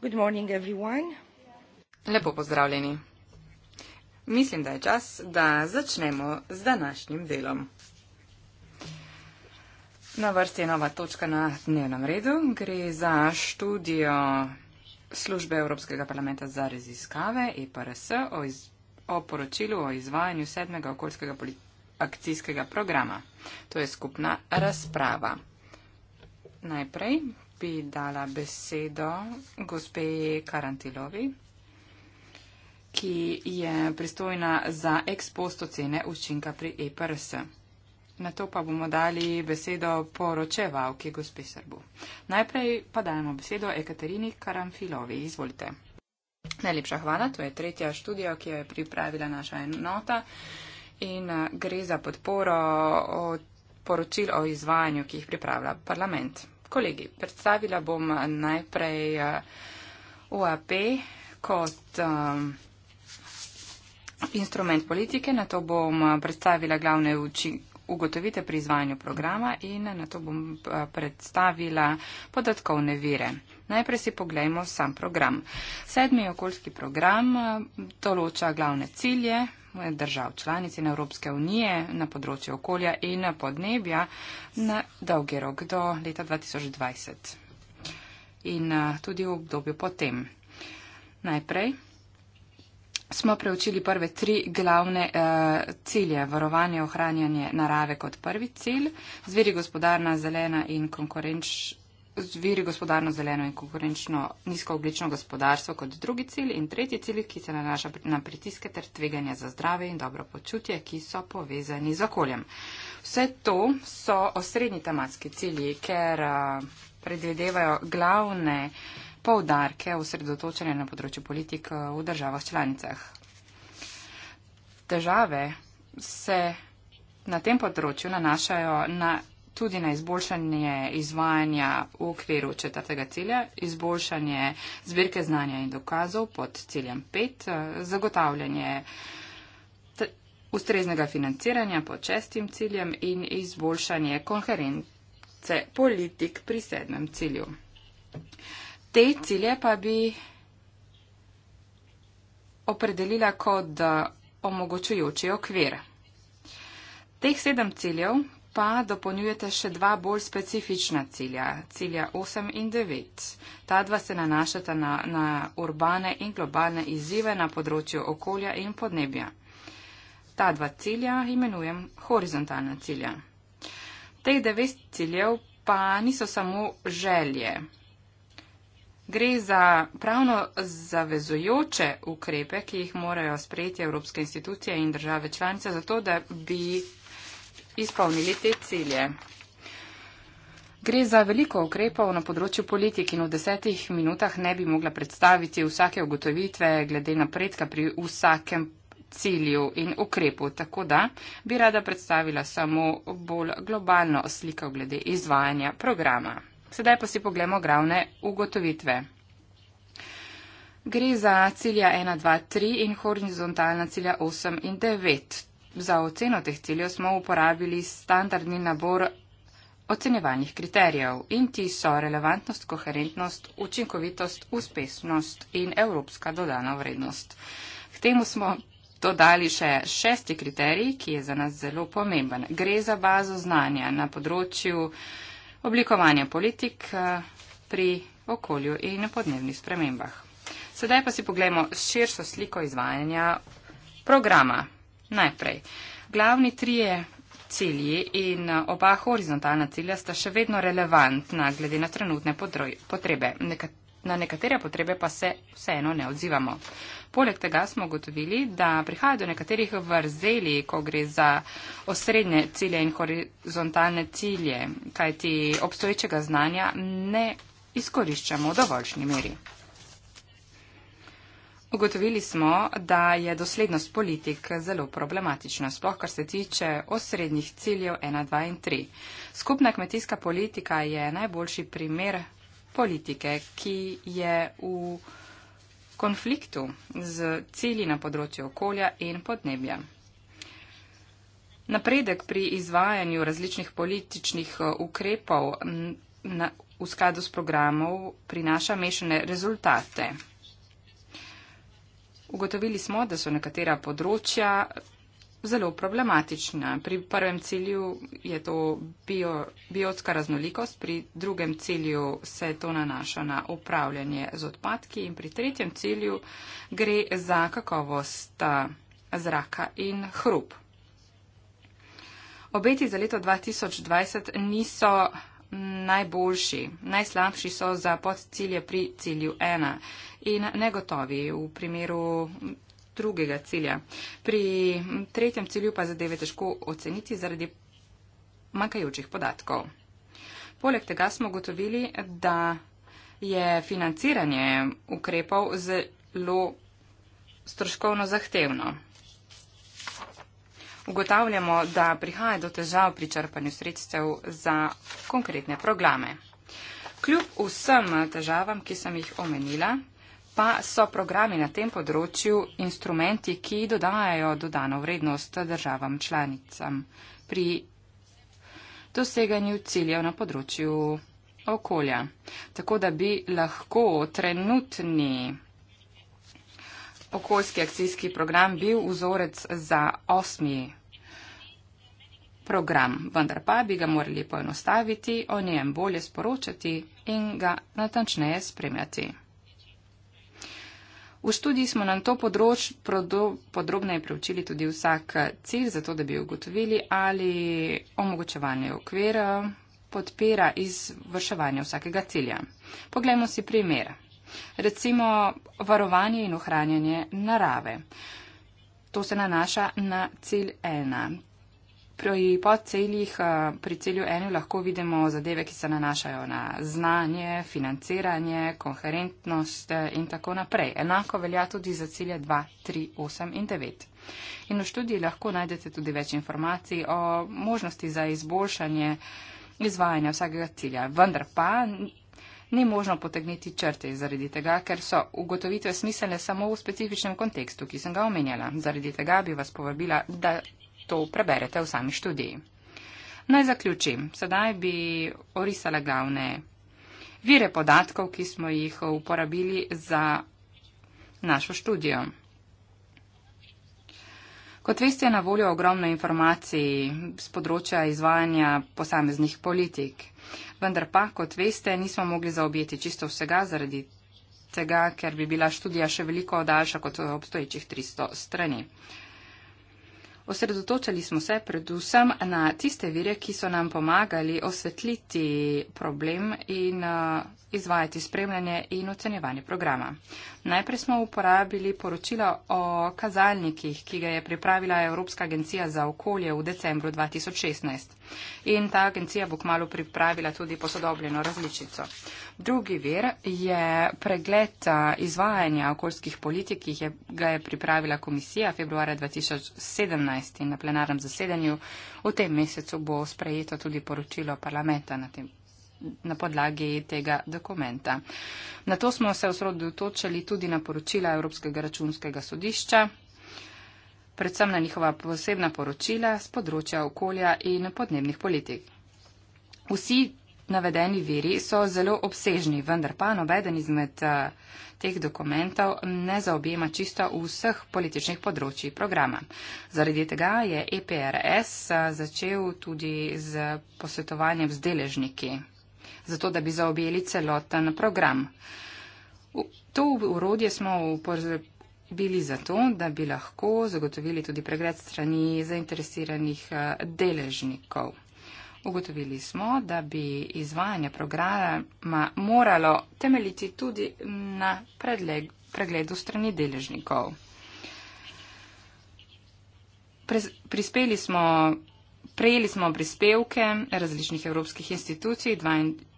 Good morning, Lepo pozdravljeni. Mislim, da je čas, da začnemo z današnjim delom. Na vrsti je nova točka na dnevnem redu. Gre za študijo službe Evropskega parlamenta za raziskave EPRS o, iz, o poročilu o izvajanju sedmega okoljskega akcijskega programa. To je skupna razprava. Najprej bi dala besedo gospe Karantilovi, ki je pristojna za ekspost ocene učinka pri EPRS. Na to pa bomo dali besedo poročevalki gospe Srbu. Najprej pa dajemo besedo Ekaterini Karamfilovi. Izvolite. Najlepša hvala. To je tretja študija, ki jo je pripravila naša enota in eh, gre za podporo poročil o izvajanju, ki jih pripravlja parlament kolegi. Predstavila bom najprej eh, UAP kot um, instrument politike, na to bom eh, predstavila glavne učinke ugotovite pri izvajanju programa in na to bom predstavila podatkovne vire. Najprej si poglejmo sam program. Sedmi okoljski program določa glavne cilje, držav članic in Evropske unije na področju okolja in podnebja na dolgi rok do leta 2020 in eh, tudi v obdobju potem. Najprej smo preučili prve tri glavne uh, cilje. Varovanje, ohranjanje narave kot prvi cilj, zveri gospodarna, zelena in konkurenčna zviri gospodarno zeleno in konkurenčno nizkooglično gospodarstvo kot drugi cilj in tretji cilj, ki se nanaša na pritiske ter tveganja za zdrave in dobro počutje, ki so povezani z okoljem. Vse to so osrednji tematski cilji, ker eh, predvidevajo glavne poudarke osredotočene na področju politik eh, v državah članicah. Države se na tem področju nanašajo na tudi na izboljšanje izvajanja v okviru četrtega cilja, izboljšanje zbirke znanja in dokazov pod ciljem 5, eh, zagotavljanje ustreznega financiranja pod šestim ciljem in izboljšanje konference politik pri sedmem cilju. Te cilje pa bi opredelila kot eh, omogočujoči okvir. Teh sedem ciljev pa dopolnjujete še dva bolj specifična cilja, cilja 8 in 9. Ta dva se nanašata na, na urbane in globalne izzive na področju okolja in podnebja. Ta dva cilja imenujem horizontalna cilja. Teh devet ciljev pa niso samo želje. Gre za pravno zavezujoče ukrepe, ki jih morajo sprejeti Evropske institucije in države članice, zato da bi izpolnili te cilje. Gre za veliko ukrepov na področju politik in v desetih minutah ne bi mogla predstaviti vsake ugotovitve glede napredka pri vsakem cilju in ukrepu, tako da bi rada predstavila samo bolj globalno sliko glede izvajanja programa. Sedaj pa si poglemo glavne ugotovitve. Gre za cilja 1, 2, 3 in horizontalna cilja 8 in 9. Za oceno teh ciljev smo uporabili standardni nabor ocenjevanih kriterijev in ti so relevantnost, koherentnost, učinkovitost, uspešnost in evropska dodana vrednost. K temu smo dodali še šesti kriterij, ki je za nas zelo pomemben. Gre za bazo znanja na področju oblikovanja politik eh, pri okolju in podnebnih spremembah. Sedaj pa si pogledamo širšo sliko izvajanja programa. Najprej. Glavni trije cilji in eh, oba horizontalna cilja sta še vedno relevantna glede na trenutne potrebe. Neka Na nekatere potrebe pa se vseeno ne odzivamo. Poleg tega smo gotovili, da prihaja do nekaterih vrzeli, ko gre za osrednje cilje in horizontalne cilje, kajti obstoječega znanja ne izkoriščamo v dovoljšni meri. Ugotovili smo, da je doslednost politik zelo problematična, sploh kar se tiče osrednjih ciljev 1, 2 in 3. Skupna kmetijska politika je najboljši primer politike, ki je v konfliktu z cilji na področju okolja in podnebja. Napredek pri izvajanju različnih političnih eh, ukrepov na, v skladu s programov prinaša mešane rezultate. Ugotovili smo, da so nekatera področja zelo problematična. Pri prvem cilju je to bio, biotska raznolikost, pri drugem cilju se to nanaša na upravljanje z odpadki in pri tretjem cilju gre za kakovost zraka in hrup. Obeti za leto 2020 niso najboljši, najslabši so za podcilje pri cilju 1 in negotovi v primeru drugega cilja. Pri tretjem cilju pa zadeve težko oceniti zaradi manjkajočih podatkov. Poleg tega smo gotovili, da je financiranje ukrepov zelo stroškovno zahtevno ugotavljamo, da prihaja do težav pri črpanju sredstev za konkretne programe. Kljub vsem težavam, ki sem jih omenila, pa so programi na tem področju instrumenti, ki dodajajo dodano vrednost državam članicam pri doseganju ciljev na področju okolja. Tako da bi lahko trenutni okoljski akcijski program bil vzorec za osmi program, vendar pa bi ga morali poenostaviti, o njem bolje sporočati in ga natančneje spremljati. V študiji smo nam to področ, prodo, podrobneje preučili tudi vsak cilj, zato da bi ugotovili, ali omogočevanje okvira podpira izvrševanje vsakega cilja. Poglejmo si primer recimo varovanje in ohranjanje narave. To se nanaša na cilj ena. Pri, celih, eh, pri celju eno lahko vidimo zadeve, ki se nanašajo na znanje, financiranje, koherentnost eh, in tako naprej. Enako velja tudi za cilje 2, 3, 8 in 9. In v študiji lahko najdete tudi več informacij o možnosti za izboljšanje izvajanja vsakega cilja. Vendar pa ni možno potegniti črte zaradi tega, ker so ugotovitve smiselne samo v specifičnem kontekstu, ki sem ga omenjala. Zaradi tega bi vas povabila, da to preberete v sami študiji. Naj zaključim. Sedaj bi orisala glavne vire podatkov, ki smo jih uporabili za našo študijo. Kot veste, je na voljo ogromno informacij z področja izvajanja posameznih politik. Vendar pa, kot veste, nismo mogli zaobjeti čisto vsega zaradi tega, ker bi bila študija še veliko daljša kot obstoječih 300 strani. Osredotočali smo se predvsem na tiste vire, ki so nam pomagali osvetliti problem in izvajati spremljanje in ocenjevanje programa. Najprej smo uporabili poročilo o kazalnikih, ki ga je pripravila Evropska agencija za okolje v decembru 2016. In ta agencija bo kmalo pripravila tudi posodobljeno različico. Drugi vir je pregled izvajanja okoljskih politik, ki je, ga je pripravila komisija februarja 2017 in na plenarnem zasedanju. V tem mesecu bo sprejeto tudi poročilo parlamenta na tem področju na podlagi tega dokumenta. Na to smo se osredotočili tudi na poročila Evropskega računskega sodišča, predvsem na njihova posebna poročila z področja okolja in podnebnih politik. Vsi navedeni veri so zelo obsežni, vendar pa nobeden izmed eh, teh dokumentov ne zaobjema čisto vseh političnih področji programa. Zaradi tega je EPRS eh, začel tudi z posvetovanjem z deležniki zato da bi zaobjeli celoten program. To urodje smo uporabili zato, da bi lahko zagotovili tudi pregled strani zainteresiranih eh, deležnikov. Ugotovili smo, da bi izvajanje programa moralo temeljiti tudi na predleg, pregledu strani deležnikov. Prispeli smo Prejeli smo prispevke različnih evropskih institucij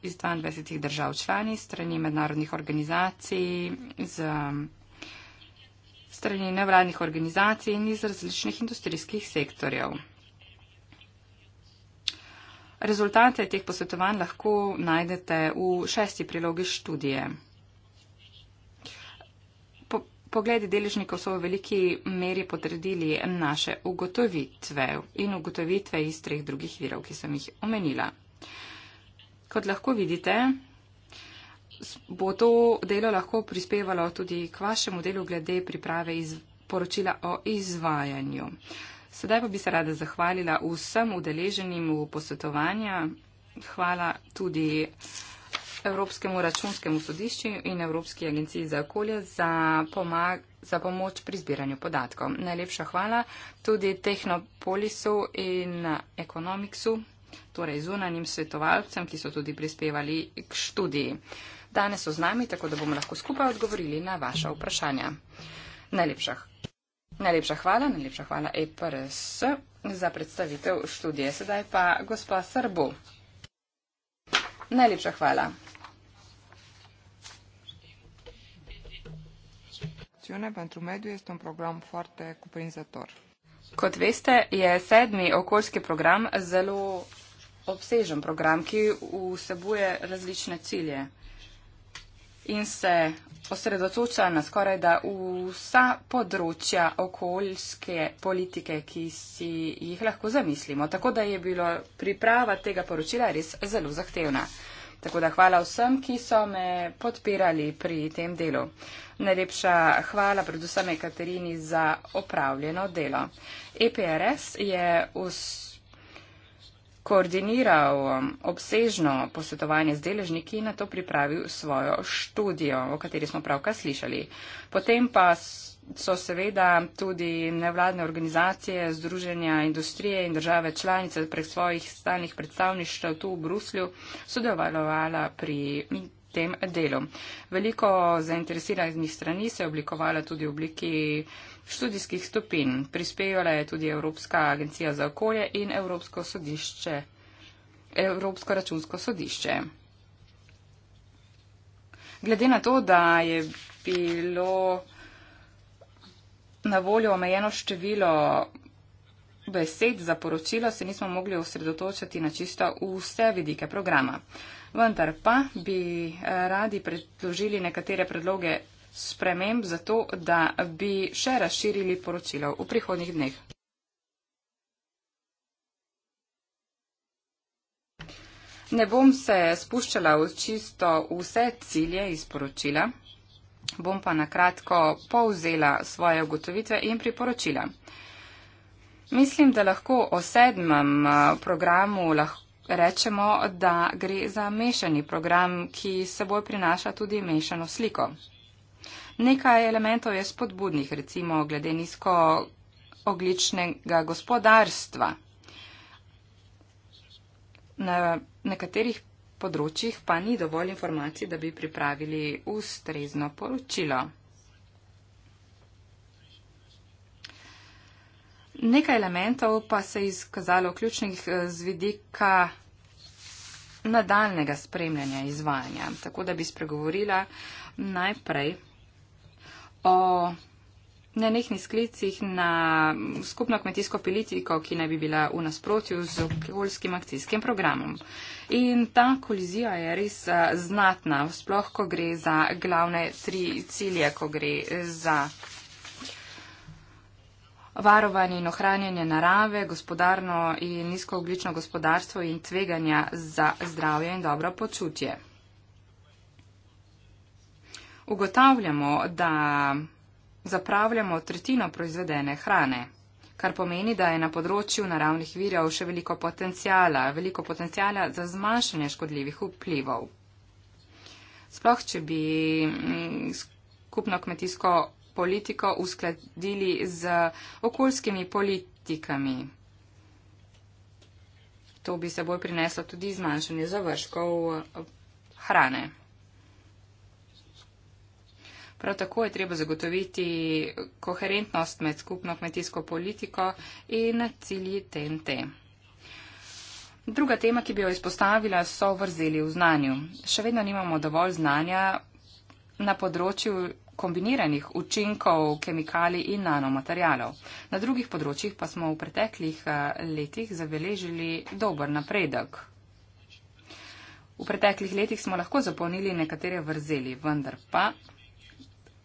iz 22 držav člani, strani mednarodnih organizacij, z, strani nevladnih organizacij in iz različnih industrijskih sektorjev. Rezultate teh posvetovanj lahko najdete v šesti prilogi študije pogledi deležnikov so v veliki meri potrdili naše ugotovitve in ugotovitve iz treh drugih virov, ki sem jih omenila. Kot lahko vidite, bo to delo lahko prispevalo tudi k vašemu delu glede priprave iz poročila o izvajanju. Sedaj pa bi se rada zahvalila vsem udeleženim v posvetovanja. Hvala tudi. Evropskemu računskemu sodišču in Evropski agenciji za okolje za, pomag, za pomoč pri zbiranju podatkov. Najlepša hvala tudi Tehnopolisu in Economicsu, torej zunanim svetovalcem, ki so tudi prispevali k študiji. Danes so z nami, tako da bomo lahko skupaj odgovorili na vaša vprašanja. Najlepša, najlepša hvala, najlepša hvala EPRS za predstavitev študije. Sedaj pa gospa Srbu. Najlepša hvala. acțiune pentru mediu este un program foarte cuprinzător. Kot veste, je sedmi okoljski program zelo obsežen program, ki vsebuje različne cilje in se osredotoča na skoraj da vsa področja okoljske politike, ki si jih lahko zamislimo. Tako da je bilo priprava tega poročila res zelo zahtevna. Tako da hvala vsem, ki so me podpirali pri tem delu. Najlepša hvala predvsem Katerini za opravljeno delo. EPRS je vs... koordiniral um, obsežno posvetovanje z deležniki in na to pripravil svojo študijo, o kateri smo pravkar slišali. Potem pa so so seveda tudi nevladne organizacije, združenja industrije in države članice prek svojih stalnih predstavništv tu v Bruslju sodelovala pri tem delu. Veliko zainteresiranih strani se je oblikovala tudi v obliki študijskih stopin. Prispevala je tudi Evropska agencija za okolje in Evropsko sodišče. Evropsko računsko sodišče. Glede na to, da je bilo na voljo omejeno število besed za poročilo, se nismo mogli osredotočiti na čisto vse vidike programa. Vendar pa bi eh, radi predložili nekatere predloge sprememb za to, da bi še razširili poročilo v prihodnjih dneh. Ne bom se spuščala v čisto vse cilje iz poročila, bom pa nakratko povzela svoje ugotovitve in priporočila. Mislim, da lahko o sedmem eh, programu rečemo, da gre za mešani program, ki seboj prinaša tudi mešano sliko. Nekaj elementov je spodbudnih, recimo glede nizko ogličnega gospodarstva. Na nekaterih področjih pa ni dovolj informacij, da bi pripravili ustrezno poročilo. Nekaj elementov pa se je izkazalo ključnih eh, z vidika nadaljnega spremljanja izvajanja. Tako da bi spregovorila najprej o nenehnih sklicih na skupno kmetijsko politiko, ki naj bi bila v nasprotju z okoljskim akcijskim programom. In ta kolizija je res eh, znatna, sploh ko gre za glavne tri cilje, ko gre za varovanje in ohranjanje narave, gospodarno in nizkooglično gospodarstvo in tveganja za zdravje in dobro počutje. Ugotavljamo, da zapravljamo tretjino proizvedene hrane, kar pomeni, da je na področju naravnih virov še veliko potencijala, veliko potencijala za zmanjšanje škodljivih vplivov. Sploh, če bi mm, skupno kmetijsko politiko uskladili z okoljskimi politikami. To bi seboj prineslo tudi zmanjšanje završkov eh, hrane. Prav tako je treba zagotoviti koherentnost med skupno kmetijsko politiko in cilji TNT. Druga tema, ki bi jo izpostavila, so vrzeli v znanju. Še vedno nimamo dovolj znanja na področju kombiniranih učinkov kemikalij in nanomaterialov. Na drugih področjih pa smo v preteklih eh, letih zabeležili dober napredek. V preteklih letih smo lahko zapolnili nekatere vrzeli, vendar pa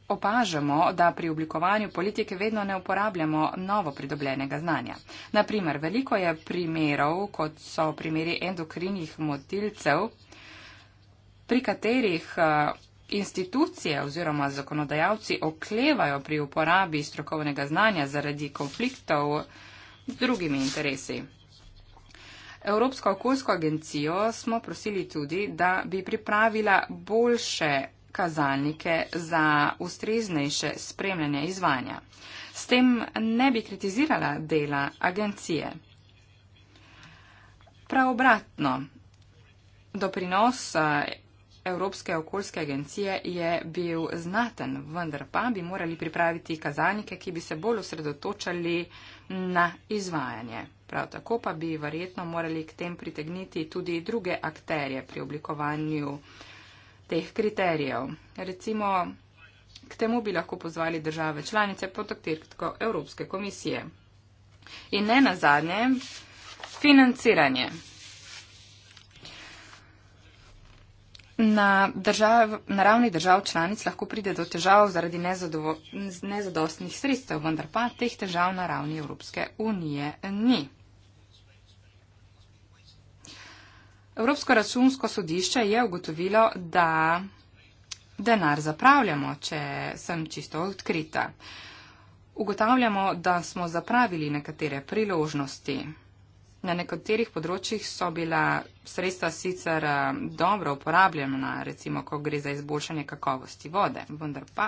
opažamo, da pri oblikovanju politike vedno ne uporabljamo novo pridobljenega znanja. Naprimer, veliko je primerov, kot so primeri endokrinih motilcev, pri katerih eh, institucije oziroma zakonodajalci oklevajo pri uporabi strokovnega znanja zaradi konfliktov z drugimi interesi. Evropsko okoljsko agencijo smo prosili tudi, da bi pripravila boljše kazalnike za ustreznejše spremljanje izvanja. S tem ne bi kritizirala dela agencije. Pravobratno, doprinos eh, Evropske okoljske agencije je bil znaten, vendar pa bi morali pripraviti kazalnike, ki bi se bolj osredotočali na izvajanje. Prav tako pa bi verjetno morali k tem pritegniti tudi druge akterje pri oblikovanju teh kriterijev. Recimo, k temu bi lahko pozvali države članice pod okvirko Evropske komisije. In ne na zadnje, financiranje. Na, držav, na ravni držav članic lahko pride do težav zaradi nezadostnih sredstev, vendar pa teh težav na ravni Evropske unije ni. Evropsko računsko sodišče je ugotovilo, da denar zapravljamo, če sem čisto odkrita. Ugotavljamo, da smo zapravili nekatere priložnosti. Na nekaterih področjih so bila sredstva sicer eh, dobro uporabljena, recimo, ko gre za izboljšanje kakovosti vode, vendar pa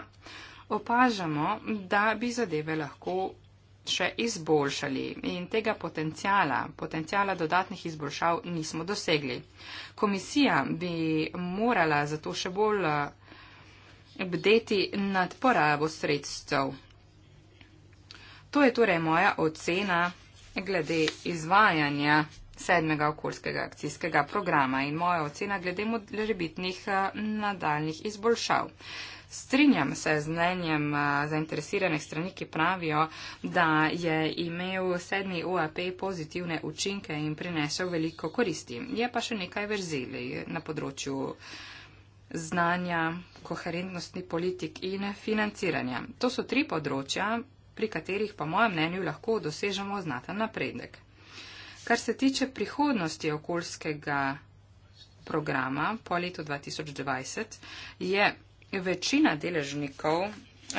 opažamo, da bi zadeve lahko še izboljšali in tega potencijala, potencijala dodatnih izboljšav nismo dosegli. Komisija bi morala zato še bolj eh, bdeti nad porabo sredstev. To je torej moja ocena glede izvajanja sedmega okoljskega akcijskega programa in moja ocena glede možebitnih eh, nadaljnih izboljšav. Strinjam se z mnenjem eh, zainteresiranih strani, ki pravijo, da je imel sedmi UAP pozitivne učinke in prinesel veliko koristi. Je pa še nekaj verzeli na področju znanja, koherentnostni politik in financiranja. To so tri področja, pri katerih, po mojem mnenju, lahko dosežemo znaten napredek. Kar se tiče prihodnosti okoljskega programa po letu 2020, je večina deležnikov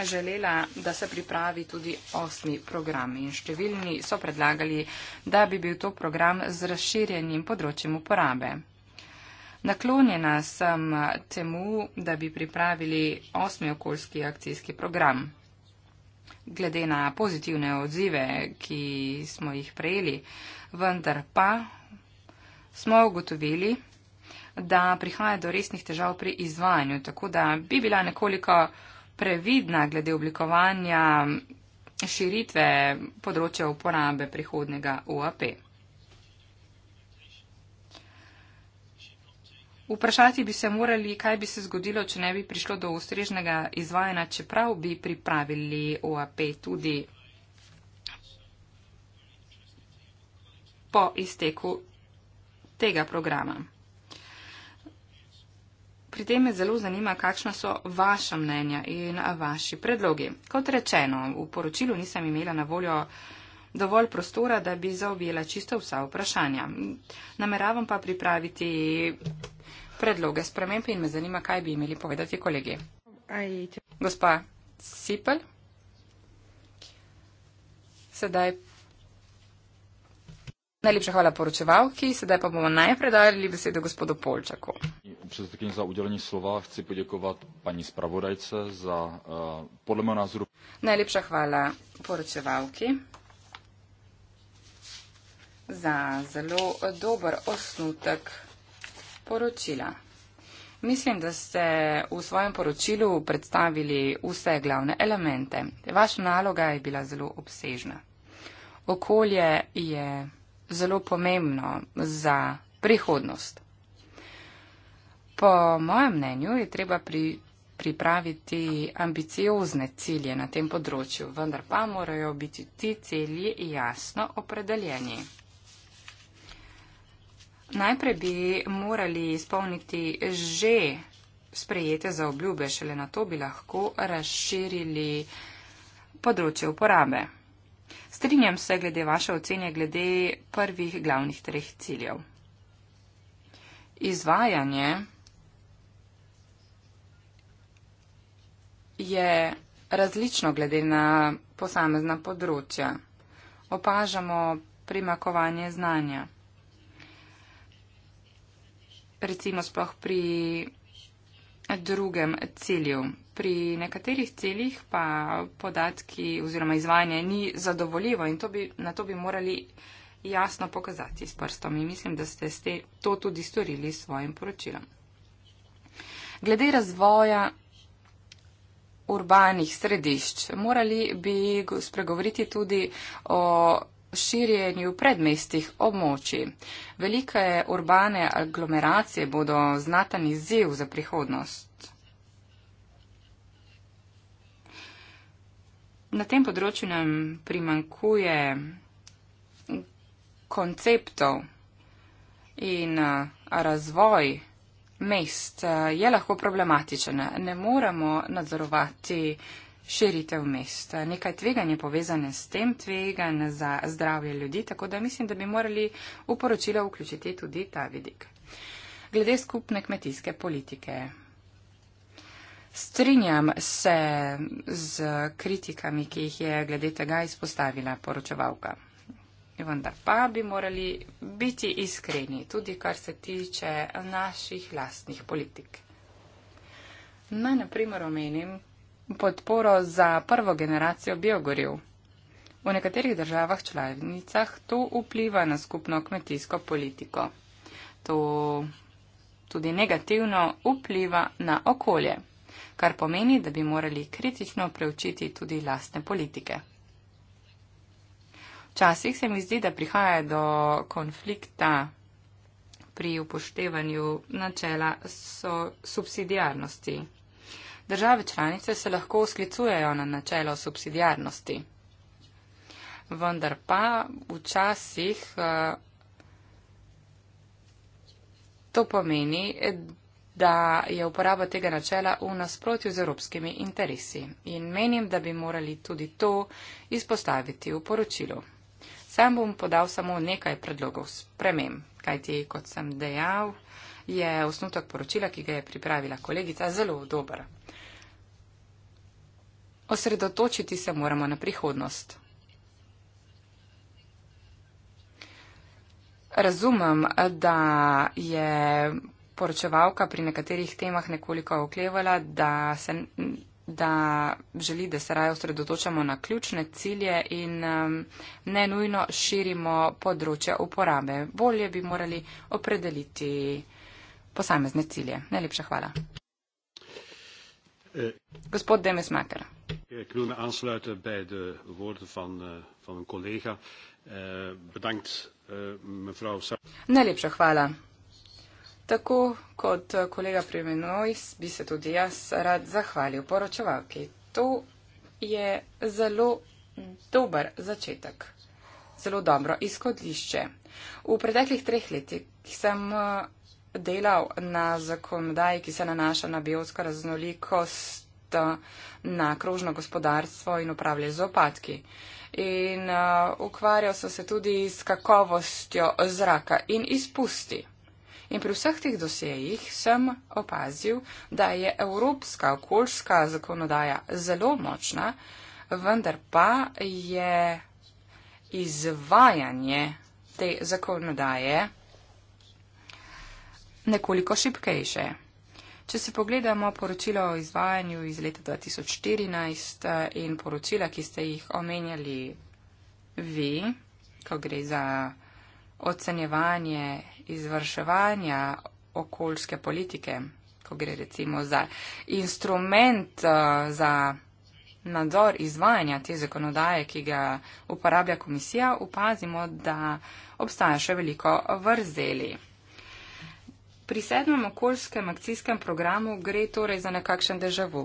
želela, da se pripravi tudi osmi program in številni so predlagali, da bi bil to program z razširjenim področjem uporabe. Naklonjena sem temu, da bi pripravili osmi okoljski akcijski program. Glede na pozitivne odzive, ki smo jih prejeli, vendar pa smo ugotovili, da prihaja do resnih težav pri izvajanju, tako da bi bila nekoliko previdna glede oblikovanja širitve področja uporabe prihodnega UAP. Vprašati bi se morali, kaj bi se zgodilo, če ne bi prišlo do ustrežnega izvajanja, čeprav bi pripravili OAP tudi po izteku tega programa. Pri tem me zelo zanima, kakšna so vaša mnenja in vaši predlogi. Kot rečeno, v poročilu nisem imela na voljo dovolj prostora, da bi zaobjela čisto vsa vprašanja. Nameravam pa pripraviti predloge sprememb in me zanima, kaj bi imeli povedati kolegi. Gospa Sipel, sedaj. Najlepša hvala poročevalki, sedaj pa bomo najprej dali besedo gospodu Polčaku předsedkyně za udělení slova. Chci poděkovat paní zpravodajce za uh, podle mého názoru. Nejlepší chvála poročevalky za zelo dobr osnutek poročila. Mislim, da ste v svojem poročilu predstavili vse glavne elemente. Vaša naloga je bila zelo obsežna. Okolje je zelo pomembno za prihodnost. Po mojem mnenju je treba pri, pripraviti ambiciozne cilje na tem področju, vendar pa morajo biti ti cilji jasno opredeljeni. Najprej bi morali izpolniti že sprejete za obljube, šele na to bi lahko razširili področje uporabe. Strinjam se glede vaše ocenje glede prvih glavnih treh ciljev. Izvajanje je različno glede na posamezna področja. Opažamo primakovanje znanja. Recimo sploh pri drugem cilju. Pri nekaterih ciljih pa podatki oziroma izvajanje ni zadovoljivo in to bi, na to bi morali jasno pokazati s prstom in mislim, da ste to tudi storili s svojim poročilom. Glede razvoja urbanih središč. Morali bi spregovoriti tudi o širjenju predmestih območij. Velike urbane aglomeracije bodo znaten izziv za prihodnost. Na tem področju nam primankuje konceptov in razvoj mest eh, je lahko problematičen. Ne moremo nadzorovati širitev mest. Nekaj tveganj je povezane s tem tveganj za zdravje ljudi, tako da mislim, da bi morali v poročilo vključiti tudi ta vidik. Glede skupne kmetijske politike. Strinjam se z kritikami, ki jih je glede tega izpostavila poročevalka. Vendar pa bi morali biti iskreni, tudi kar se tiče naših lastnih politik. Naj naprimer omenim podporo za prvo generacijo biogoriv. V nekaterih državah članicah to vpliva na skupno kmetijsko politiko. To tudi negativno vpliva na okolje, kar pomeni, da bi morali kritično preučiti tudi lastne politike. Včasih se mi zdi, da prihaja do konflikta pri upoštevanju načela so subsidijarnosti. Države članice se lahko sklicujejo na načelo subsidijarnosti. Vendar pa včasih eh, to pomeni, da je uporaba tega načela v nasprotju z evropskimi interesi. In menim, da bi morali tudi to izpostaviti v poročilu. Sam bom podal samo nekaj predlogov sprememb, kajti, kot sem dejal, je osnutek poročila, ki ga je pripravila kolegica, zelo dober. Osredotočiti se moramo na prihodnost. Razumem, da je poročevalka pri nekaterih temah nekoliko oklevala, da se da želi, da se raje osredotočamo na ključne cilje in um, ne nujno širimo področja uporabe. Bolje bi morali opredeliti posamezne cilje. Najlepša hvala. Eh. Gospod Demesmaker. Ik eh, wil me aansluiten bij de woorden van, uh, van een collega. Uh, bedankt, uh, mevrouw Sarkozy. Najlepša hvala, Tako kot eh, kolega Prevenois bi se tudi jaz rad zahvalil poročevalki. To je zelo dober začetek. Zelo dobro izhodišče. V preteklih treh letih sem eh, delal na zakonodaji, ki se nanaša na biotsko raznolikost, eh, na krožno gospodarstvo in upravljanje z opadki. In uh, ukvarjal sem se tudi s kakovostjo zraka in izpusti. In pri vseh teh dosejih sem opazil, da je evropska okoljska zakonodaja zelo močna, vendar pa je izvajanje te zakonodaje nekoliko šipkejše. Če si pogledamo poročilo o izvajanju iz leta 2014 eh, in poročila, ki ste jih omenjali vi, ko gre za ocenjevanje izvrševanja okoljske politike, ko gre recimo za instrument eh, za nadzor izvajanja te zakonodaje, ki ga uporablja komisija, upazimo, da obstaja še veliko vrzeli. Pri sedmem okoljskem akcijskem programu gre torej za nekakšen državu.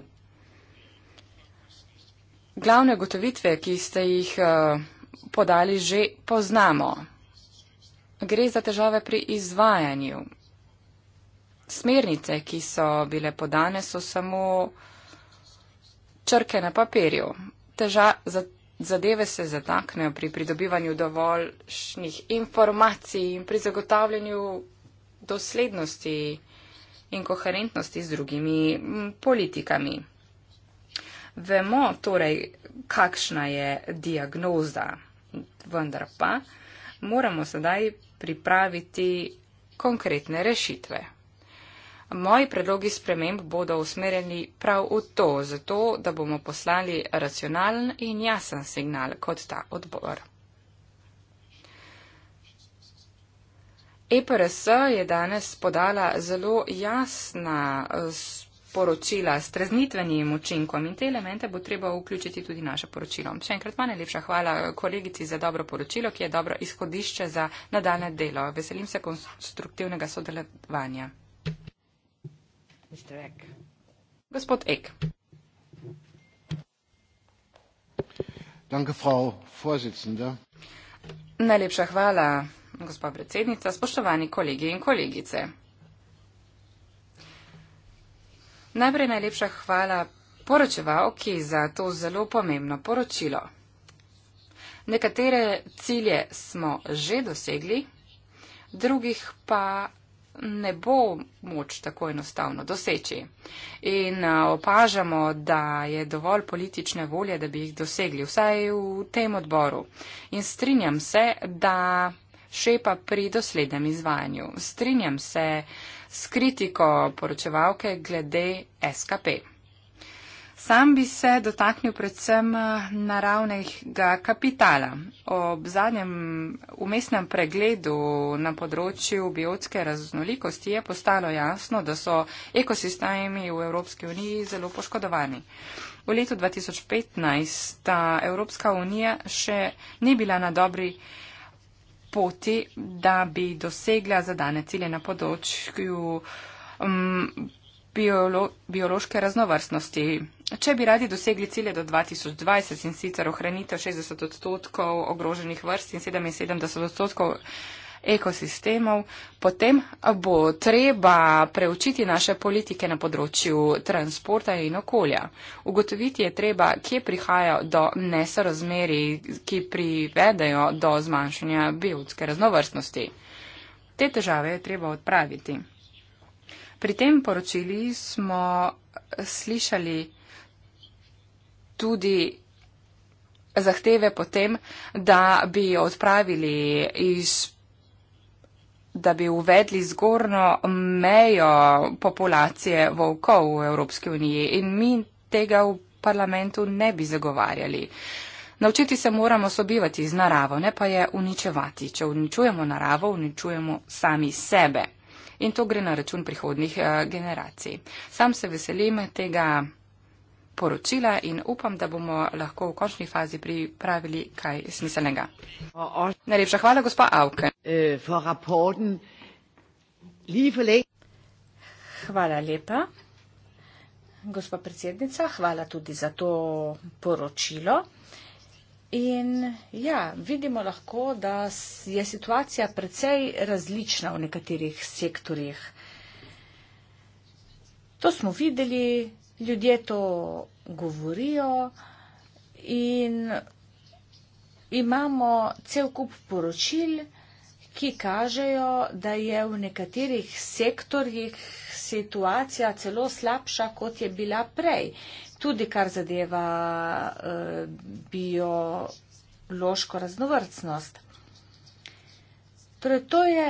Glavne gotovitve, ki ste jih eh, podali, že poznamo gre za težave pri izvajanju. Smernice, ki so bile podane, so samo črke na papirju. Teža, zadeve se zataknejo pri pridobivanju dovoljšnih informacij in pri zagotavljanju doslednosti in koherentnosti z drugimi politikami. Vemo torej, kakšna je diagnoza, vendar pa moramo sedaj pripraviti konkretne rešitve. Moji predlogi sprememb bodo usmerjeni prav v to, zato da bomo poslali racionalen in jasen signal kot ta odbor. EPRS je danes podala zelo jasna sporočila, poročila s treznitvenim učinkom in te elemente bo treba vključiti tudi naše poročilo. Še enkrat manj lepša hvala kolegici za dobro poročilo, ki je dobro izhodišče za nadaljne delo. Veselim se konstruktivnega sodelovanja. Ek. Gospod Ek. Danke, frau vorsitzende. Najlepša hvala, gospod predsednica, spoštovani kolegi in kolegice. Najprej najlepša hvala poročevalki za to zelo pomembno poročilo. Nekatere cilje smo že dosegli, drugih pa ne bo moč tako enostavno doseči. In opažamo, da je dovolj politične volje, da bi jih dosegli, vsaj v tem odboru. In strinjam se, da šepa pri doslednem izvajanju. Strinjam se, s kritiko poročevalke glede SKP. Sam bi se dotaknil predvsem eh, naravnega kapitala. Ob zadnjem umestnem pregledu na področju biotske raznolikosti je postalo jasno, da so ekosistemi v Evropski uniji zelo poškodovani. V letu 2015 ta Evropska unija še ni bila na dobri poti, da bi dosegla zadane cilje na področju um, biolo biološke raznovrstnosti. Če bi radi dosegli cilje do 2020 in sicer ohranitev 60 odstotkov ogroženih vrst in 77 odstotkov ekosistemov, potem bo treba preučiti naše politike na področju transporta in okolja. Ugotoviti je treba, kje prihaja do nesorazmeri, ki privedejo do zmanjšanja biotske raznovrstnosti. Te težave je treba odpraviti. Pri tem poročili smo slišali tudi zahteve potem, da bi odpravili izpravljanje da bi uvedli zgornjo mejo populacije volkov v Evropski uniji in mi tega v parlamentu ne bi zagovarjali. Naučiti se moramo sobivati z naravo, ne pa je uničevati. Če uničujemo naravo, uničujemo sami sebe. In to gre na račun prihodnih eh, generacij. Sam se veselim tega poročila in upam, da bomo lahko v končni fazi pripravili kaj smiselnega. Najlepša hvala, gospa Auken. Hvala lepa, gospa predsednica, hvala tudi za to poročilo. In ja, vidimo lahko, da je situacija precej različna v nekaterih sektorjih. To smo videli ljudje to govorijo in imamo cel kup poročil, ki kažejo, da je v nekaterih sektorjih situacija celo slabša, kot je bila prej. Tudi kar zadeva eh, biološko raznovrstnost. Torej, to je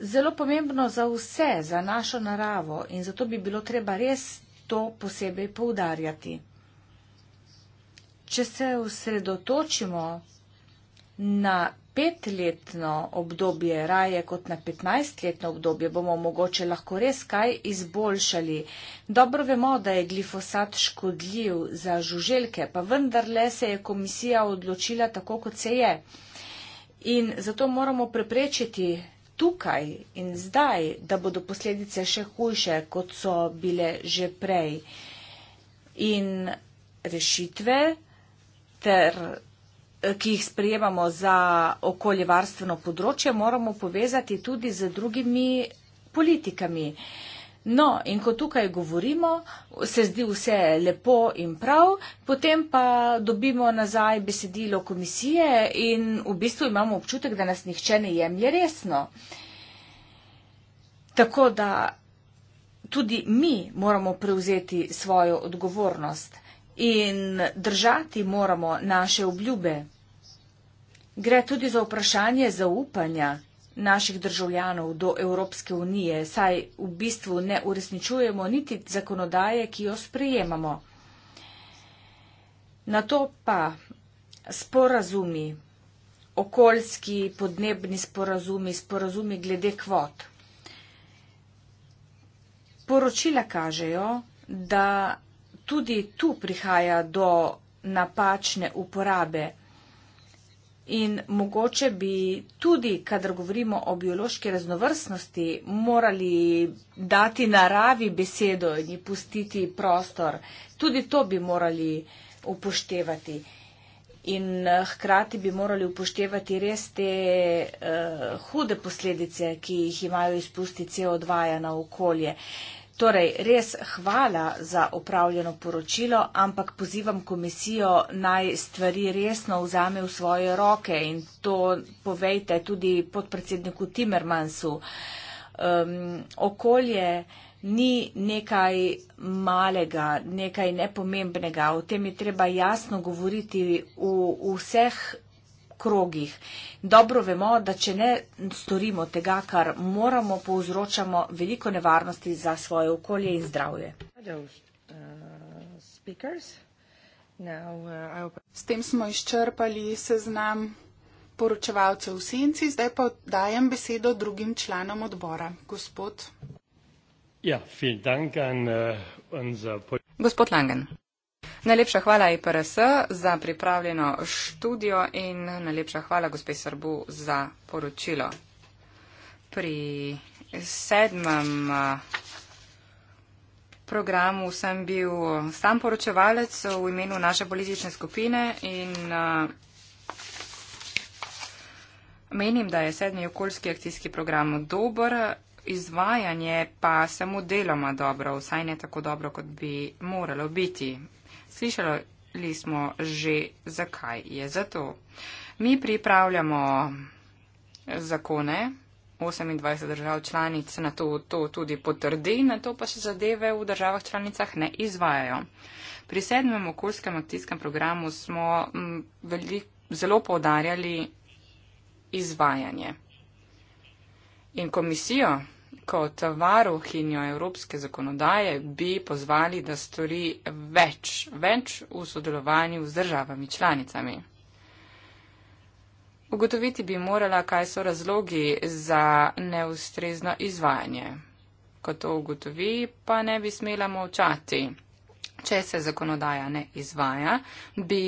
zelo pomembno za vse, za našo naravo in zato bi bilo treba res to posebej poudarjati. Če se osredotočimo na petletno obdobje raje kot na petnajstletno obdobje, bomo mogoče lahko res kaj izboljšali. Dobro vemo, da je glifosat škodljiv za žuželke, pa vendarle se je komisija odločila tako, kot se je. In zato moramo preprečiti tukaj in zdaj, da bodo posledice še hujše, kot so bile že prej. In rešitve, ter, eh, ki jih sprejemamo za okoljevarstveno področje, moramo povezati tudi z drugimi politikami. Uh, No, in ko tukaj govorimo, se zdi vse lepo in prav, potem pa dobimo nazaj besedilo komisije in v bistvu imamo občutek, da nas nihče ne jemlje resno. Tako da tudi mi moramo prevzeti svojo odgovornost in držati moramo naše obljube. Gre tudi za vprašanje zaupanja naših državljanov do Evropske unije, saj v bistvu ne uresničujemo niti zakonodaje, ki jo sprejemamo. Na to pa sporazumi, okoljski podnebni sporazumi, sporazumi glede kvot. Poročila kažejo, da tudi tu prihaja do napačne uporabe. In mogoče bi tudi, kadar govorimo o biološki raznovrstnosti, morali dati naravi besedo in ji pustiti prostor. Tudi to bi morali upoštevati. In eh, hkrati bi morali upoštevati res te uh, hude posledice, ki jih imajo izpusti CO2 ja na okolje. Uh, Torej, res hvala za upravljeno poročilo, ampak pozivam komisijo naj stvari resno vzame v svoje roke in to povejte tudi podpredsedniku Timmermansu. Um, okolje ni nekaj malega, nekaj nepomembnega. O tem je treba jasno govoriti v, v vseh krogih. Dobro vemo, da če ne storimo tega, kar moramo, povzročamo veliko nevarnosti za svoje okolje in zdravje. S tem smo izčrpali seznam poročevalcev v senci, zdaj pa dajem besedo drugim članom odbora. Gospod. Ja, vielen Dank an, uh, unser... Gospod Langen. Najlepša hvala IPRS za pripravljeno študijo in najlepša hvala gospe Srbu za poročilo. Pri sedmem programu sem bil sam poročevalec v imenu naše politične skupine in menim, da je sedmi okoljski akcijski program dober, izvajanje pa samo deloma dobro, vsaj ne tako dobro, kot bi moralo biti. Slišali smo že, zakaj je zato. Mi pripravljamo zakone, 28 držav članic na to, to tudi potrdi, na to pa se zadeve v državah članicah ne izvajajo. Pri sedmem okoljskem akcijskem programu smo mm, velik, zelo poudarjali izvajanje. In komisijo, kot varuhinjo evropske zakonodaje bi pozvali, da stori več, več v sodelovanju z državami članicami. Ugotoviti bi morala, kaj so razlogi za neustrezno izvajanje. Ko to ugotovi, pa ne bi smela molčati. Če se zakonodaja ne izvaja, bi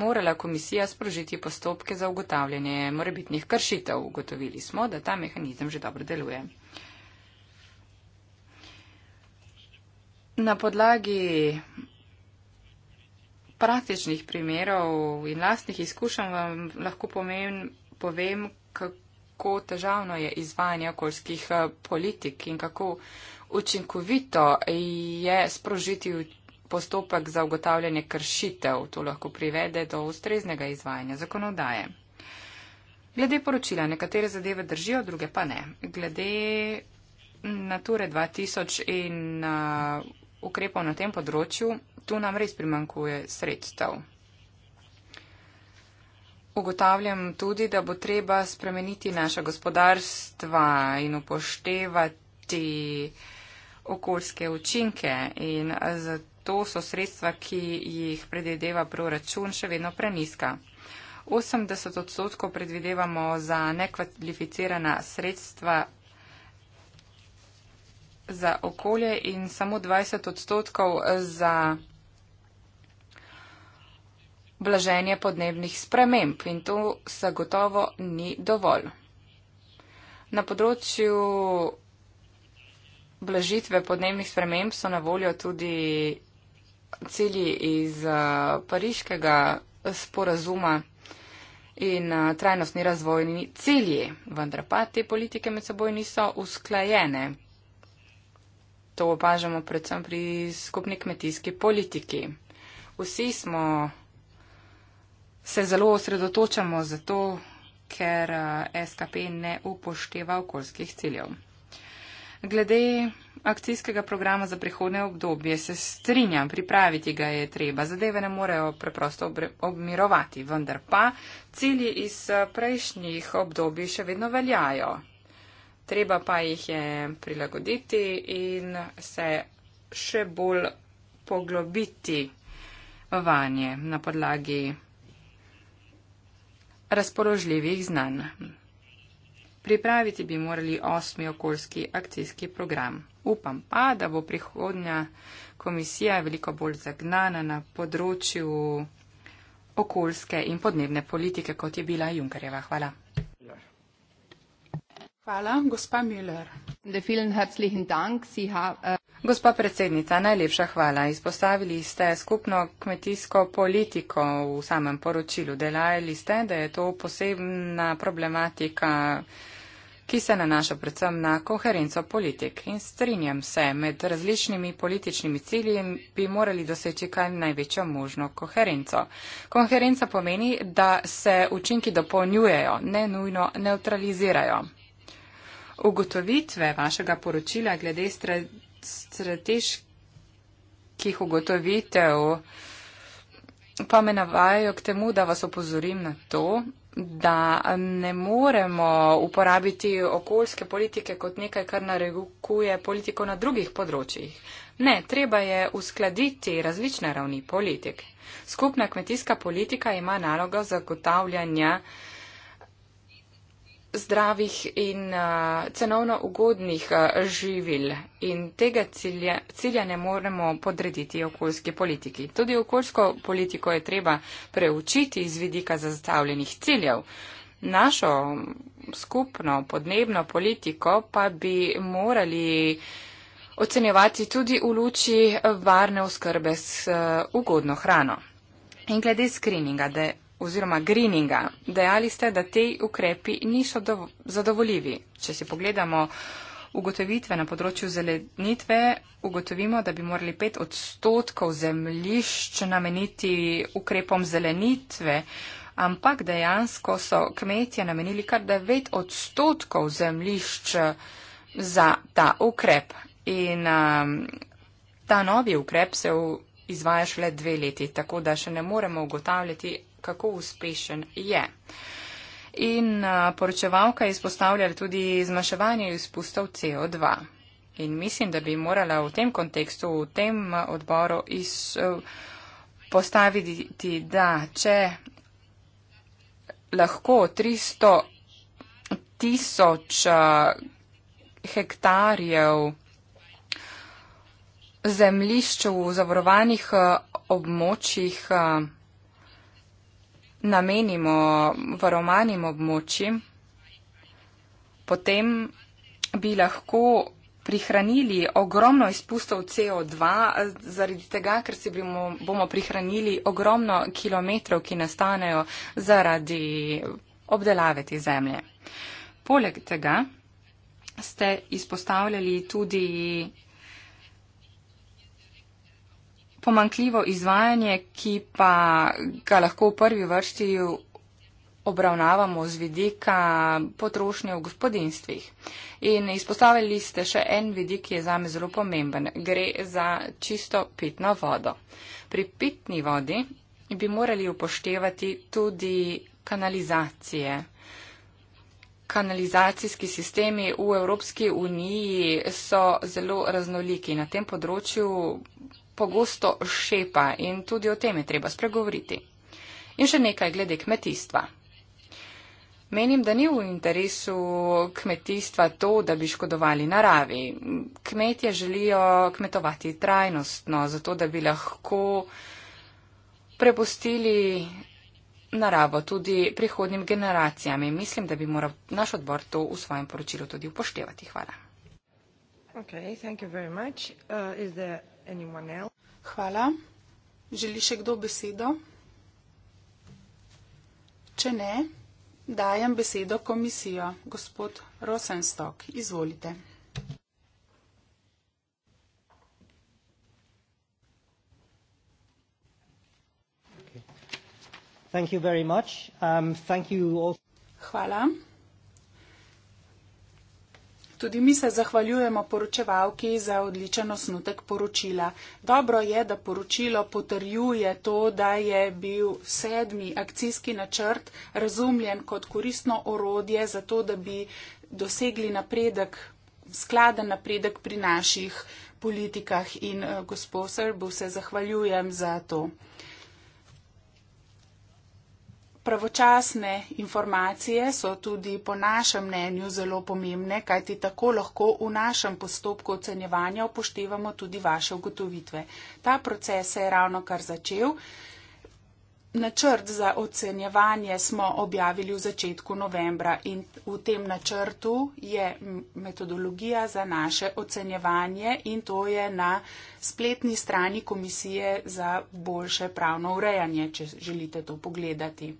morala komisija sprožiti postopke za ugotavljanje morebitnih kršitev. Ugotovili smo, da ta mehanizem že dobro deluje. na podlagi praktičnih primerov in lastnih izkušenj vam lahko pomem, povem, kako težavno je izvajanje okoljskih eh, politik in kako učinkovito je sprožiti postopek za ugotavljanje kršitev. To lahko privede do ustreznega izvajanja zakonodaje. Glede poročila, nekatere zadeve držijo, druge pa ne. Glede Nature 2000 in eh, ukrepov na tem področju, tu nam res primankuje sredstev. Ugotavljam tudi, da bo treba spremeniti naša gospodarstva in upoštevati okoljske učinke in zato so sredstva, ki jih predvideva proračun, še vedno preniska. 80 odstotkov predvidevamo za nekvalificirana sredstva za okolje in samo 20 odstotkov za blaženje podnebnih sprememb. In to zagotovo ni dovolj. Na področju blažitve podnebnih sprememb so na voljo tudi cilji iz eh, pariškega sporazuma in eh, trajnostni razvojni cilji, vendar pa te politike med seboj niso usklajene. To opažamo predvsem pri skupni kmetijski politiki. Vsi smo se zelo osredotočamo zato, ker eh, SKP ne upošteva okoljskih ciljev. Glede akcijskega programa za prihodne obdobje se strinjam, pripraviti ga je treba. Zadeve ne morejo preprosto obmirovati, vendar pa cilji iz eh, prejšnjih obdobij še vedno veljajo treba pa jih je prilagoditi in se še bolj poglobiti vanje na podlagi razpoložljivih znanj. Pripraviti bi morali osmi okoljski akcijski program. Upam pa, da bo prihodnja komisija veliko bolj zagnana na področju okoljske in podnebne politike, kot je bila Junkarjeva. Hvala. Hvala, gospa Miller. Äh, gospa predsednica, najlepša hvala. Izpostavili ste skupno kmetijsko politiko v samem poročilu. Delajali ste, da je to posebna problematika, ki se nanaša predvsem na koherenco politik. In strinjam se, med različnimi političnimi cilji bi morali doseči kaj največjo možno koherenco. Koherenca pomeni, da se učinki dopolnjujejo, ne nujno neutralizirajo ugotovitve vašega poročila glede stra, strateških ugotovitev pa me navajajo k temu, da vas opozorim na to, da ne moremo uporabiti okoljske politike kot nekaj, kar narekuje politiko na drugih področjih. Ne, treba je uskladiti različne ravni politik. Skupna kmetijska politika ima nalogo zagotavljanja uh, zdravih in uh, cenovno ugodnih uh, živil in tega cilja, cilja ne moremo podrediti okoljski politiki. Tudi okoljsko politiko je treba preučiti iz vidika zastavljenih ciljev. Našo skupno podnebno politiko pa bi morali ocenjevati tudi v luči varne oskrbe s uh, ugodno hrano. In glede skrininga, da oziroma greeninga. Dejali ste, da te ukrepi niso zadovoljivi. Če si pogledamo ugotovitve na področju zelenitve, ugotovimo, da bi morali pet odstotkov zemljišč nameniti ukrepom zelenitve, ampak dejansko so kmetje namenili kar devet odstotkov zemljišč za ta ukrep. In um, ta novi ukrep se izvaja šele dve leti, tako da še ne moremo ugotavljati, kako uspešen je. In poročevalka je izpostavljala tudi zmaševanje izpustov CO2. In mislim, da bi morala v tem kontekstu, v tem odboru postaviti, da če lahko 300 tisoč hektarjev zemlišč v zavarovanih območjih namenimo varovanim območjem, potem bi lahko prihranili ogromno izpustov CO2, zaradi tega, ker si bomo, bomo prihranili ogromno kilometrov, ki nastanejo zaradi obdelave te zemlje. Poleg tega ste izpostavljali tudi pomankljivo izvajanje, ki pa ga lahko v prvi vrsti obravnavamo z vidika potrošnje v gospodinstvih. In izpostavili ste še en vidik, ki je zame zelo pomemben. Gre za čisto pitno vodo. Pri pitni vodi bi morali upoštevati tudi kanalizacije. Kanalizacijski sistemi v Evropski uniji so zelo raznoliki. Na tem področju pogosto šepa in tudi o tem je treba spregovoriti. In še nekaj glede kmetijstva. Menim, da ni v interesu kmetijstva to, da bi škodovali naravi. Kmetje želijo kmetovati trajnostno, zato da bi lahko prepustili naravo tudi prihodnim generacijam. In mislim, da bi moral naš odbor to v svojem poročilu tudi upoštevati. Hvala. Okay, Hvala. Želi še kdo besedo? Če ne, dajem besedo komisijo. Gospod Rosenstok, izvolite. Um, Hvala. Tudi mi se zahvaljujemo poročevalki za odličen osnutek poročila. Dobro je, da poročilo potrjuje to, da je bil sedmi akcijski načrt razumljen kot koristno orodje za to, da bi dosegli napredek, skladen napredek pri naših politikah in eh, gospod Srbu se zahvaljujem za to. Pravočasne informacije so tudi po našem mnenju zelo pomembne, kajti tako lahko v našem postopku ocenjevanja upoštevamo tudi vaše ugotovitve. Ta proces se je ravno kar začel. Načrt za ocenjevanje smo objavili v začetku novembra in v tem načrtu je metodologija za naše ocenjevanje in to je na spletni strani Komisije za boljše pravno urejanje, če želite to pogledati.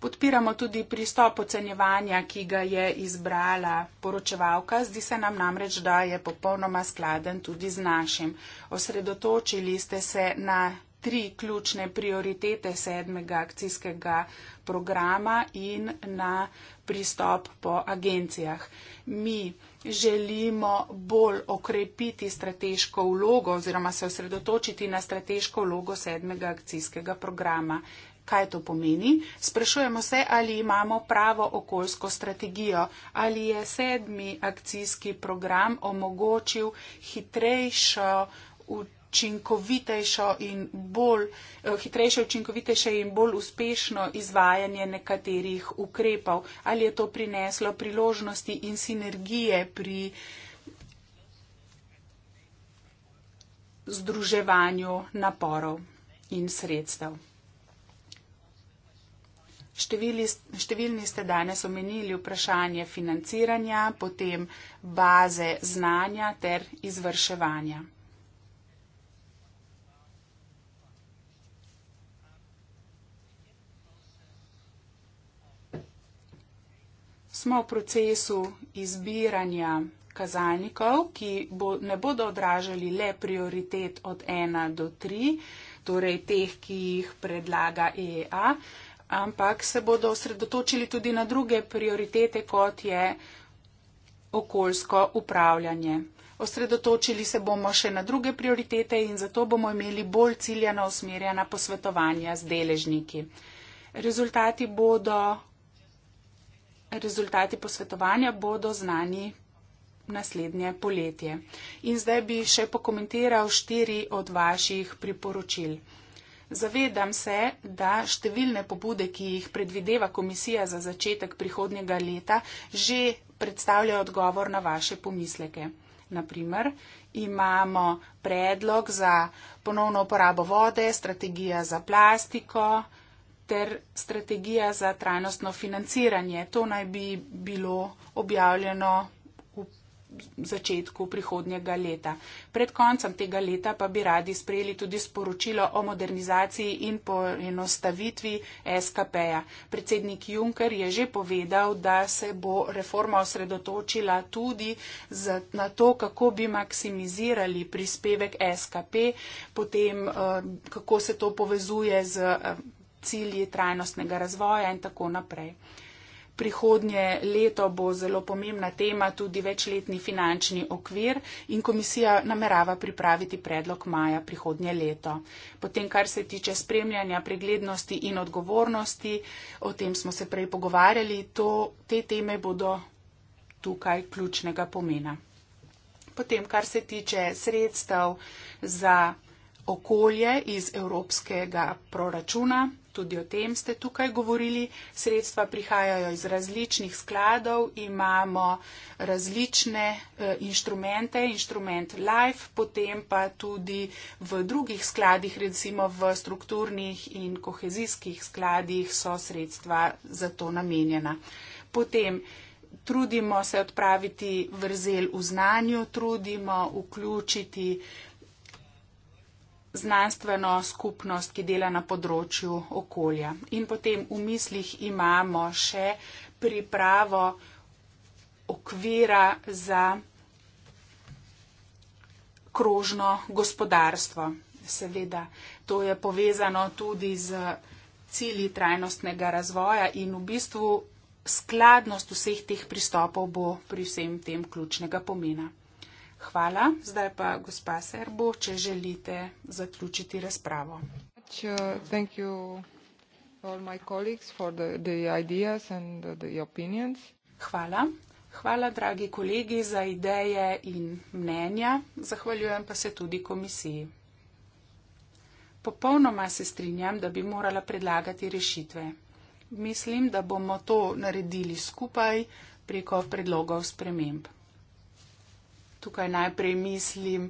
Podpiramo tudi pristop ocenjevanja, ki ga je izbrala poročevalka. Zdi se nam namreč, da je popolnoma skladen tudi z našim. Osredotočili ste se na tri ključne prioritete sedmega akcijskega programa in na pristop po agencijah. Mi želimo bolj okrepiti strateško vlogo oziroma se osredotočiti na strateško vlogo sedmega akcijskega programa kaj to pomeni. Sprašujemo se, ali imamo pravo okoljsko strategijo, ali je sedmi akcijski program omogočil hitrejšo učinkovitejšo in bolj, eh, hitrejše, učinkovitejše in bolj uspešno izvajanje nekaterih ukrepov, ali je to prineslo priložnosti in sinergije pri združevanju naporov in sredstev. Števili, številni ste danes omenili vprašanje financiranja, potem baze znanja ter izvrševanja. Smo v procesu izbiranja kazalnikov, ki bo, ne bodo odražali le prioritet od 1 do 3, torej teh, ki jih predlaga EEA ampak se bodo osredotočili tudi na druge prioritete, kot je okoljsko upravljanje. Osredotočili se bomo še na druge prioritete in zato bomo imeli bolj ciljena usmerjena posvetovanja z deležniki. Rezultati, bodo, rezultati posvetovanja bodo znani naslednje poletje. In zdaj bi še pokomentiral štiri od vaših priporočil. Zavedam se, da številne pobude, ki jih predvideva komisija za začetek prihodnjega leta, že predstavljajo odgovor na vaše pomisleke. Naprimer, imamo predlog za ponovno uporabo vode, strategija za plastiko ter strategija za trajnostno financiranje. To naj bi bilo objavljeno začetku prihodnjega leta. Pred koncem tega leta pa bi radi sprejeli tudi sporočilo o modernizaciji in poenostavitvi SKP-ja. Predsednik Juncker je že povedal, da se bo reforma osredotočila tudi za, na to, kako bi maksimizirali prispevek SKP, potem eh, kako se to povezuje z eh, cilji trajnostnega razvoja in tako naprej prihodnje leto bo zelo pomembna tema tudi večletni finančni okvir in komisija namerava pripraviti predlog maja prihodnje leto. Potem, kar se tiče spremljanja preglednosti in odgovornosti, o tem smo se prej pogovarjali, to, te teme bodo tukaj ključnega pomena. Potem, kar se tiče sredstev za okolje iz evropskega proračuna, Tudi o tem ste tukaj govorili. Sredstva prihajajo iz različnih skladov, imamo različne e, inštrumente, inštrument live, potem pa tudi v drugih skladih, recimo v strukturnih in kohezijskih skladih so sredstva za to namenjena. Potem trudimo se odpraviti vrzel v znanju, trudimo vključiti znanstveno skupnost, ki dela na področju okolja. In potem v mislih imamo še pripravo okvira za krožno gospodarstvo. Seveda, to je povezano tudi z cilji trajnostnega razvoja in v bistvu skladnost vseh teh pristopov bo pri vsem tem ključnega pomena. Hvala. Zdaj pa gospa Serbo, če želite zaključiti razpravo. Uh, Hvala. Hvala, dragi kolegi, za ideje in mnenja. Zahvaljujem pa se tudi komisiji. Popolnoma se strinjam, da bi morala predlagati rešitve. Mislim, da bomo to naredili skupaj preko predlogov sprememb tukaj najprej mislim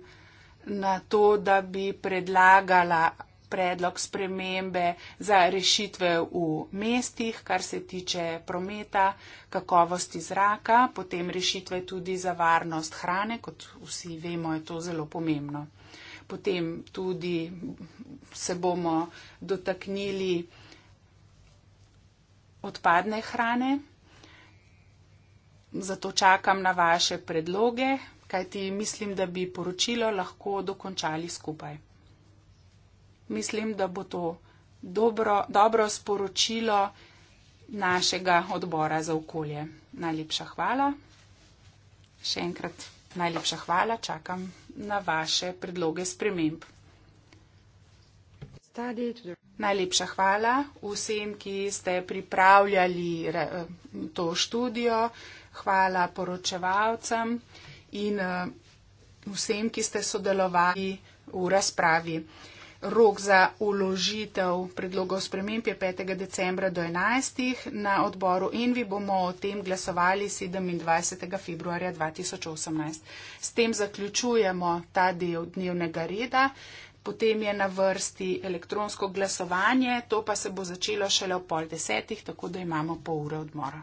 na to, da bi predlagala predlog spremembe za rešitve v mestih, kar se tiče prometa, kakovosti zraka, potem rešitve tudi za varnost hrane, kot vsi vemo, je to zelo pomembno. Potem tudi se bomo dotaknili odpadne hrane. Zato čakam na vaše predloge, kajti mislim, da bi poročilo lahko dokončali skupaj. Mislim, da bo to dobro, dobro sporočilo našega odbora za okolje. Najlepša hvala. Še enkrat najlepša hvala. Čakam na vaše predloge sprememb. Najlepša hvala vsem, ki ste pripravljali to študijo. Hvala poročevalcem in eh, vsem, ki ste sodelovali v razpravi. Rok za uložitev predlogov sprememb je 5. decembra do 11. na odboru in vi bomo o tem glasovali 27. februarja 2018. S tem zaključujemo ta del dnevnega reda. Potem je na vrsti elektronsko glasovanje, to pa se bo začelo šele ob pol desetih, tako da imamo pol ure odmora.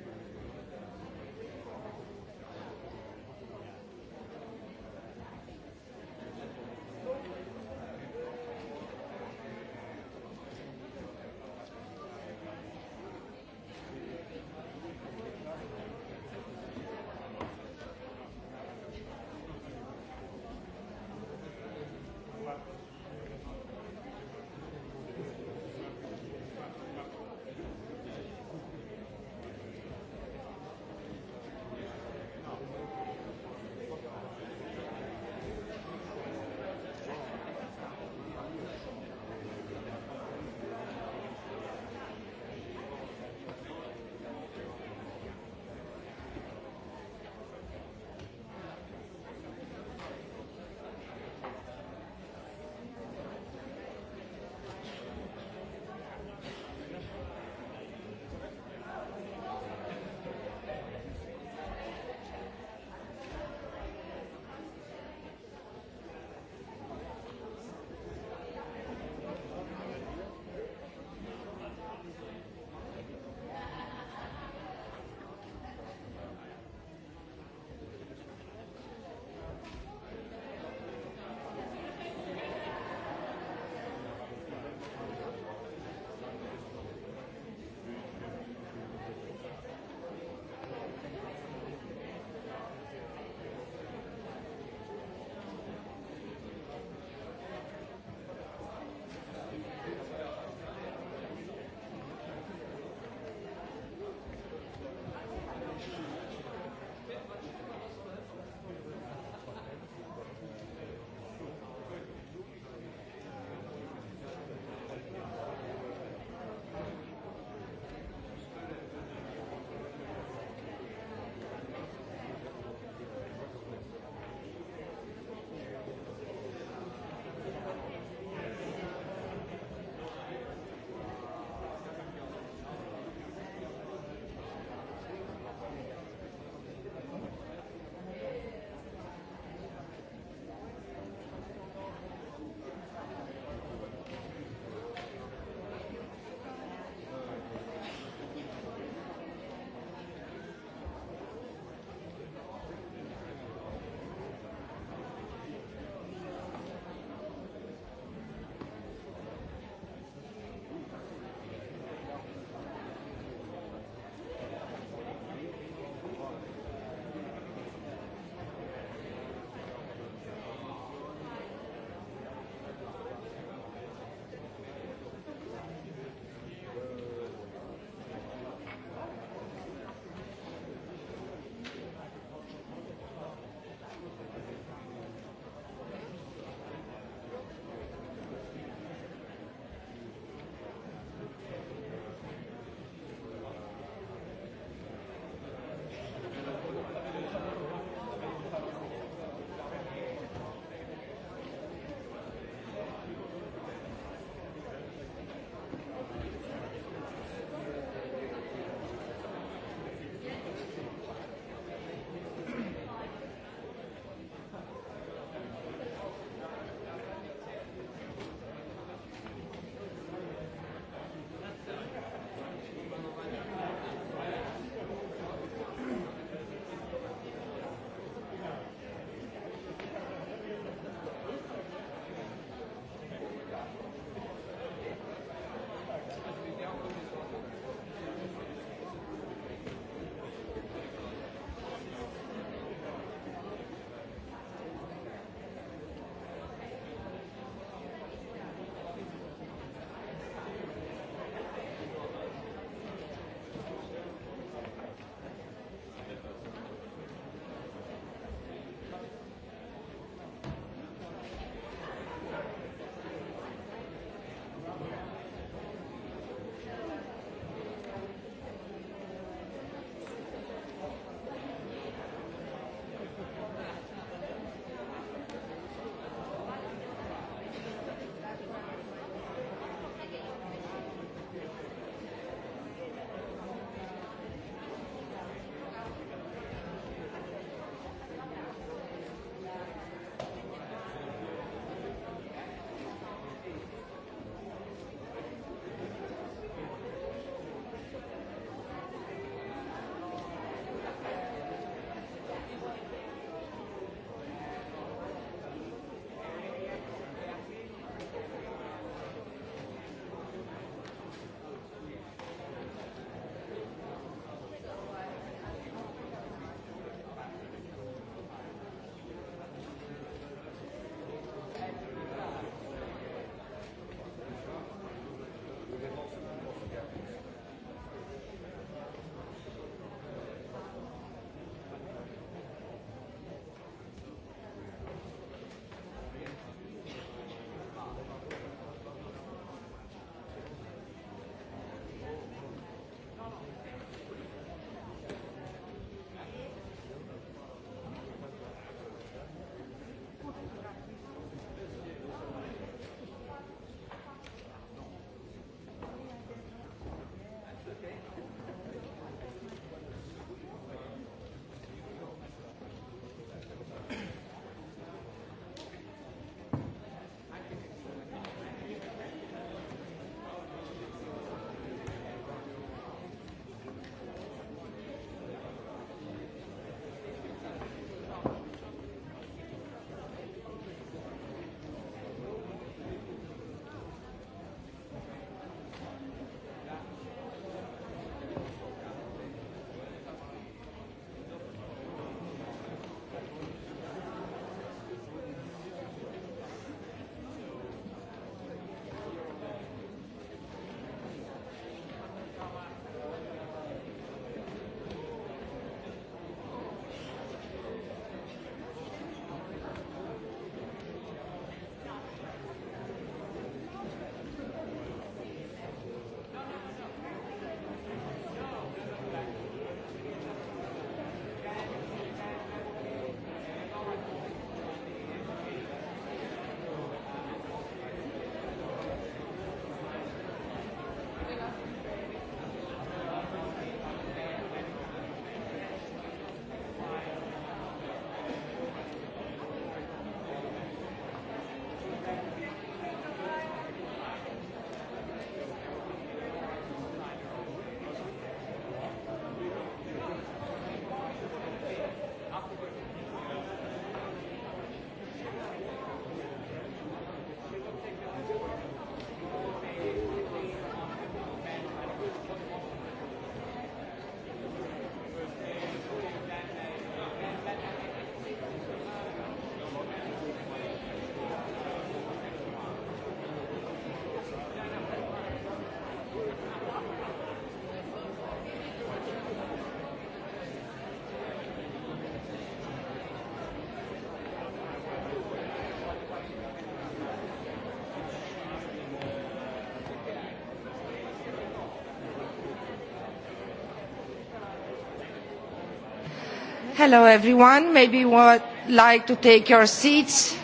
Hello, everyone. Maybe you would like to take your seats.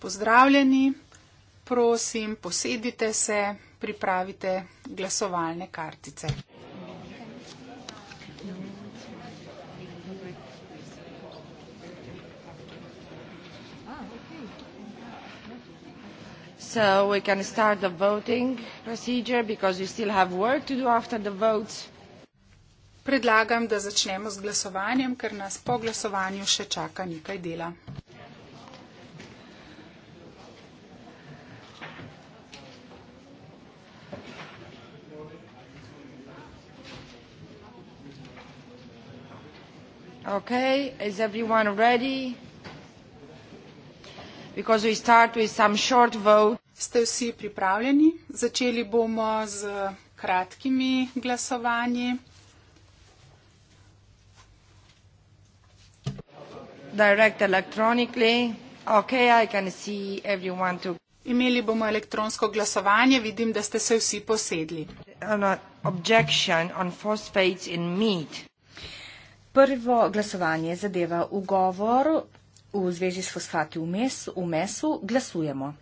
Pozdravljeni, prosim, posedite se, pripravite glasovalne kartice. So we can start the voting procedure because we still have work to do after the votes predlagam, da začnemo z glasovanjem, ker nas po glasovanju še čaka nekaj dela. Okay, is everyone ready? Because we start with some short vote. Ste vsi pripravljeni? Začeli bomo z kratkimi glasovanji. direct electronically. Okay, I can see everyone to. Imeli bomo elektronsko glasovanje, vidim, da ste se vsi posedli. Prvo glasovanje zadeva ugovor v zvezi s fosfati v mesu. V mesu glasujemo.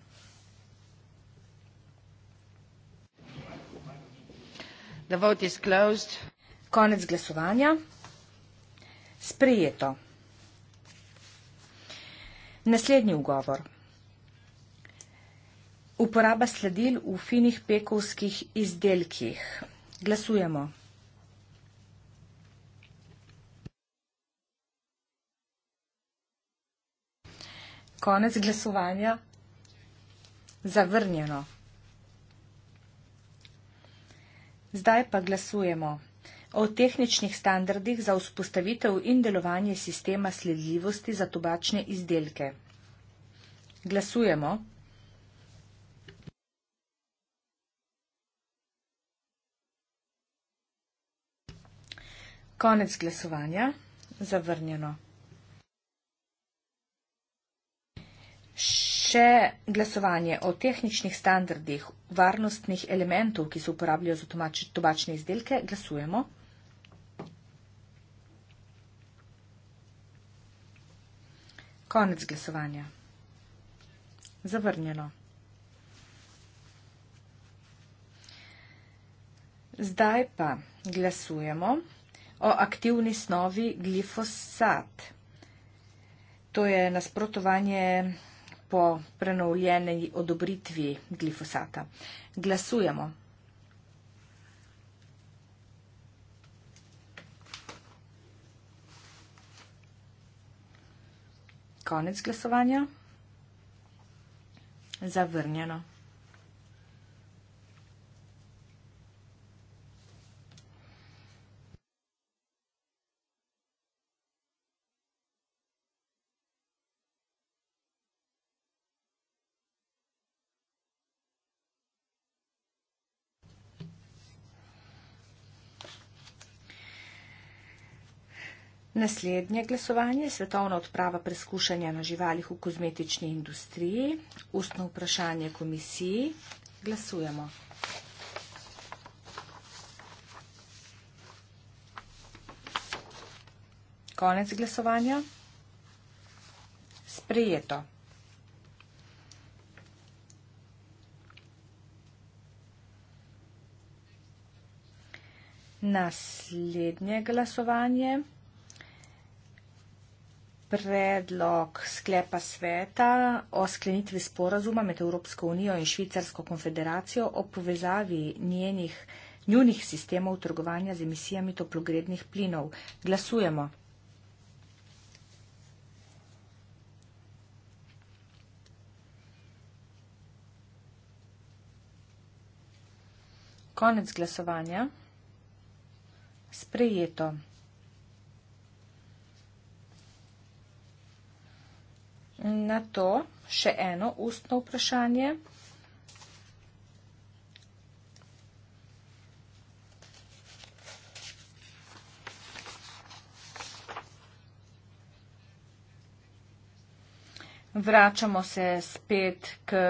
Konec glasovanja. Sprejeto. Naslednji ugovor. Uporaba sladil v finih pekovskih izdelkih. Glasujemo. Konec glasovanja. Zavrnjeno. Zdaj pa glasujemo o tehničnih standardih za vzpostavitev in delovanje sistema sledljivosti za tobačne izdelke. Glasujemo. Konec glasovanja. Zavrnjeno. Še glasovanje o tehničnih standardih varnostnih elementov, ki se uporabljajo za tobačne izdelke. Glasujemo. Konec glasovanja. Zavrnjeno. Zdaj pa glasujemo o aktivni snovi glifosat. To je nasprotovanje po prenovljeni odobritvi glifosata. Glasujemo. Konec glasovanja. Zavrnjeno. Naslednje glasovanje je svetovna odprava preskušanja na živalih v kozmetični industriji. Ustno vprašanje komisiji. Glasujemo. Konec glasovanja. Sprejeto. Naslednje glasovanje predlog sklepa sveta o sklenitvi sporazuma med Evropsko unijo in Švicarsko konfederacijo o povezavi njenih, njunih sistemov trgovanja z emisijami toplogrednih plinov. Glasujemo. Konec glasovanja. Sprejeto. Na to še eno ustno vprašanje. Vračamo se spet k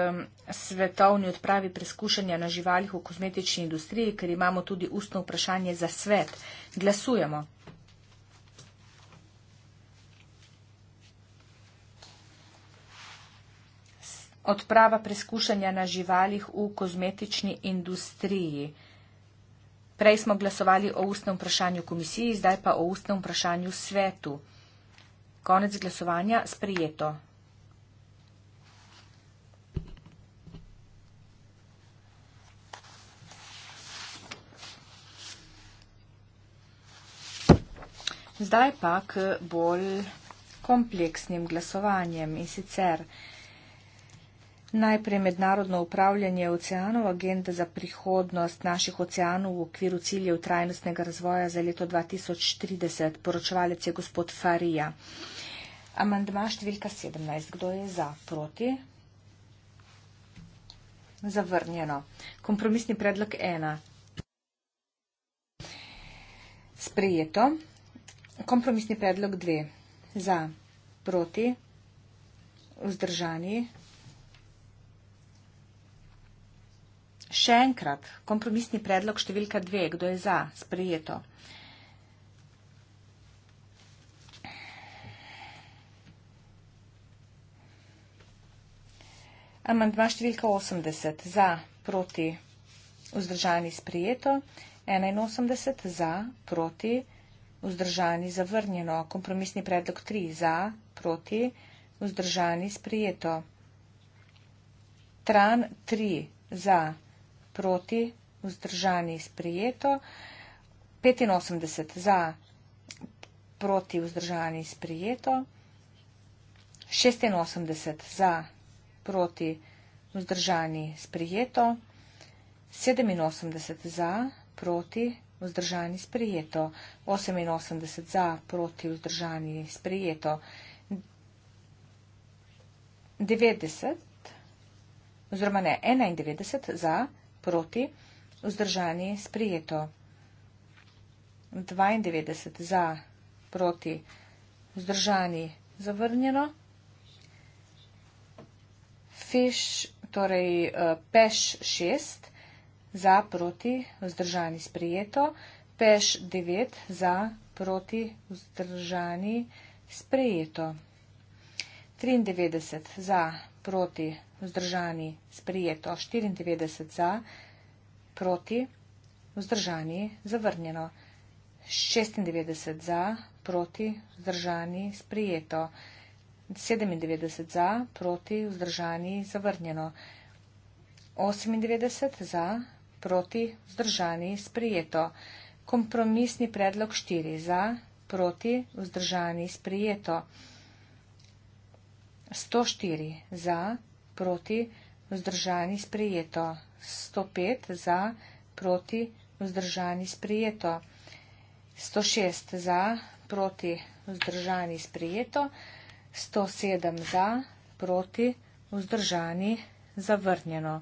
svetovni odpravi preskušanja na živalih v kozmetični industriji, ker imamo tudi ustno vprašanje za svet. Glasujemo. odprava preskušanja na živalih v kozmetični industriji. Prej smo glasovali o ustnem vprašanju komisiji, zdaj pa o ustnem vprašanju svetu. Konec glasovanja sprijeto. Zdaj pa k bolj kompleksnim glasovanjem in sicer Najprej mednarodno upravljanje oceanov, agenda za prihodnost naših oceanov v okviru ciljev trajnostnega razvoja za leto 2030. Poročevalec je gospod Farija. Amandma številka 17. Kdo je za? Proti? Zavrnjeno. Kompromisni predlog 1. Sprejeto. Kompromisni predlog 2. Za? Proti? Vzdržani? Še enkrat, kompromisni predlog številka dve, kdo je za sprejeto? Amandma številka 80 za, proti, vzdržani sprejeto, 81 za, proti, vzdržani zavrnjeno, kompromisni predlog 3 za, proti, vzdržani sprejeto, tran 3 za, proti, proti, vzdržani sprijeto, 85 za, proti, vzdržani sprijeto, 86 za, proti, vzdržani sprijeto, 87 za, proti, vzdržani sprijeto, 88 za, proti, vzdržani sprijeto, 90 oziroma ne 91 za, proti, vzdržani sprijeto. 92 za, proti, vzdržani zavrnjeno. Fiš, torej eh, peš 6 za, proti, vzdržani sprijeto. Peš 9 za, proti, vzdržani sprijeto. 93 za, proti, vzdržani, sprijeto 94 za, proti, vzdržani, zavrnjeno 96 za, proti, vzdržani, sprijeto 97 za, proti, vzdržani, zavrnjeno 98 za, proti, vzdržani, sprijeto. Kompromisni predlog 4 za, proti, vzdržani, sprijeto. 104 za, proti, vzdržani sprejeto. 105 za, proti, vzdržani sprejeto. 106 za, proti, vzdržani sprejeto. 107 za, proti, vzdržani zavrnjeno.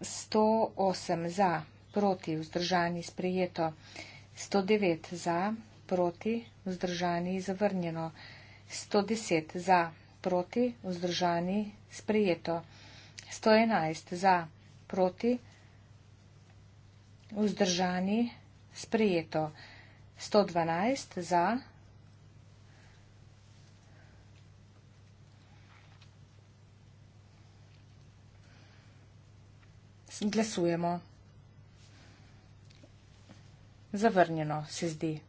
108 za, proti, vzdržani sprejeto. 109 za, proti, vzdržani zavrnjeno. 110 za, proti, vzdržani zavrnjeno proti, vzdržani, sprejeto. 111 za, proti, vzdržani, sprejeto. 112 za, glasujemo. Zavrnjeno se zdi.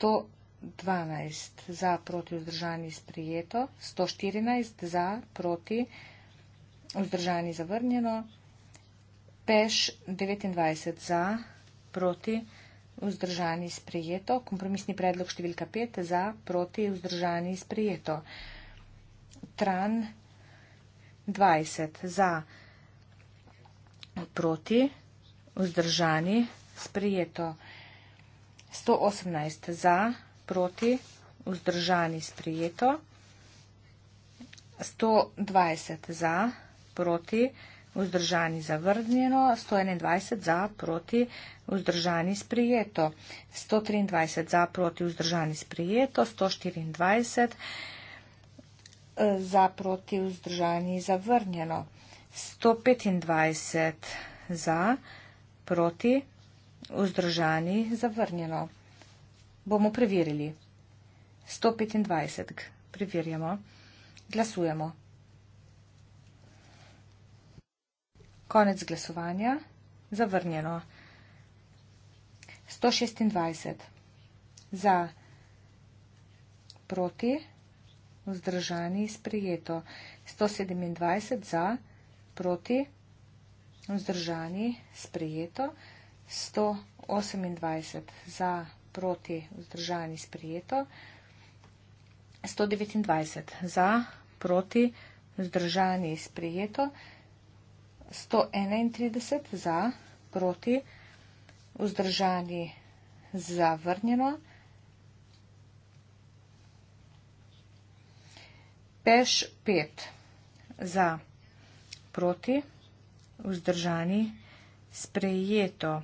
112 za proti vzdržani sprijeto, 114 za proti vzdržani zavrnjeno, peš 29 za proti vzdržani sprijeto, kompromisni predlog številka 5 za proti vzdržani sprijeto, tran 20 za proti vzdržani sprijeto. 118 za, proti, vzdržani sprijeto. 120 za, proti, vzdržani zavrnjeno. 121 za, proti, vzdržani sprijeto. 123 za, proti, vzdržani sprijeto. 124 eh, za, proti, vzdržani zavrnjeno. 125 za, proti, vzdržani sprijeto vzdržani zavrnjeno. Bomo preverili. 125. Preverjamo. Glasujemo. Konec glasovanja. Zavrnjeno. 126. Za. Proti. Vzdržani sprejeto. 127. Za. Proti. Vzdržani sprejeto. 128. 128 za, proti, vzdržani, sprijeto. 129 za, proti, vzdržani, sprijeto. 131 za, proti, vzdržani, zavrnjeno. Peš 5 za, proti, vzdržani, sprijeto. 131 za, proti, vzdržani, sprijeto.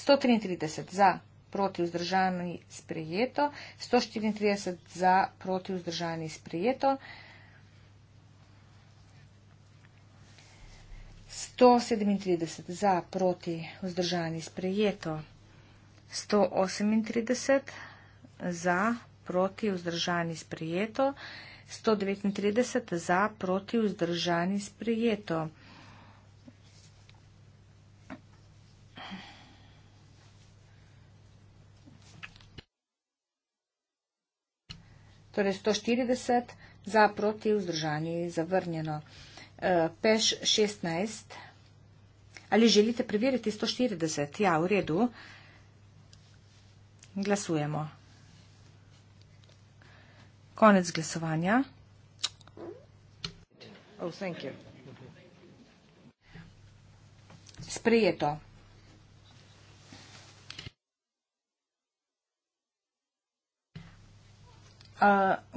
133 za proti vzdržani sprejeto, 134 za proti vzdržani sprejeto, 137 za proti vzdržani sprejeto, 138 za proti vzdržani sprejeto, 139 za proti vzdržani sprejeto. torej 140 za proti vzdržanje zavrnjeno. E, peš 16. Ali želite preveriti 140? Ja, v redu. Glasujemo. Konec glasovanja. Oh, thank you. Sprejeto.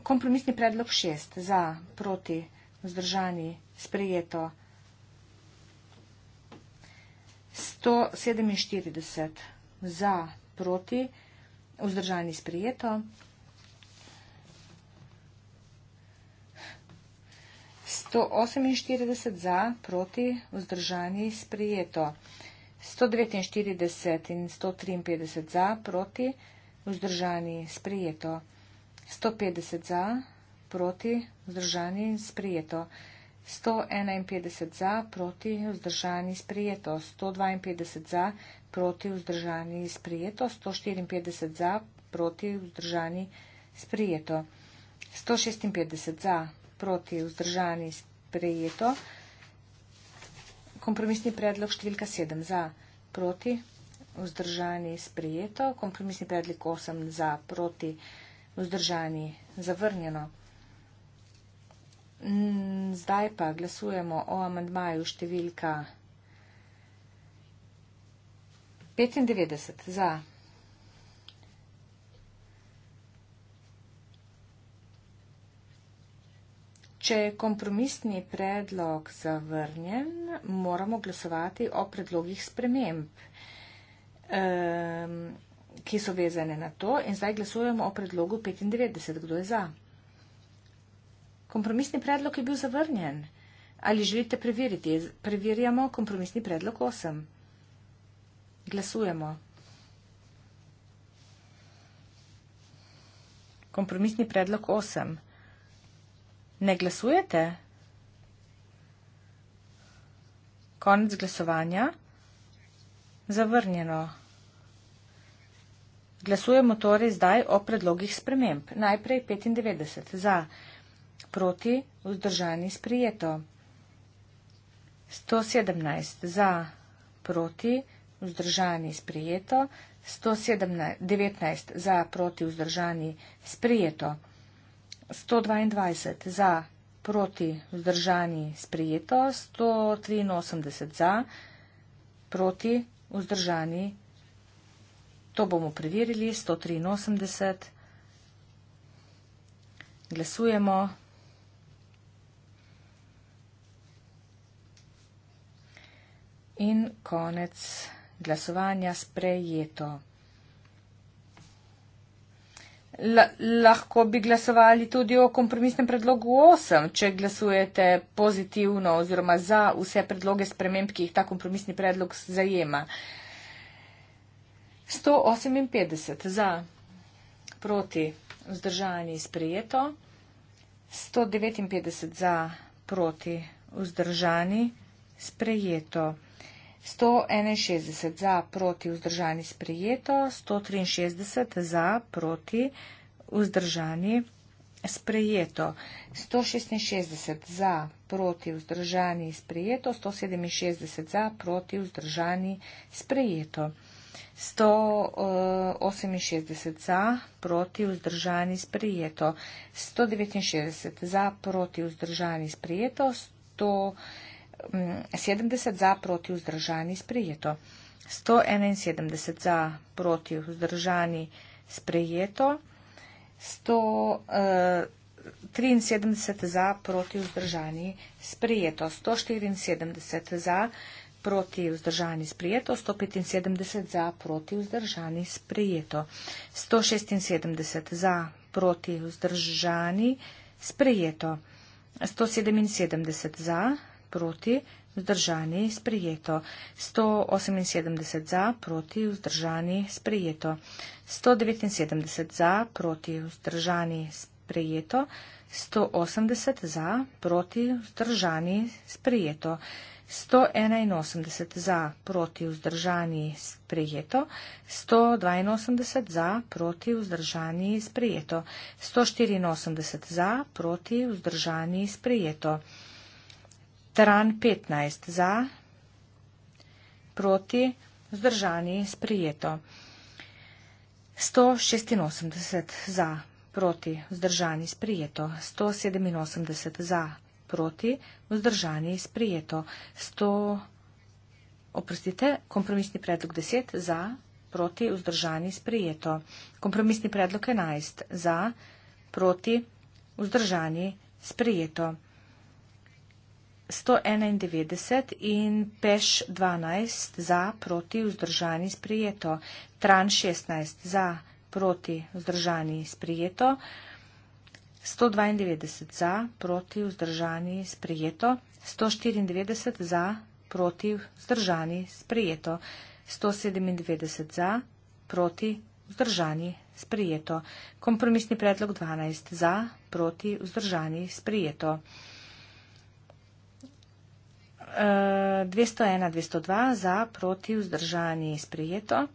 kompromisni predlog šest za, proti, vzdržani, sprejeto. 147 za, proti, vzdržani, sprejeto. 148 za, proti, vzdržani, sprejeto. 149 in 153 za, proti, vzdržani, sprejeto. 150 za, proti, vzdržani, sprijeto. 151 za, proti, vzdržani, sprijeto. 152 za, proti, vzdržani, sprijeto. 154 za, proti, vzdržani, sprijeto. 156 za, proti, vzdržani, sprijeto. Kompromisni predlog številka 7 za, proti, vzdržani, sprijeto. Kompromisni predlog 8 za, proti, vzdržani, sprijeto vzdržani, zavrnjeno. Zdaj pa glasujemo o amandmaju številka 95 za. Če je kompromisni predlog zavrnjen, moramo glasovati o predlogih sprememb. Ehm, ki so vezane na to in zdaj glasujemo o predlogu 95. Kdo je za? Kompromisni predlog je bil zavrnjen. Ali želite preveriti? Preverjamo kompromisni predlog 8. Glasujemo. Kompromisni predlog 8. Ne glasujete? Konec glasovanja. Zavrnjeno. Glasujemo torej zdaj o predlogih sprememb. Najprej 95 za, proti, vzdržani sprijeto. 117 za, proti, vzdržani sprijeto. 119 za, proti, vzdržani sprijeto. 122 za, proti, vzdržani sprijeto. 183 za, proti, vzdržani sprijeto. To bomo preverili. 183. Glasujemo. In konec glasovanja sprejeto. La, lahko bi glasovali tudi o kompromisnem predlogu 8, če glasujete pozitivno oziroma za vse predloge sprememb, ki jih ta kompromisni predlog zajema. Uh, 158 za, proti, vzdržani sprejeto, 159 za, proti, vzdržani sprejeto, 161 za, proti, vzdržani sprejeto, 163 za, proti, vzdržani sprejeto, 166 za, proti, vzdržani sprejeto, 167 za, proti, vzdržani sprejeto. 168 eh, za, proti vzdržani sprijeto, 169 za, proti vzdržani sprijeto, 170 mm, za, proti vzdržani sprijeto, 171 za, proti vzdržani sprijeto, 173 eh, za, proti vzdržani sprijeto, 174 za, proti vzdržani sprijeto proti vzdržani sprijeto, 175 za proti vzdržani sprijeto, 176 za proti vzdržani sprijeto, 177 za proti vzdržani sprijeto, 178 za proti vzdržani sprijeto, 179 za proti vzdržani sprijeto, 180 za proti vzdržani sprijeto, 181 za, proti vzdržani sprejeto, 182 za, proti vzdržani sprejeto, 184 za, proti vzdržani sprejeto, Tran 15 za, proti vzdržani sprejeto, 186 za, proti vzdržani sprejeto, 187 za, proti, vzdržani sprejeto. 100, oprostite, kompromisni predlog 10 za, proti, vzdržani sprejeto. Kompromisni predlog 11 za, proti, vzdržani sprejeto. 191 in peš 12 za, proti, vzdržani sprejeto. Tran 16 za, proti, vzdržani sprejeto. 192 za, proti, vzdržani, sprejeto. 194 za, proti, vzdržani, sprejeto. 197 za, proti, vzdržani, sprejeto. Kompromisni predlog 12 za, proti, vzdržani, sprejeto. 201, eh, 202 za, proti, vzdržani, sprejeto.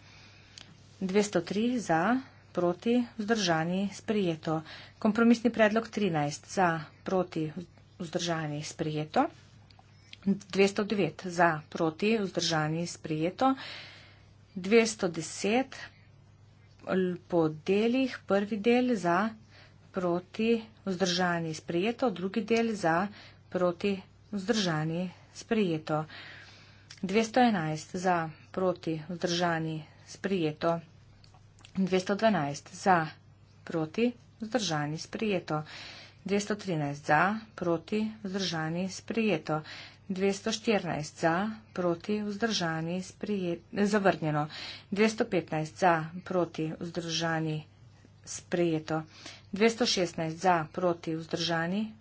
203 za, proti, vzdržani, sprijeto. Kompromisni predlog 13 za, proti, vzdržani, sprijeto. 209 za, proti, vzdržani, sprijeto. 210 po delih, prvi del za, proti, vzdržani, sprijeto. Drugi del za, proti, vzdržani, sprijeto. 211 za, proti, vzdržani, sprijeto. 212. 212 za, proti, vzdržani, sprijeto. 213 za, proti, vzdržani, sprijeto. 214 za, proti, vzdržani, sprijeto. Zavrnjeno. 215 za, proti, vzdržani, sprijeto. 216 za, proti, vzdržani.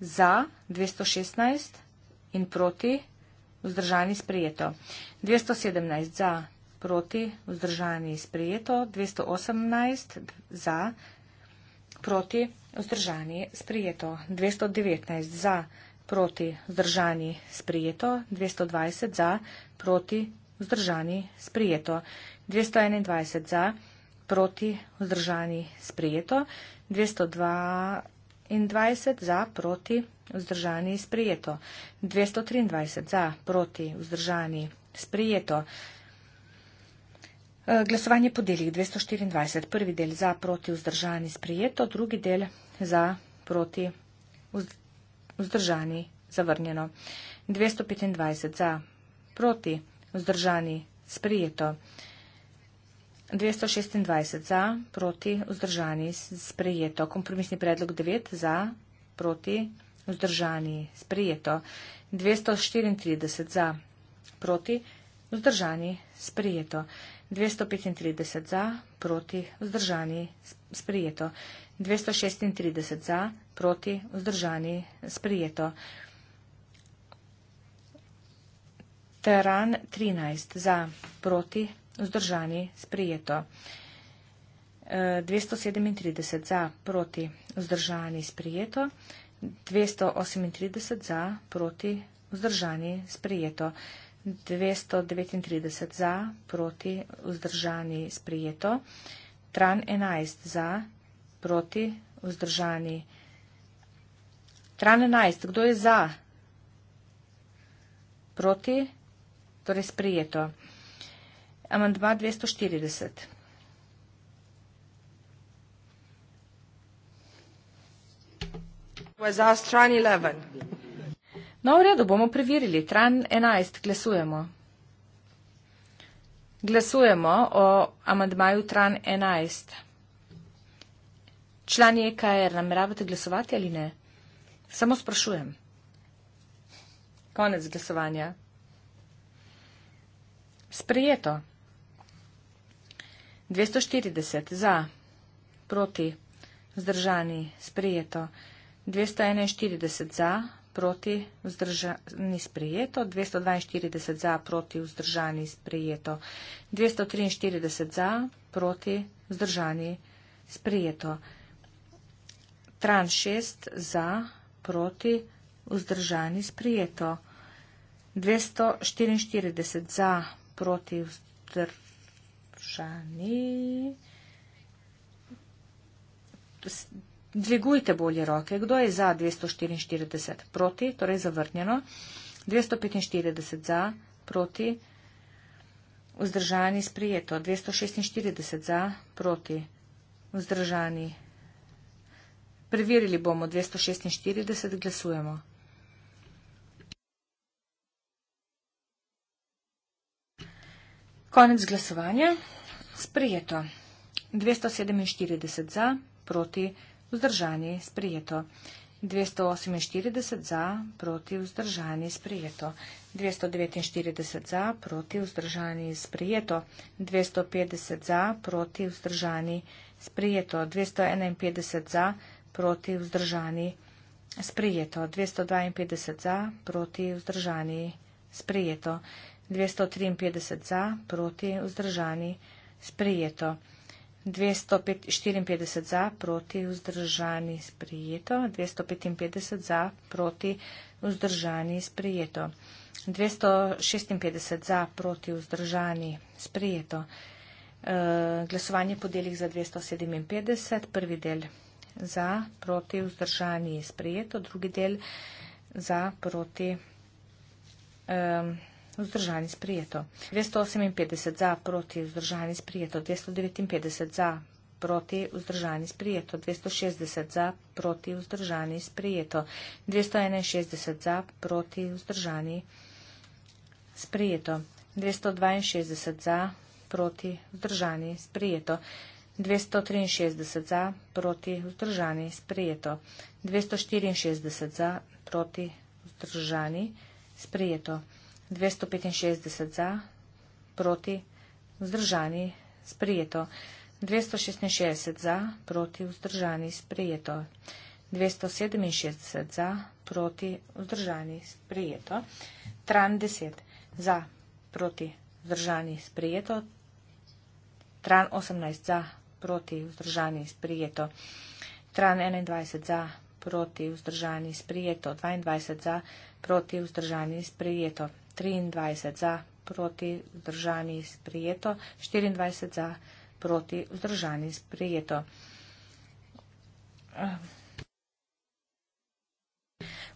Za 216 in proti 216 vzdržani sprejeto. 217 za, proti, vzdržani sprejeto. 218 za, proti, vzdržani sprejeto. 219 za, proti, vzdržani sprejeto. 220 za, proti, vzdržani sprejeto. 221 za, proti, vzdržani sprejeto. 202 in 20 za, proti, vzdržani, sprijeto. 223 za, proti, vzdržani, sprijeto. Eh, glasovanje po delih 224. Prvi del za, proti, vzdržani, sprijeto. Drugi del za, proti, vzdržani, zavrnjeno. 225 za, proti, vzdržani, sprijeto. 227. 226 za, proti, vzdržani, sprejeto. Kompromisni predlog 9 za, proti, vzdržani, sprejeto. 234 za, proti, vzdržani, sprejeto. 235 za, proti, vzdržani, sprejeto. 236 za, proti, vzdržani, sprejeto. Teran 13 za, proti, vzdržani, sprijeto. 237 e, za, proti, vzdržani, sprijeto. 238 za, proti, vzdržani, sprijeto. 239 za, proti, vzdržani, sprijeto. Tran 11 za, proti, vzdržani. Tran 11, kdo je za? Proti, torej sprijeto amandma 240. Was asked tran 11. No, v redu, bomo preverili. Tran 11, glasujemo. Glasujemo o amandmaju tran 11. Člani EKR, nameravate glasovati ali ne? Samo sprašujem. Konec glasovanja. Sprejeto. 240 za, proti, vzdržani, sprejeto. 241 za, proti, vzdržani, sprejeto. 242 za, proti, vzdržani, sprejeto. 243 za, proti, vzdržani, sprejeto. Tran 6 za, proti, vzdržani, sprejeto. 244 za, proti, vzdržani vprašanje. Dvigujte bolje roke. Kdo je za 244 proti, torej zavrnjeno? 245 za proti, vzdržani sprijeto. 246 za proti, vzdržani. Preverili bomo 246, glasujemo. Konec glasovanja. Sprijeto. 247 za, proti, vzdržani, sprijeto. 248 za, proti, vzdržani, sprijeto. 249 za, proti, vzdržani, sprijeto. 250 za, proti, vzdržani, sprijeto. 251 za, proti, vzdržani, sprijeto. 252 za, proti, vzdržani, sprijeto. 253 za, proti, vzdržani, sprejeto. 254 za, proti, vzdržani, sprejeto. 255 za, proti, vzdržani, sprejeto. 256 za, proti, vzdržani, sprejeto. E, glasovanje po delih za 257, prvi del za, proti, vzdržani, sprejeto, drugi del za, proti. E, vzdržani sprijeto. 258 za, proti vzdržani sprijeto. 259 za, proti vzdržani sprijeto. 260 za, proti vzdržani sprijeto. 261 za, proti vzdržani sprijeto. 262 za, proti vzdržani sprijeto. 263 za, proti vzdržani sprijeto. 264 za, proti vzdržani sprijeto. 265 za, proti, vzdržani, sprijeto. 266 za, proti, vzdržani, sprijeto. 267 za, proti, vzdržani, sprijeto. Tran 10 za, proti, vzdržani, sprijeto. Tran 18 za, proti, vzdržani, sprijeto. Tran 21 za, proti, vzdržani, sprijeto. 22 za, proti, vzdržani, sprijeto. 23 za, proti, vzdržani, sprijeto, 24 za, proti, vzdržani, sprijeto.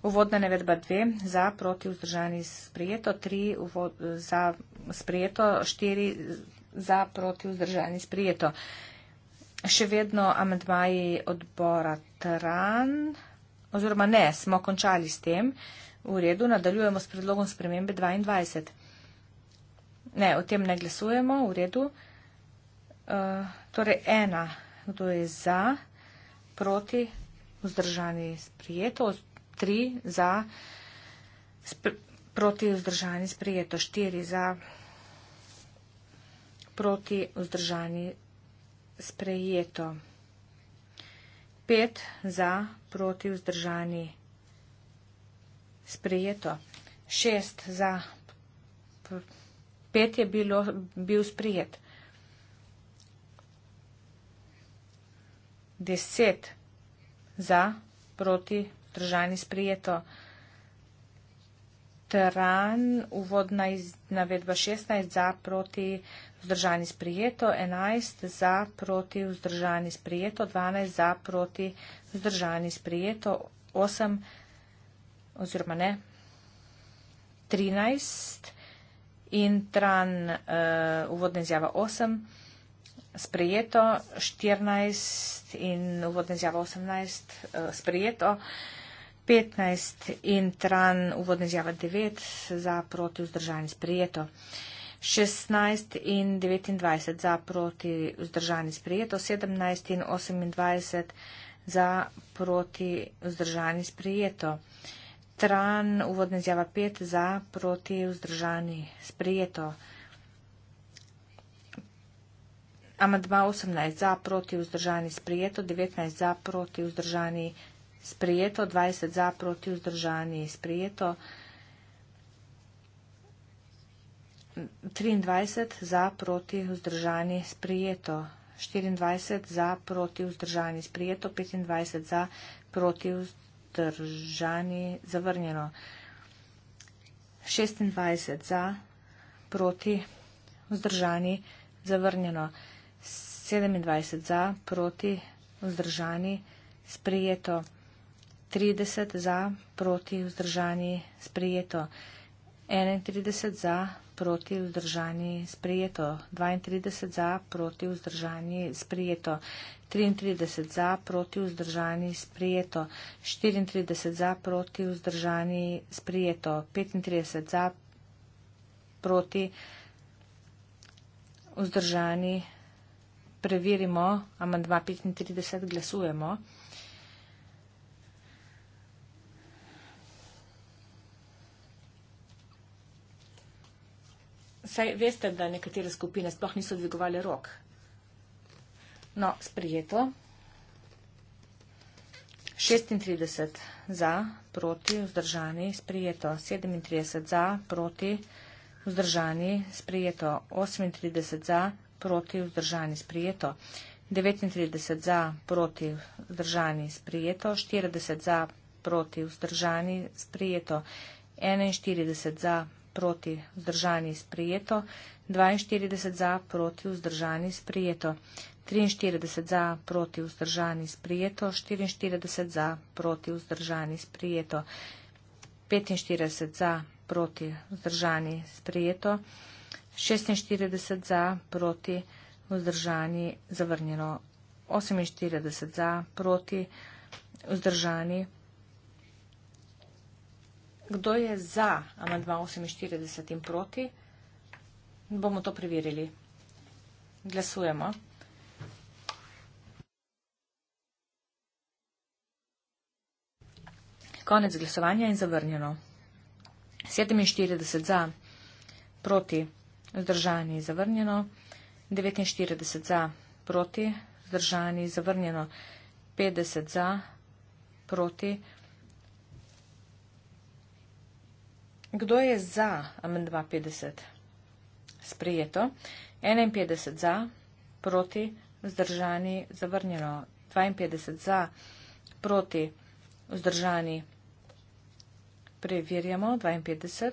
Uvodna nevedba 2, za, proti, vzdržani, sprijeto, 3 za, sprijeto, 4 za, proti, vzdržani, sprijeto. Še vedno amedmaji odbora TRAN, oziroma ne, smo končali s tem. Uh, V redu, nadaljujemo s predlogom spremembe 22. Ne, o tem ne glasujemo, v redu. Uh, torej ena, kdo je za, proti, vzdržani sprijeto, tri za, spri, proti, vzdržani sprijeto, štiri za, proti, vzdržani sprijeto, pet za, proti, vzdržani sprijeto sprejeto. Šest za pet je bilo, bil sprejet. Deset za proti držani sprejeto. Teran, uvodna iz, navedba 16, za proti vzdržani sprijeto, 11 za proti vzdržani sprijeto, 12 za proti vzdržani sprijeto, 8 za proti vzdržani sprijeto oziroma ne, 13 in tran uh, eh, uvodna izjava 8, sprejeto, 14 in uvodna izjava 18, uh, eh, sprejeto, 15 in tran uvodna izjava 9, za proti vzdržanje, sprejeto. 16 in 29 za proti vzdržani sprejeto, 17 in 28 za proti vzdržani sprejeto. Uh, stran, uvodna izjava 5, za, proti, vzdržani, sprejeto. Amadma 18, za, proti, vzdržani, sprejeto, 19, za, proti, vzdržani, sprejeto, 20, za, proti, vzdržani, sprejeto, 23, za, proti, vzdržani, sprejeto, 24, za, proti, vzdržani, sprejeto, 25, za, proti, vzdržani vzdržani, zavrnjeno 26 za, proti vzdržani, zavrnjeno 27 za, proti vzdržani, sprijeto 30 za, proti vzdržani, sprijeto 31 za, proti vzdržani sprejeto, 32 za proti vzdržani sprejeto, 33 za proti vzdržani sprejeto, 34 za proti vzdržani sprejeto, 35 za proti vzdržani preverimo, amandma 35 glasujemo. Saj veste, da nekatere skupine sploh niso dvigovali rok. No, sprijeto. 36 za, proti, vzdržani, sprijeto. 37 za, proti, vzdržani, sprijeto. 38 za, proti, vzdržani, sprijeto. 39 za, proti, vzdržani, sprijeto. 40 za, proti, vzdržani, sprijeto. 41 za, proti vzdržani sprejeto, 42 za proti vzdržani sprejeto, 43 za proti vzdržani sprejeto, 44 za proti vzdržani sprejeto, 45 za proti vzdržani sprejeto, 46 za proti vzdržani zavrnjeno, 48 za proti vzdržani sprejeto. Kdo je za amandma 48 in proti? Bomo to preverili. Glasujemo. Konec glasovanja in zavrnjeno. 47 za, proti, zdržani, zavrnjeno. 49 za, proti, zdržani, zavrnjeno. 50 za, proti, zdržani. Kdo je za amendva 50? Sprijeto. 51 za, proti, vzdržani, zavrnjeno. 52 za, proti, vzdržani, preverjamo. 52.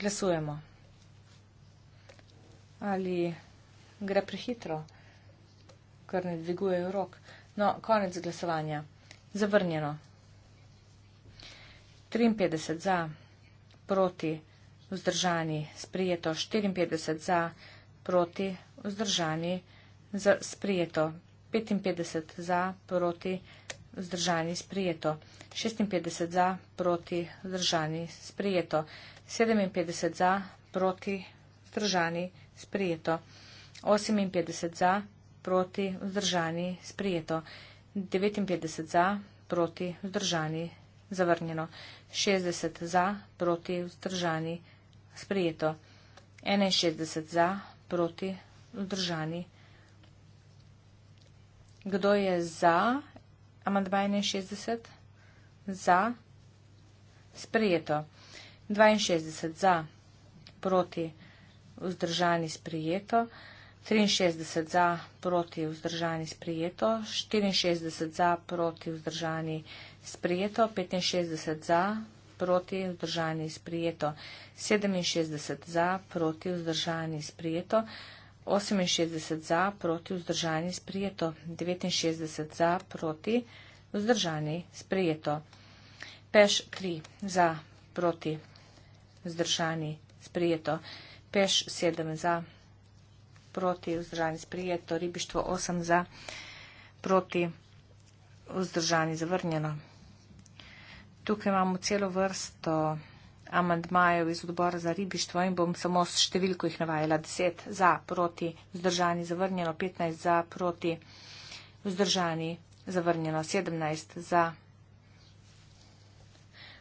Glasujemo. Ali gre prehitro, ker ne dvigujejo rok. No, konec glasovanja. Zavrnjeno. 53 za, proti, vzdržani, sprijeto, 54 za, proti, vzdržani, za, sprijeto, 55 za, proti, vzdržani, sprijeto, 56 za, proti, vzdržani, sprijeto, 57 za, proti, vzdržani, sprijeto, 58 za, proti, vzdržani, sprijeto, 59 za, proti, vzdržani, zavrnjeno, 60 za, proti, vzdržani, sprejeto, 61 za, proti, vzdržani. Kdo je za amandma 61? Za, sprejeto, 62 za, proti, vzdržani, sprejeto, 63 za, proti, vzdržani, sprejeto, 64 za, proti, vzdržani, sprejeto sprejeto, 65 za, proti, vzdržani, sprejeto, 67 za, proti, vzdržani, sprejeto, 68 za, proti, vzdržani, sprejeto, 69 za, proti, vzdržani, sprejeto, peš 3 za, proti, vzdržani, sprejeto, peš 7 za, proti, vzdržani, sprejeto, ribištvo 8 za, proti, vzdržani, sprejeto, vzdržani, zavrnjeno. Tukaj imamo celo vrsto amandmajev iz odbora za ribištvo in bom samo s številko jih navajala. 10 za, proti, vzdržani, zavrnjeno, 15 za, proti, vzdržani, zavrnjeno, 17 za.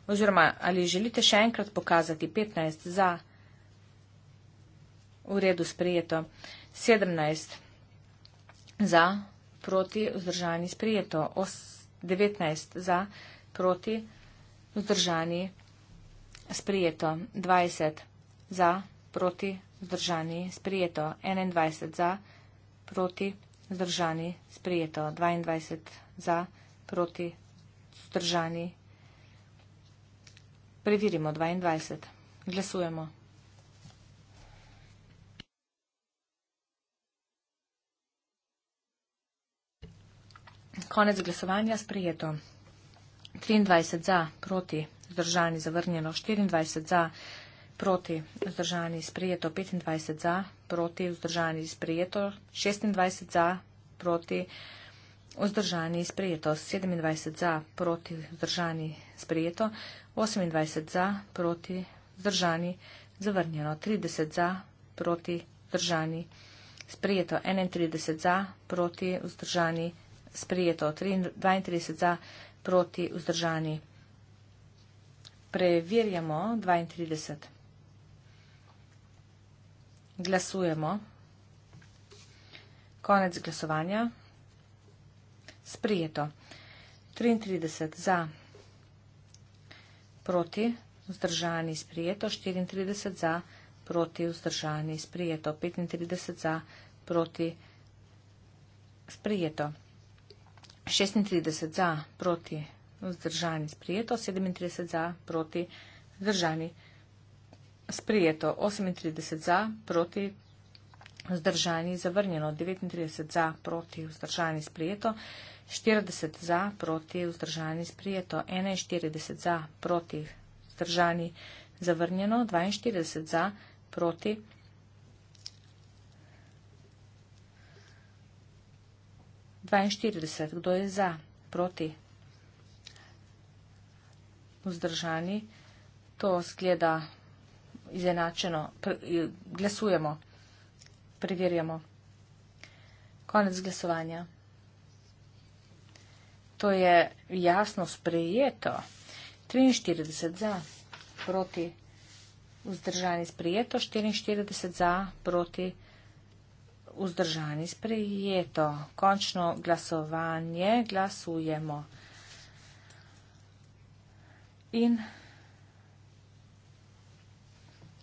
Oziroma, ali želite še enkrat pokazati 15 za? V redu, sprejeto. 17 za, proti, vzdržani sprijeto, Os, 19 za, proti, vzdržani sprijeto, 20 za, proti, vzdržani sprijeto, 21 za, proti, vzdržani sprijeto, 22 za, proti, vzdržani. Preverimo 22. Glasujemo. Konec glasovanja sprejeto. 23 za, proti, zdržani, zavrnjeno. 24 za, proti, zdržani, sprejeto. 25 za, proti, zdržani, sprejeto. 26 za, proti, zdržani, sprejeto. 27 za, proti, zdržani, sprejeto. 28 za, proti, zdržani, zavrnjeno. 30 za, proti, zdržani, sprejeto. 31 za, proti, zdržani, sprejeto sprijeto 32 za proti vzdržani. Preverjamo 32. Glasujemo. Konec glasovanja. Sprijeto 33 za proti vzdržani sprijeto 34 za proti vzdržani sprijeto 35 za proti sprijeto. 36 za, proti vzdržani sprijeto, 37 za, proti vzdržani sprijeto, 38 za, proti vzdržani zavrnjeno, 39 za, proti vzdržani sprijeto, 40 za, proti vzdržani sprijeto, 41 za, proti vzdržani zavrnjeno, 42 za, proti vzdržani sprijeto. 42. Kdo je za? Proti? Vzdržani? To skleda izenačeno. Glasujemo. Preverjamo. Konec glasovanja. To je jasno sprejeto. 43 za, proti vzdržani sprejeto, 44 za, proti vzdržani vzdržani, sprejeto. Končno glasovanje, glasujemo. In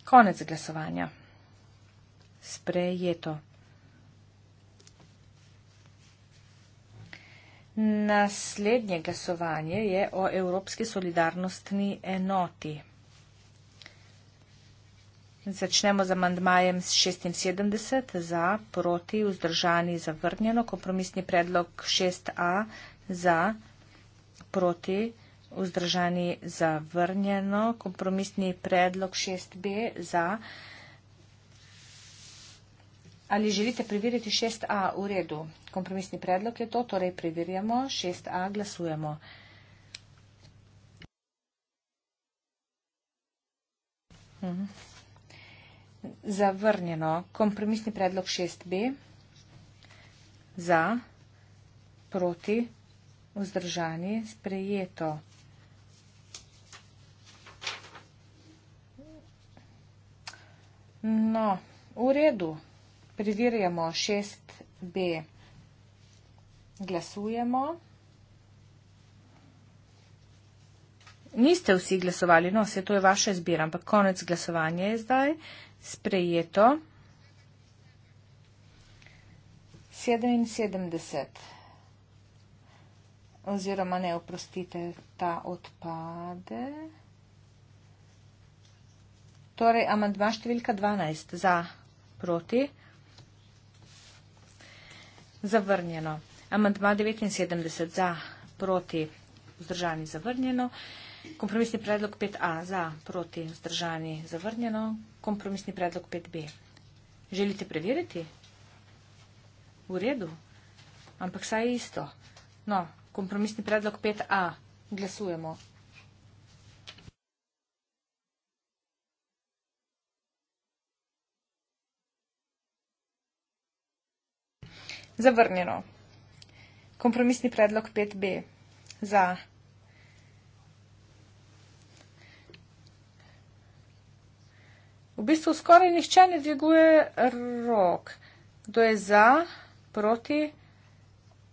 konec glasovanja. Sprejeto. Naslednje glasovanje je o Evropski solidarnostni enoti. Začnemo z amandmajem 76 za, proti, vzdržani, zavrnjeno, kompromisni predlog 6a za, proti, vzdržani, zavrnjeno, kompromisni predlog 6b za. Ali želite preveriti 6a v redu? Kompromisni predlog je to, torej preverjamo 6a, glasujemo. Mhm. Zavrnjeno. Kompromisni predlog 6b. Za, proti, vzdržani, sprejeto. No, v redu. Preverjamo 6b. Glasujemo. Glasujemo. Niste vsi glasovali, no, vse to je vaša izbira, ampak konec glasovanja je zdaj sprejeto. 77. Oziroma ne, oprostite, ta odpade. Torej, amandma številka 12 za proti. Zavrnjeno. Amandma 79 za proti. Vzdržani zavrnjeno. Kompromisni predlog 5a za, proti, vzdržani, zavrnjeno. Kompromisni predlog 5b. Želite preveriti? V redu, ampak saj je isto. No, kompromisni predlog 5a. Glasujemo. Zavrnjeno. Kompromisni predlog 5b. Za, V bistvu skoraj nihče ne dviguje rok. Kdo je za, proti?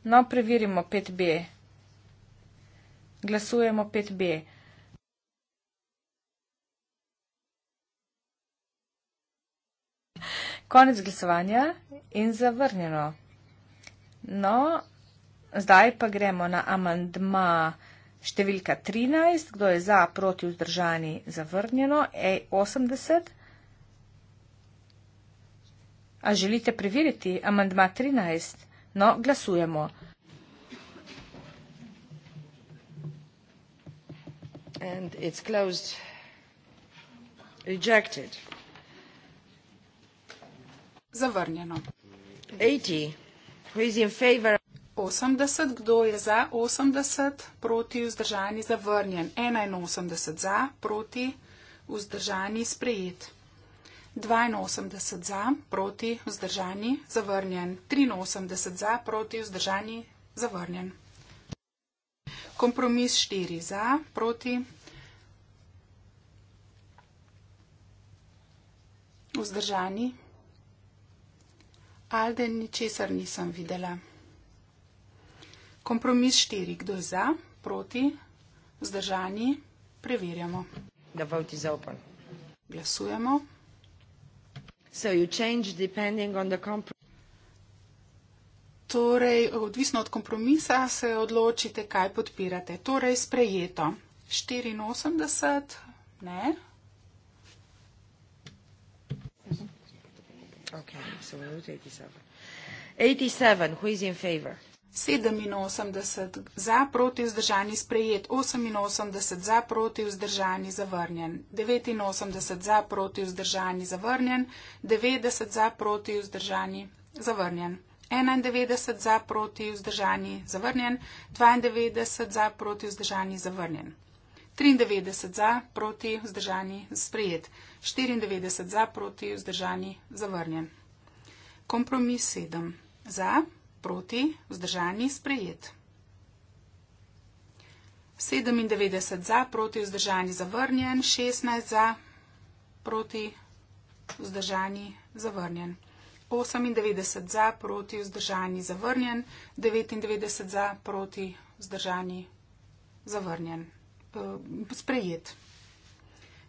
No, preverimo 5B. Glasujemo 5B. Konec glasovanja in zavrnjeno. No, zdaj pa gremo na amandma številka 13. Kdo je za, proti, vzdržani, zavrnjeno? E, 80. A želite preveriti amandma 13? No, glasujemo. And it's closed. Rejected. Zavrnjeno. 80, kdo je za 80, proti vzdržani zavrnjen. 81 za, proti vzdržani sprejet. 82 za, proti, vzdržani, zavrnjen. 83 za, proti, vzdržani, zavrnjen. Kompromis 4 za, proti, vzdržani. Alde ničesar nisem videla. Kompromis 4, kdo je za, proti, vzdržani, preverjamo. Da bo ti zaupan. Glasujemo. So you change depending on the compromise. Torej, odvisno od kompromisa se odločite, kaj podpirate. Torej, sprejeto. 84, ne? Ok, so we'll take this over. 87, who is in favor? 87 za, proti vzdržani sprejet, 88 za, proti vzdržani zavrnjen, 89 za, proti vzdržani zavrnjen, 90 za, proti vzdržani zavrnjen, 91 za, proti vzdržani zavrnjen, 92 za, proti vzdržani zavrnjen, 93 za, proti vzdržani sprejet, 94 za, proti vzdržani zavrnjen. Kompromis 7 za. Proti vzdržani sprejet. 97 za, proti vzdržani zavrnjen, 16 za, proti vzdržani zavrnjen. 98 za, proti vzdržani zavrnjen, 99 za, proti vzdržani zavrnjen, e, sprejet.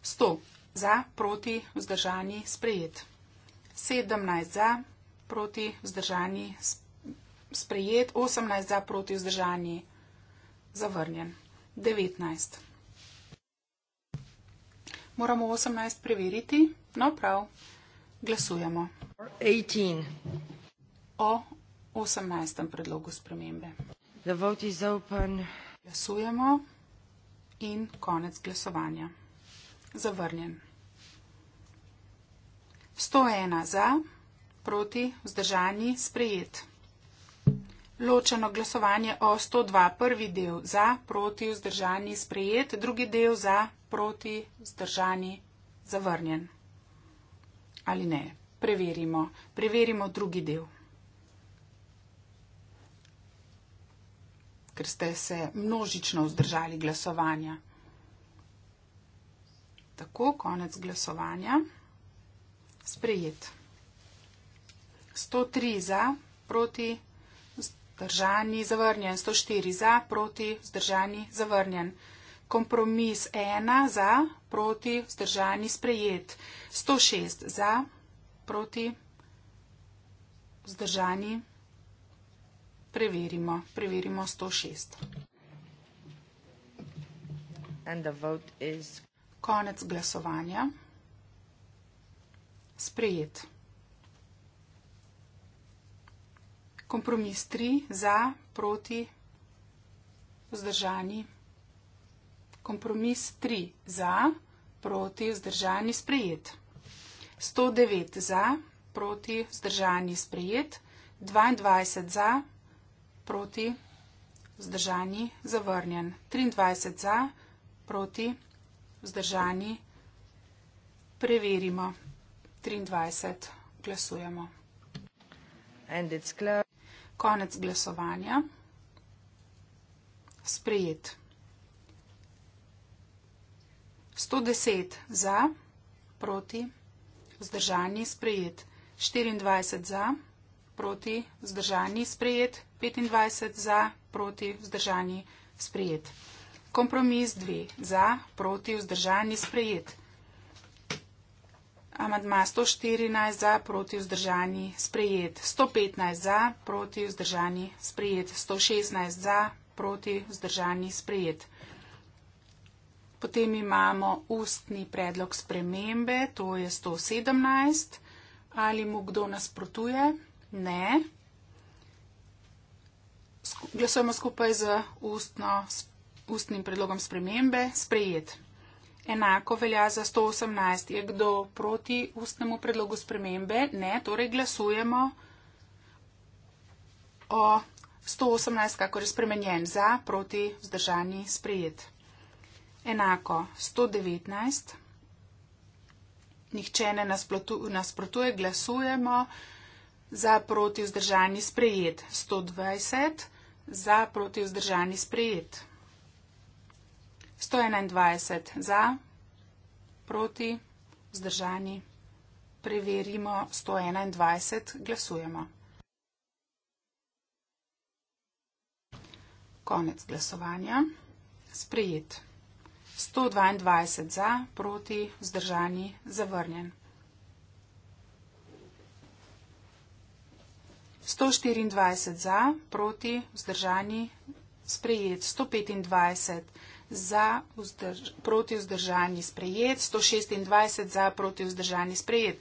100 za, proti vzdržani sprejet. 17 za, proti vzdržani sprejet sprejet, 18 za proti vzdržanji, zavrnjen, 19. Moramo 18 preveriti, no prav, glasujemo. 18. O 18. predlogu spremembe. The vote is open. Glasujemo in konec glasovanja. Zavrnjen. 101 za, proti, vzdržani, sprejet. Ločeno glasovanje o 102. Prvi del za, proti, vzdržani, sprejet. Drugi del za, proti, vzdržani, zavrnjen. Ali ne? Preverimo. Preverimo drugi del. Ker ste se množično vzdržali glasovanja. Tako, konec glasovanja. Sprejet. 103 za, proti, vzdržani. Držani zavrnjen. 104 za, proti, zdržani zavrnjen. Kompromis 1 za, proti, zdržani sprejet. 106 za, proti, zdržani. Preverimo. Preverimo 106. Konec glasovanja. Sprejet. kompromis 3 za, proti, vzdržani. Kompromis 3 za, proti, vzdržani, sprejet. 109 za, proti, vzdržani, sprejet. 22 za, proti, vzdržani, zavrnjen. 23 za, proti, vzdržani, preverimo. 23 glasujemo. And it's clear. Konec glasovanja. Sprejet. 110 za, proti, vzdržani, sprejet. 24 za, proti, vzdržani, sprejet. 25 za, proti, vzdržani, sprejet. Kompromis 2 za, proti, vzdržani, sprejet. Amadma 114 za, proti vzdržani sprejet. 115 za, proti vzdržani sprejet. 116 za, proti vzdržani sprejet. Potem imamo ustni predlog spremembe, to je 117. Ali mu kdo nasprotuje? Ne. Glasujemo skupaj z ustno, ustnim predlogom spremembe. Sprejet. Enako velja za 118. Je kdo proti ustnemu predlogu spremembe? Ne, torej glasujemo o 118, kako je spremenjen, za, proti, vzdržani, sprejet. Enako 119. Nihče ne nasprotuje, glasujemo za, proti, vzdržani, sprejet. 120. Za, proti, vzdržani, sprejet. 121 za, proti, vzdržani. Preverimo 121, glasujemo. Konec glasovanja. Sprejet. 122 za, proti, vzdržani, zavrnjen. 124 za, proti, vzdržani, sprejet. 125 za za vzdrž, proti vzdržani sprejet, 126 za proti vzdržani sprejet,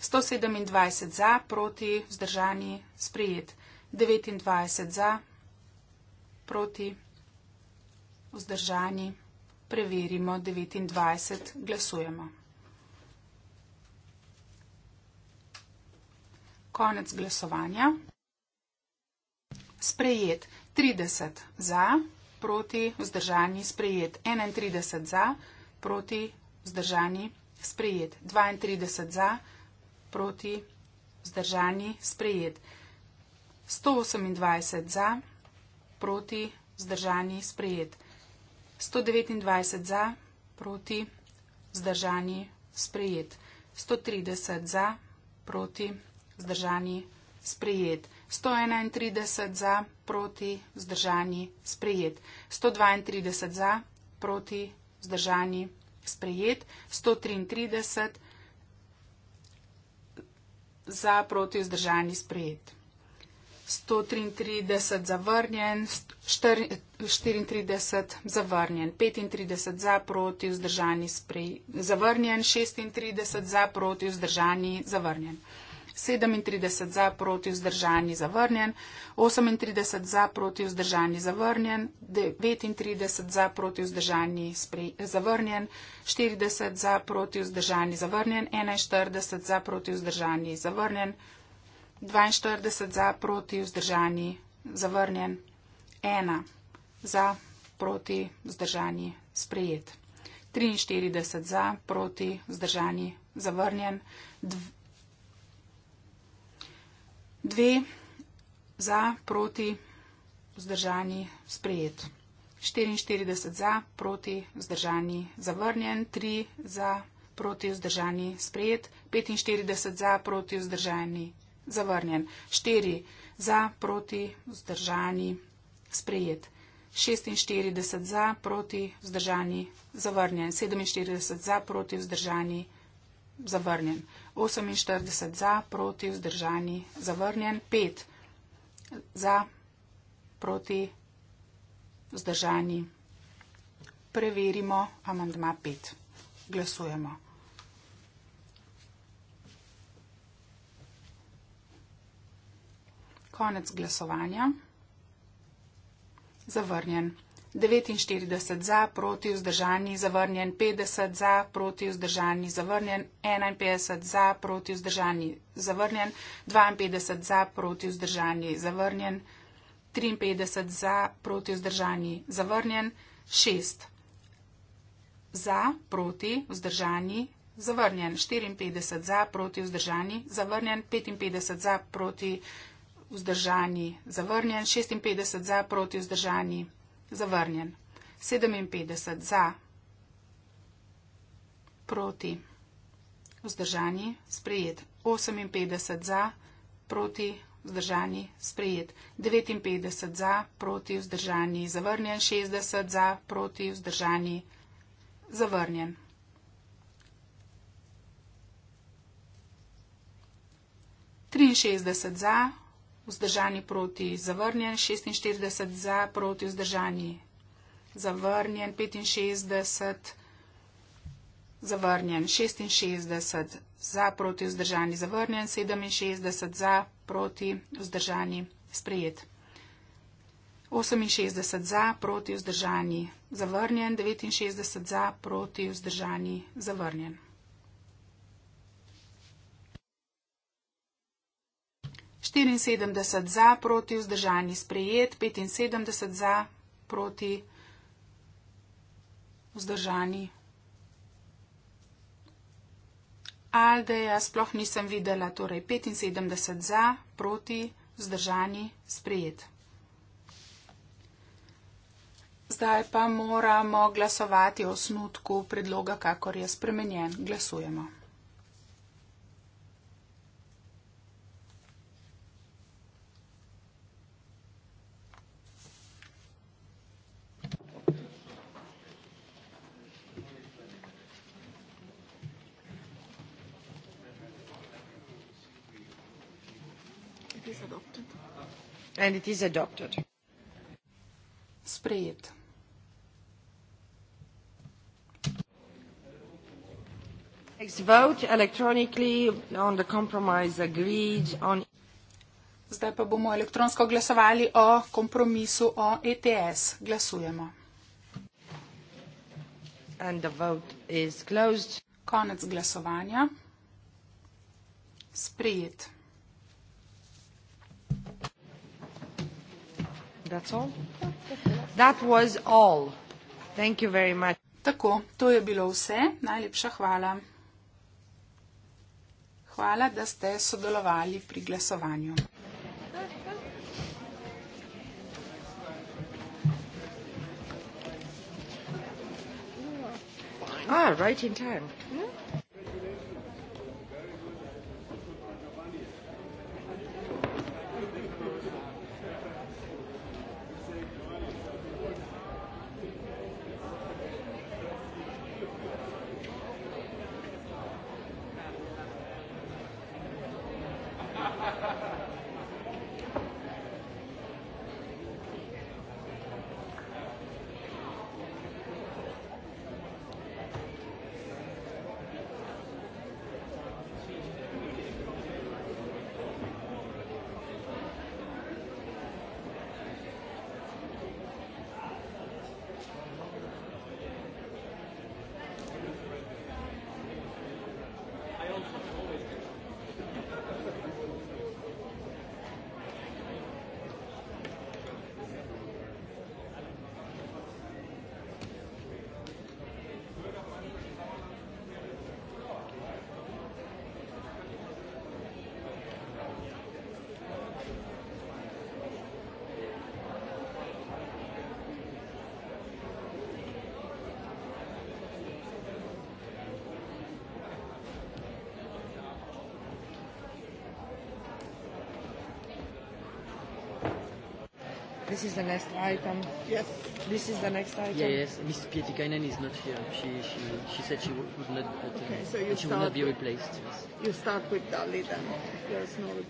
127 za proti vzdržani sprejet, 29 za proti vzdržani. Preverimo 29, glasujemo. Konec glasovanja. Sprejet 30 za, proti, vzdržani, sprejet. 31 za, proti, vzdržani, sprejet. 32 za, proti, vzdržani, sprejet. 128 za, proti, vzdržani, sprejet. 129 za, proti, vzdržani, sprejet. 130 za, proti, vzdržani, sprejet. 131 za, proti, zdržani, sprejet. 132 za, proti, zdržani, sprejet. 133 za, proti, zdržani, sprejet. 133 zavrnjen, 34 zavrnjen, 35 za, proti, zdržani, sprejet. Zavrnjen, 36 za, proti, zdržani, zavrnjen. 37 za, proti vzdržani zavrnjen, 38 za, proti vzdržani zavrnjen, 39 za, proti vzdržani zavrnjen, 40 za, proti vzdržani zavrnjen, 41 za, proti vzdržani zavrnjen, 42 za, proti vzdržani zavrnjen, 1 za, proti vzdržani sprejet, 43 za, proti vzdržani zavrnjen, 2 dve za, proti, vzdržani, sprejet. 44 za, proti, vzdržani, zavrnjen, 3 za, proti, vzdržani, sprejet, 45 za, proti, vzdržani, zavrnjen, 4 za, proti, vzdržani, sprejet, 46 za, proti, vzdržani, zavrnjen, 47 za, proti, vzdržani, zavrnjen. 48 za, proti, vzdržani, zavrnjen, 5 za, proti, vzdržani. Preverimo amandma 5. Glasujemo. Konec glasovanja. Zavrnjen. 49 za, proti vzdržani, zavrnjen 50 za, proti vzdržani, zavrnjen 51 za, proti vzdržani, zavrnjen 52 za, proti vzdržani, zavrnjen 53 za, proti vzdržani, zavrnjen 6 za, proti vzdržani, zavrnjen 54 za, proti vzdržani, zavrnjen 55 za, proti vzdržani, zavrnjen 56 za, proti vzdržani. Zavrnjen. 57 za. Proti. Vzdržani. Sprejet. 58 za. Proti. Vzdržani. Sprejet. 59 za. Proti. Vzdržani. Zavrnjen. 60 za. Proti. Vzdržani. Zavrnjen. Trinšestdeset za, vzdržani proti zavrnjen, 46 za proti vzdržani zavrnjen, 65 zavrnjen, 66 za proti vzdržani zavrnjen, 67 za proti vzdržani sprejet. 68 za proti vzdržani zavrnjen, 69 za proti vzdržani zavrnjen. 74 za, proti vzdržani sprejet, 75 za, proti vzdržani. Alde, jaz sploh nisem videla, torej 75 za, proti vzdržani sprejet. Zdaj pa moramo glasovati o snutku predloga, kakor je spremenjen. Glasujemo. and it is adopted. Sprejet. Next vote electronically on the compromise agreed on. Zdaj pa bomo elektronsko glasovali o kompromisu o ETS. Glasujemo. And the vote is closed. Konec glasovanja. Sprejet. That's all. That was all. Thank you very much. Tako, to je bilo vse. Najlepša hvala. Hvala, da ste sodelovali pri glasovanju. Ah, right in time. Yeah. Hmm? this is the next item. Yes. This is the next item. Yeah, yes, Miss Pietikainen is not here. She she, she said she would not. Attend. Okay, so you she will not be replaced. With, you start with Dali then.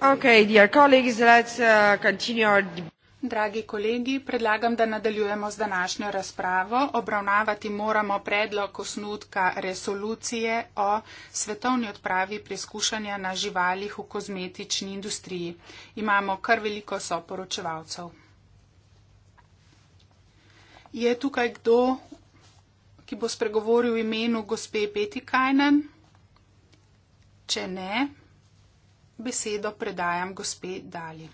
No okay, dear colleagues, let's uh, continue our. Dragi kolegi, predlagam, da nadaljujemo z današnjo razpravo. Obravnavati moramo predlog osnutka resolucije o svetovni odpravi preskušanja na živalih v kozmetični industriji. Imamo kar veliko soporočevalcev. Je tukaj kdo, ki bo spregovoril v imenu gospe Petikajnen? Če ne, besedo predajam gospe Dali.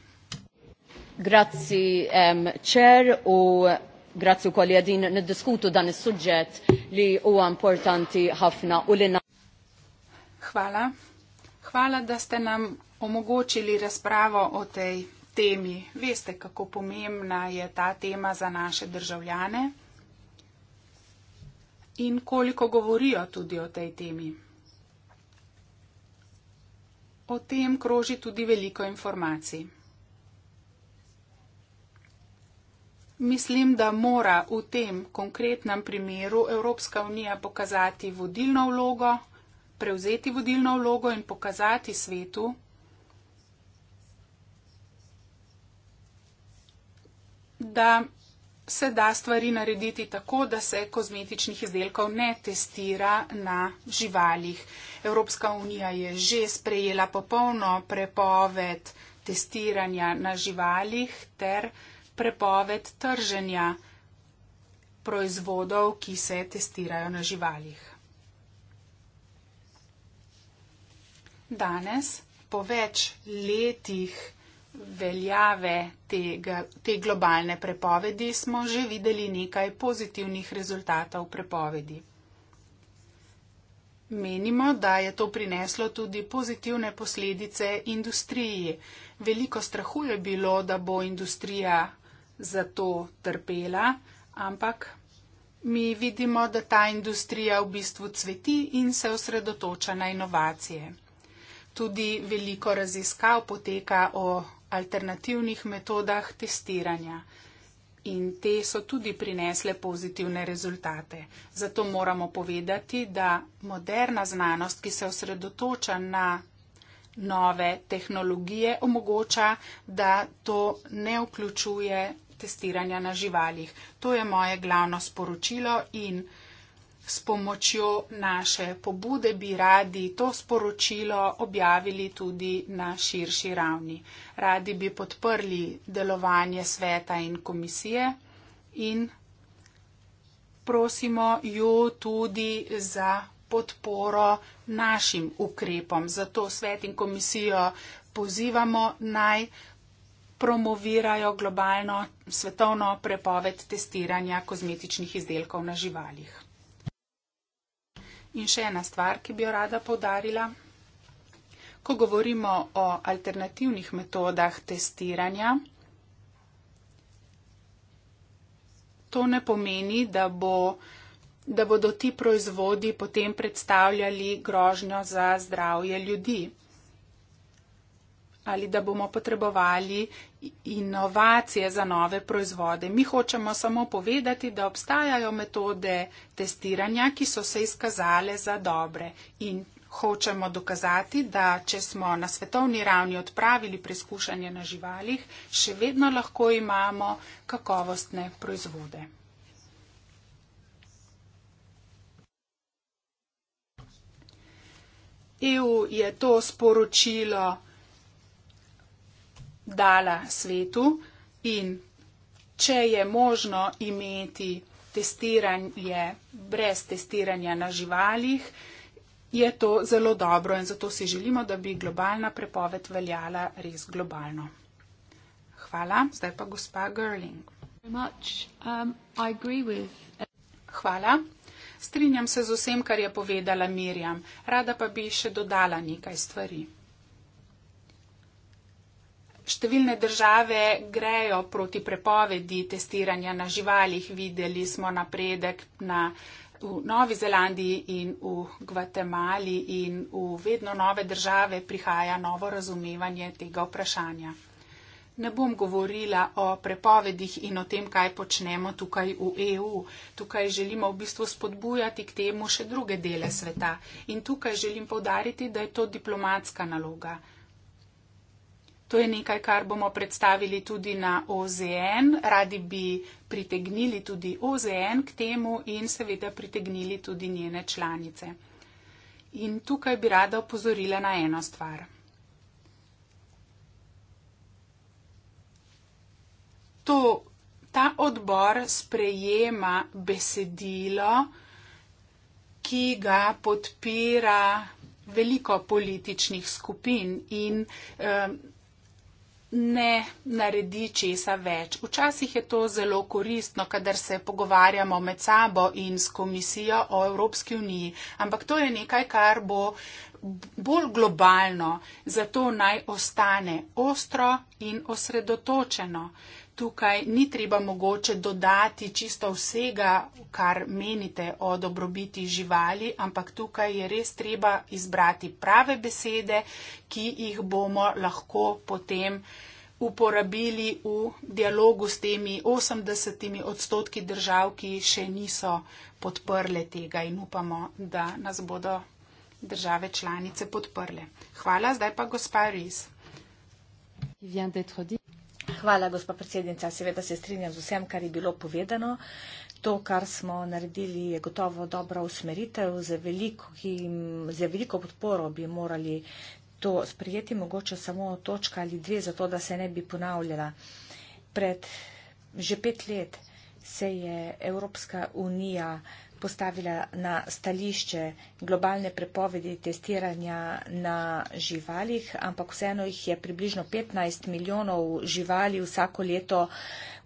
Grazie, um, chair, o, grazie quali adin ne discuto dan sujet li o importanti hafna ulina. Hvala. Hvala, da ste nam omogočili razpravo o tej temi. Veste, kako pomembna je ta tema za naše državljane in koliko govorijo tudi o tej temi. O tem kroži tudi veliko informacij. Mislim, da mora v tem konkretnem primeru Evropska unija pokazati vodilno vlogo, prevzeti vodilno vlogo in pokazati svetu, da se da stvari narediti tako, da se kozmetičnih izdelkov ne testira na živalih. Evropska unija je že sprejela popolno prepoved testiranja na živalih ter prepoved trženja proizvodov, ki se testirajo na živalih. Danes, po več letih veljave tega, te globalne prepovedi smo že videli nekaj pozitivnih rezultatov prepovedi. Menimo, da je to prineslo tudi pozitivne posledice industriji. Veliko strahu je bilo, da bo industrija za to trpela, ampak mi vidimo, da ta industrija v bistvu cveti in se osredotoča na inovacije. Tudi veliko raziskav poteka o alternativnih metodah testiranja. In te so tudi prinesle pozitivne rezultate. Zato moramo povedati, da moderna znanost, ki se osredotoča na nove tehnologije, omogoča, da to ne vključuje testiranja na živalih. To je moje glavno sporočilo in s pomočjo naše pobude bi radi to sporočilo objavili tudi na širši ravni. Radi bi podprli delovanje sveta in komisije in prosimo jo tudi za podporo našim ukrepom. Zato svet in komisijo pozivamo naj promovirajo globalno svetovno prepoved testiranja kozmetičnih izdelkov na živalih. In še ena stvar, ki bi jo rada povdarila. Ko govorimo o alternativnih metodah testiranja, to ne pomeni, da, bo, da bodo ti proizvodi potem predstavljali grožnjo za zdravje ljudi ali da bomo potrebovali inovacije za nove proizvode. Mi hočemo samo povedati, da obstajajo metode testiranja, ki so se izkazale za dobre in hočemo dokazati, da če smo na svetovni ravni odpravili preizkušanje na živalih, še vedno lahko imamo kakovostne proizvode. EU je to sporočilo dala svetu in če je možno imeti testiranje brez testiranja na živalih, je to zelo dobro in zato si želimo, da bi globalna prepoved veljala res globalno. Hvala, zdaj pa gospa Gerling. Um, Hvala. Strinjam se z vsem, kar je povedala Mirjam. Rada pa bi še dodala nekaj stvari. Številne države grejo proti prepovedi testiranja na živalih. Videli smo napredek na, v Novi Zelandiji in v Gvatemali in v vedno nove države prihaja novo razumevanje tega vprašanja. Ne bom govorila o prepovedih in o tem, kaj počnemo tukaj v EU. Tukaj želimo v bistvu spodbujati k temu še druge dele sveta. In tukaj želim povdariti, da je to diplomatska naloga. To je nekaj, kar bomo predstavili tudi na OZN. Radi bi pritegnili tudi OZN k temu in seveda pritegnili tudi njene članice. In tukaj bi rada opozorila na eno stvar. To, ta odbor sprejema besedilo, ki ga podpira veliko političnih skupin in eh, ne naredi česa več. Včasih je to zelo koristno, kadar se pogovarjamo med sabo in s komisijo o Evropski uniji, ampak to je nekaj, kar bo bolj globalno, zato naj ostane ostro in osredotočeno tukaj ni treba mogoče dodati čisto vsega, kar menite o dobrobiti živali, ampak tukaj je res treba izbrati prave besede, ki jih bomo lahko potem uporabili v dialogu s temi 80 odstotki držav, ki še niso podprle tega in upamo, da nas bodo države članice podprle. Hvala, zdaj pa gospa Riz hvala, gospa predsednica. Seveda se strinjam z vsem, kar je bilo povedano. To, kar smo naredili, je gotovo dobra usmeritev. Za veliko, jim, za veliko podporo bi morali to sprijeti, mogoče samo točka ali dve, zato da se ne bi ponavljala. Pred že pet let se je Evropska unija postavila na stališče globalne prepovedi testiranja na živalih, ampak vseeno jih je približno 15 milijonov živali vsako leto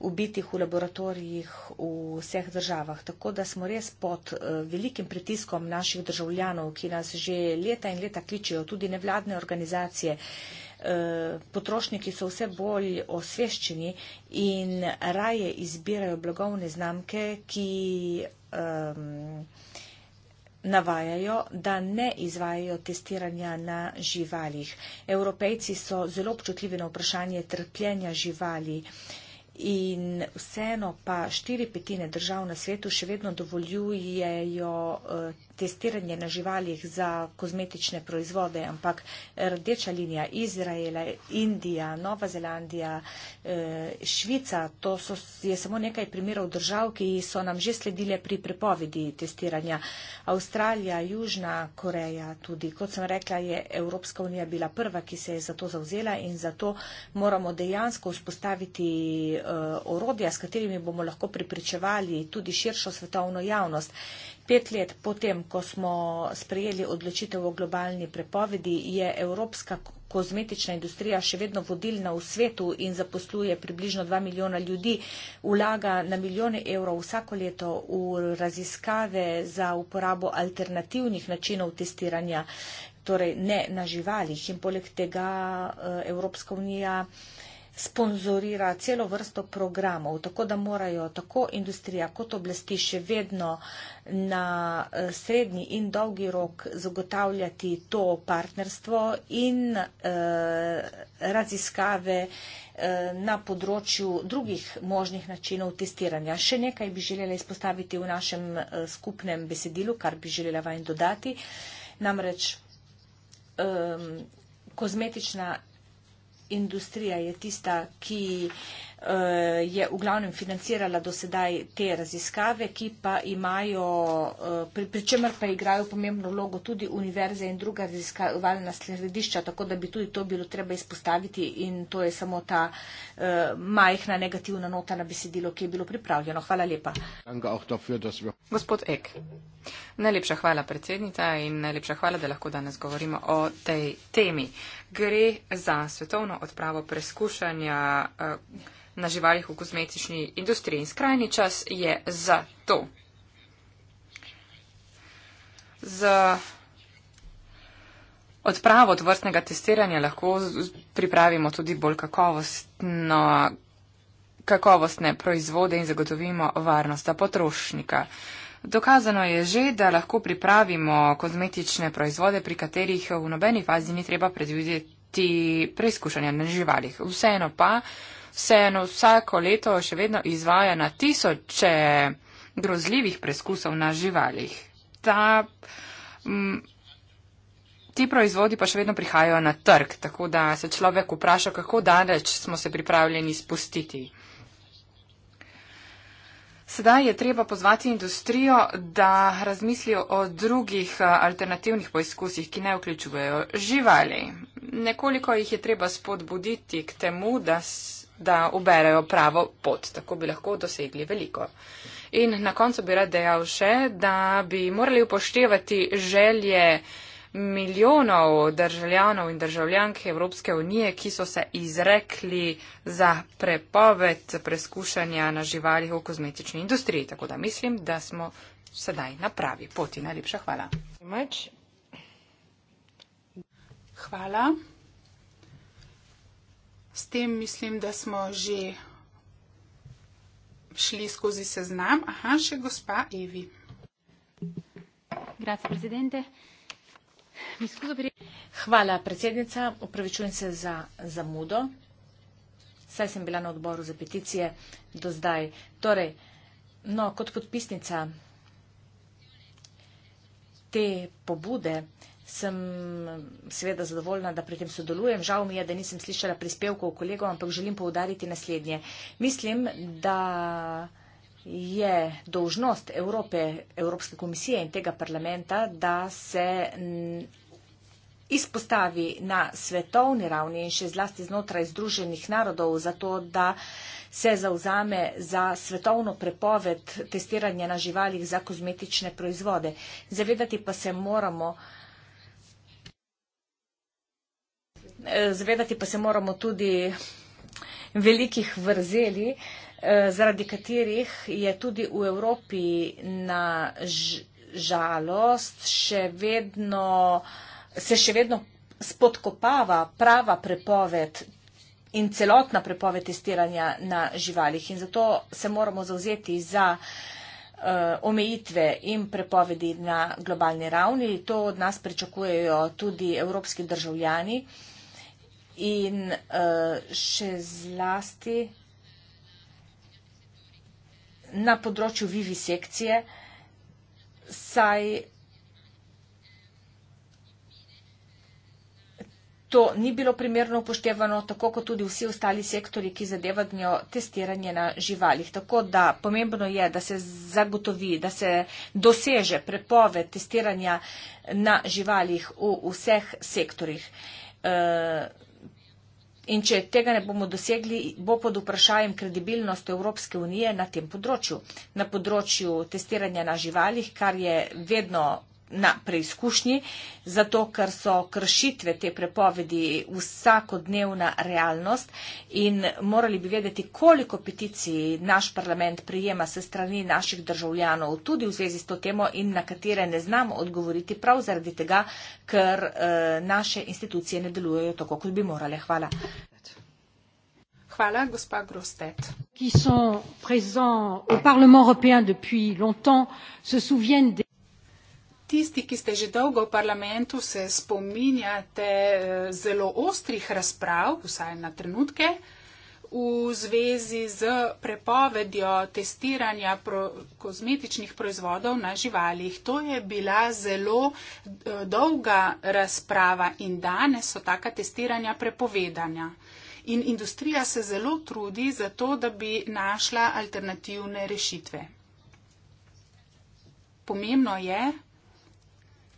ubitih v laboratorijih v vseh državah. Tako da smo res pod eh, velikim pritiskom naših državljanov, ki nas že leta in leta kličijo, tudi nevladne organizacije. Eh, potrošniki so vse bolj osveščeni in raje izbirajo blagovne znamke, ki um, navajajo, da ne izvajajo testiranja na živalih. Evropejci so zelo občutljivi na vprašanje trpljenja živali. In vseeno pa štiri petine držav na svetu še vedno dovoljujejo eh, testiranje na živalih za kozmetične proizvode, ampak rdeča linija Izraela, Indija, Nova Zelandija, eh, Švica, to so, je samo nekaj primerov držav, ki so nam že sledile pri prepovedi testiranja. Avstralija, Južna Koreja tudi. Kot sem rekla, je Evropska unija bila prva, ki se je za to zauzela in zato moramo dejansko vzpostaviti eh, orodja, s katerimi bomo lahko pripričevali tudi širšo svetovno javnost. Pet let potem, ko smo sprejeli odločitev o globalni prepovedi, je evropska kozmetična industrija še vedno vodilna v svetu in zaposluje približno 2 milijona ljudi, vlaga na milijone evrov vsako leto v raziskave za uporabo alternativnih načinov testiranja, torej ne na živalih. In poleg tega eh, Evropska unija sponzorira celo vrsto programov, tako da morajo tako industrija kot oblasti še vedno na eh, srednji in dolgi rok zagotavljati to partnerstvo in eh, raziskave eh, na področju drugih možnih načinov testiranja. Še nekaj bi želela izpostaviti v našem eh, skupnem besedilu, kar bi želela vam dodati. Namreč eh, kozmetična industrija je tista, ki Eh, je v glavnem financirala do sedaj te raziskave, ki pa imajo, eh, pri, pri čemer pa igrajo pomembno vlogo tudi univerze in druga raziskovalna središča, tako da bi tudi to bilo treba izpostaviti in to je samo ta uh, majhna negativna nota na besedilo, ki je bilo pripravljeno. Hvala lepa. Gospod Ek, najlepša hvala predsednica in najlepša hvala, da lahko danes govorimo o tej temi. Gre za svetovno odpravo preskušanja. Uh, na živalih v kozmetični industriji. In skrajni čas je za to. Z odpravo tvrstnega testiranja lahko pripravimo tudi bolj kakovostno, kakovostne proizvode in zagotovimo varnost za potrošnika. Dokazano je že, da lahko pripravimo kozmetične proizvode, pri katerih v nobeni fazi ni treba predvideti preizkušanja na živalih. Vseeno pa vseeno vsako leto še vedno izvaja na tisoče grozljivih preskusov na živalih. Ta, m, mm, ti proizvodi pa še vedno prihajajo na trg, tako da se človek vpraša, kako daleč smo se pripravljeni spustiti. Sedaj je treba pozvati industrijo, da razmislijo o drugih eh, alternativnih poizkusih, ki ne vključujejo živali. Nekoliko jih je treba spodbuditi k temu, da da uberejo pravo pot. Tako bi lahko dosegli veliko. In na koncu bi rad dejal še, da bi morali upoštevati želje milijonov državljanov in državljank Evropske unije, ki so se izrekli za prepoved preskušanja na živalih v kozmetični industriji. Tako da mislim, da smo sedaj na pravi poti. Najlepša hvala. Hvala. S tem mislim, da smo že šli skozi seznam. Aha, še gospa Evi. Grazie, presidente. Mi skuzo pri... Hvala, predsednica. Opravičujem se za zamudo. Saj sem bila na odboru za peticije do zdaj. Torej, no, kot podpisnica te pobude, sem seveda zadovoljna, da pri tem sodelujem. Žal mi je, da nisem slišala prispevkov kolegov, ampak želim poudariti naslednje. Mislim, da je dožnost Evrope, Evropske komisije in tega parlamenta, da se izpostavi na svetovni ravni in še zlasti znotraj Združenih narodov za to, da se zauzame za svetovno prepoved testiranja na živalih za kozmetične proizvode. Zavedati pa se moramo, Eh, zavedati pa se moramo tudi velikih vrzeli, eh, zaradi katerih je tudi v Evropi na žalost še vedno, se še vedno spodkopava prava prepoved in celotna prepoved testiranja na živalih. In zato se moramo zauzeti za eh, omejitve in prepovedi na globalni ravni. To od nas pričakujejo tudi evropski državljani in uh, še zlasti na področju vivi sekcije, saj to ni bilo primerno upoštevano, tako kot tudi vsi ostali sektori, ki zadevajo testiranje na živalih. Tako da pomembno je, da se zagotovi, da se doseže prepoved testiranja na živalih v vseh sektorjih. Uh, In če tega ne bomo dosegli, bo pod vprašanjem kredibilnost Evropske unije na tem področju. Na področju testiranja na živalih, kar je vedno na preizkušnji, zato ker so kršitve te prepovedi vsakodnevna realnost in morali bi vedeti, koliko peticij naš parlament prijema se strani naših državljanov tudi v zvezi s to temo in na katere ne znamo odgovoriti prav zaradi tega, ker eh, naše institucije ne delujejo tako, kot bi morale. Hvala. Hvala, gospa Grostet. Ki so prezent v Parlamentu Evropejem depuis longtemps, se souvijen de tisti, ki ste že dolgo v parlamentu, se spominjate eh, zelo ostrih razprav, vsaj na trenutke, v zvezi z prepovedjo testiranja pro kozmetičnih proizvodov na živalih. To je bila zelo eh, dolga razprava in danes so taka testiranja prepovedanja. In industrija se zelo trudi za to, da bi našla alternativne rešitve. Pomembno je,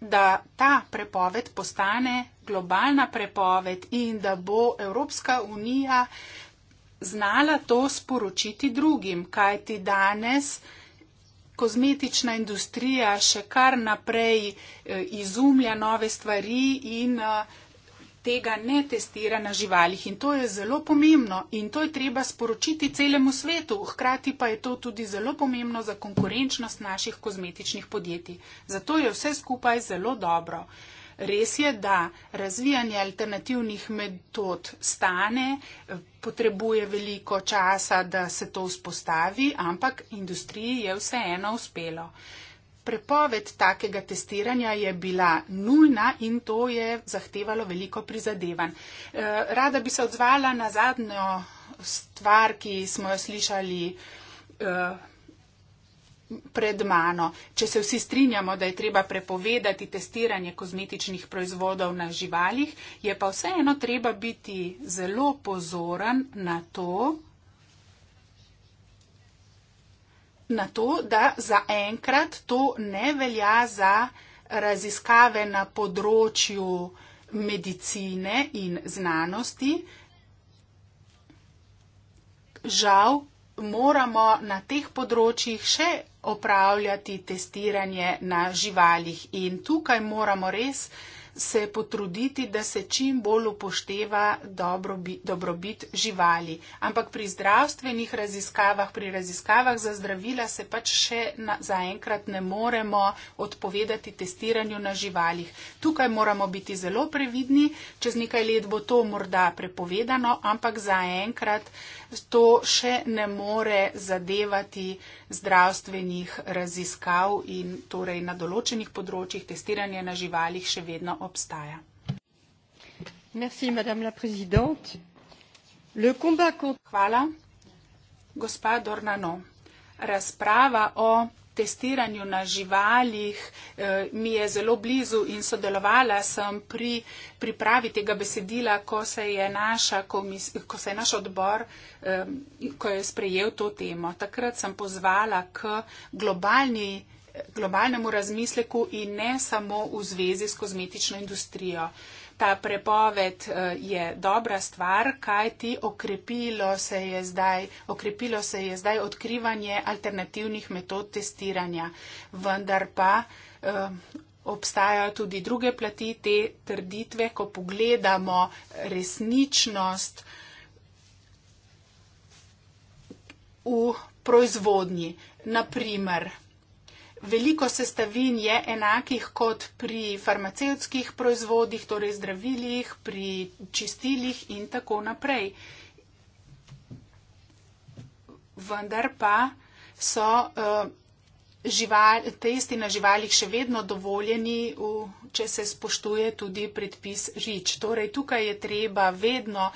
da ta prepoved postane globalna prepoved in da bo Evropska unija znala to sporočiti drugim, kajti danes kozmetična industrija še kar naprej eh, izumlja nove stvari in uh, tega ne testira na živalih in to je zelo pomembno in to je treba sporočiti celemu svetu. Hkrati pa je to tudi zelo pomembno za konkurenčnost naših kozmetičnih podjetij. Zato je vse skupaj zelo dobro. Res je, da razvijanje alternativnih metod stane, potrebuje veliko časa, da se to vzpostavi, ampak industriji je vseeno uspelo. Prepoved takega testiranja je bila nujna in to je zahtevalo veliko prizadevanj. Eh, rada bi se odzvala na zadnjo stvar, ki smo jo slišali eh, pred mano. Če se vsi strinjamo, da je treba prepovedati testiranje kozmetičnih proizvodov na živalih, je pa vseeno treba biti zelo pozoren na to, na to, da zaenkrat to ne velja za raziskave na področju medicine in znanosti. Žal moramo na teh področjih še opravljati testiranje na živalih in tukaj moramo res se potruditi, da se čim bolj upošteva dobrobit živali. Ampak pri zdravstvenih raziskavah, pri raziskavah za zdravila se pač še zaenkrat ne moremo odpovedati testiranju na živalih. Tukaj moramo biti zelo previdni, čez nekaj let bo to morda prepovedano, ampak zaenkrat to še ne more zadevati zdravstvenih raziskav in torej na določenih področjih testiranje na živalih še vedno obstaja. Hvala, gospa Dornano. Razprava o testiranju na živalih eh, mi je zelo blizu in sodelovala sem pri pripravi tega besedila, ko se je, naša komis, ko se je naš odbor, eh, ko je sprejel to temo. Takrat sem pozvala k globalni globalnemu razmisleku in ne samo v zvezi s kozmetično industrijo. Ta prepoved eh, je dobra stvar, kaj ti okrepilo se je zdaj, okrepilo se je zdaj odkrivanje alternativnih metod testiranja, vendar pa eh, obstajajo tudi druge plati te trditve, ko pogledamo resničnost v proizvodnji. Naprimer, veliko sestavin je enakih kot pri farmacevskih proizvodih, torej zdravilih, pri čistilih in tako naprej. Vendar pa so uh, živali, testi na živalih še vedno dovoljeni, v, če se spoštuje tudi predpis žič. Torej, tukaj je treba vedno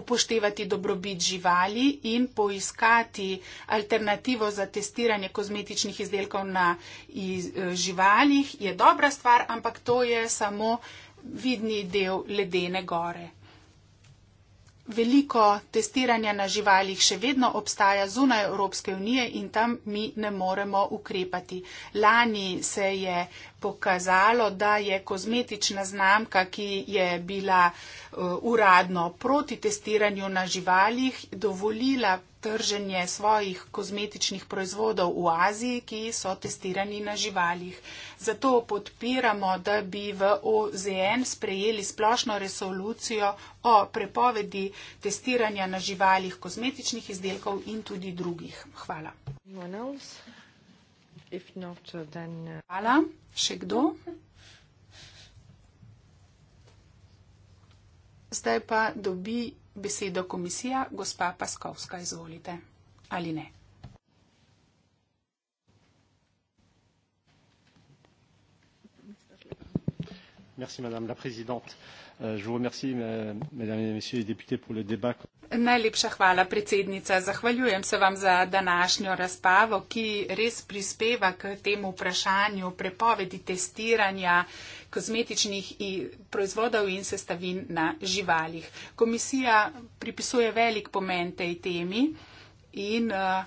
upoštevati dobrobit živali in poiskati alternativo za testiranje kozmetičnih izdelkov na iz, eh, živalih. Je dobra stvar, ampak to je samo vidni del ledene gore veliko testiranja na živalih še vedno obstaja zunaj Evropske unije in tam mi ne moremo ukrepati. Lani se je pokazalo, da je kozmetična znamka, ki je bila eh, uradno proti testiranju na živalih, dovolila trženje svojih kozmetičnih proizvodov v Aziji, ki so testirani na živalih. Zato podpiramo, da bi v OZN sprejeli splošno resolucijo o prepovedi testiranja na živalih kozmetičnih izdelkov in tudi drugih. Hvala. Not, uh, then... Uh, Hvala. Še kdo? Zdaj pa dobi besedo komisija, gospa Paskovska, izvolite. Ali ne? Merci, madame la présidente. Euh, Euh, je vous remercie, mesdames et messieurs les députés, pour le débat. Najlepša hvala, predsednica. Zahvaljujem se vam za današnjo razpravo, ki res prispeva k temu vprašanju prepovedi testiranja kozmetičnih proizvodov in sestavin na živalih. Komisija pripisuje velik pomen tej temi in eh,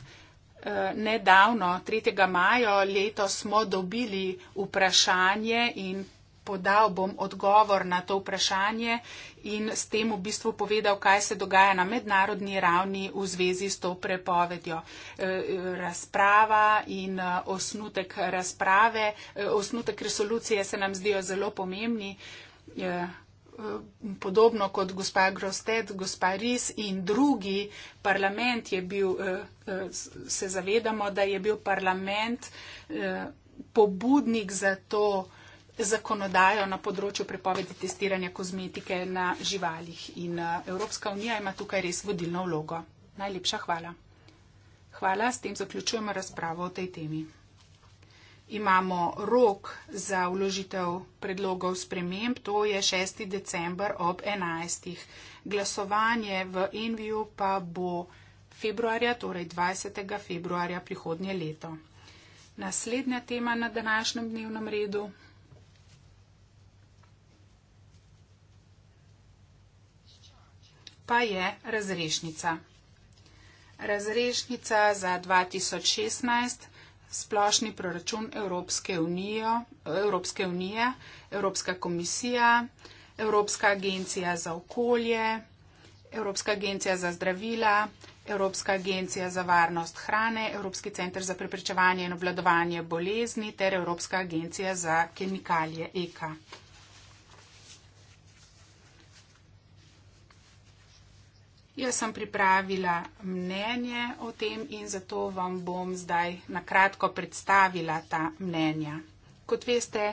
eh, nedavno, 3. majo leto, smo dobili vprašanje in podal bom odgovor na to vprašanje in s tem v bistvu povedal, kaj se dogaja na mednarodni ravni v zvezi s to prepovedjo. E, razprava in e, osnutek razprave, e, osnutek resolucije se nam zdijo zelo pomembni. Podobno kot gospa Grosted, gospa Ris in drugi parlament je bil, se zavedamo, da je bil parlament pobudnik za to, zakonodajo na področju prepovedi testiranja kozmetike na živalih in eh, Evropska unija ima tukaj res vodilno vlogo. Najlepša hvala. Hvala, s tem zaključujemo razpravo o tej temi. Imamo rok za vložitev predlogov sprememb, to je 6. december ob 11. Glasovanje v Enviju pa bo februarja, torej 20. februarja prihodnje leto. Naslednja tema na današnjem dnevnem redu. pa je razrešnica. Razrešnica za 2016 splošni proračun Evropske unije, Evropske unije, Evropska komisija, Evropska agencija za okolje, Evropska agencija za zdravila, Evropska agencija za varnost hrane, Evropski center za preprečevanje in obladovanje bolezni ter Evropska agencija za kemikalije EKA. Jaz sem pripravila mnenje o tem in zato vam bom zdaj na kratko predstavila ta mnenja. Kot veste,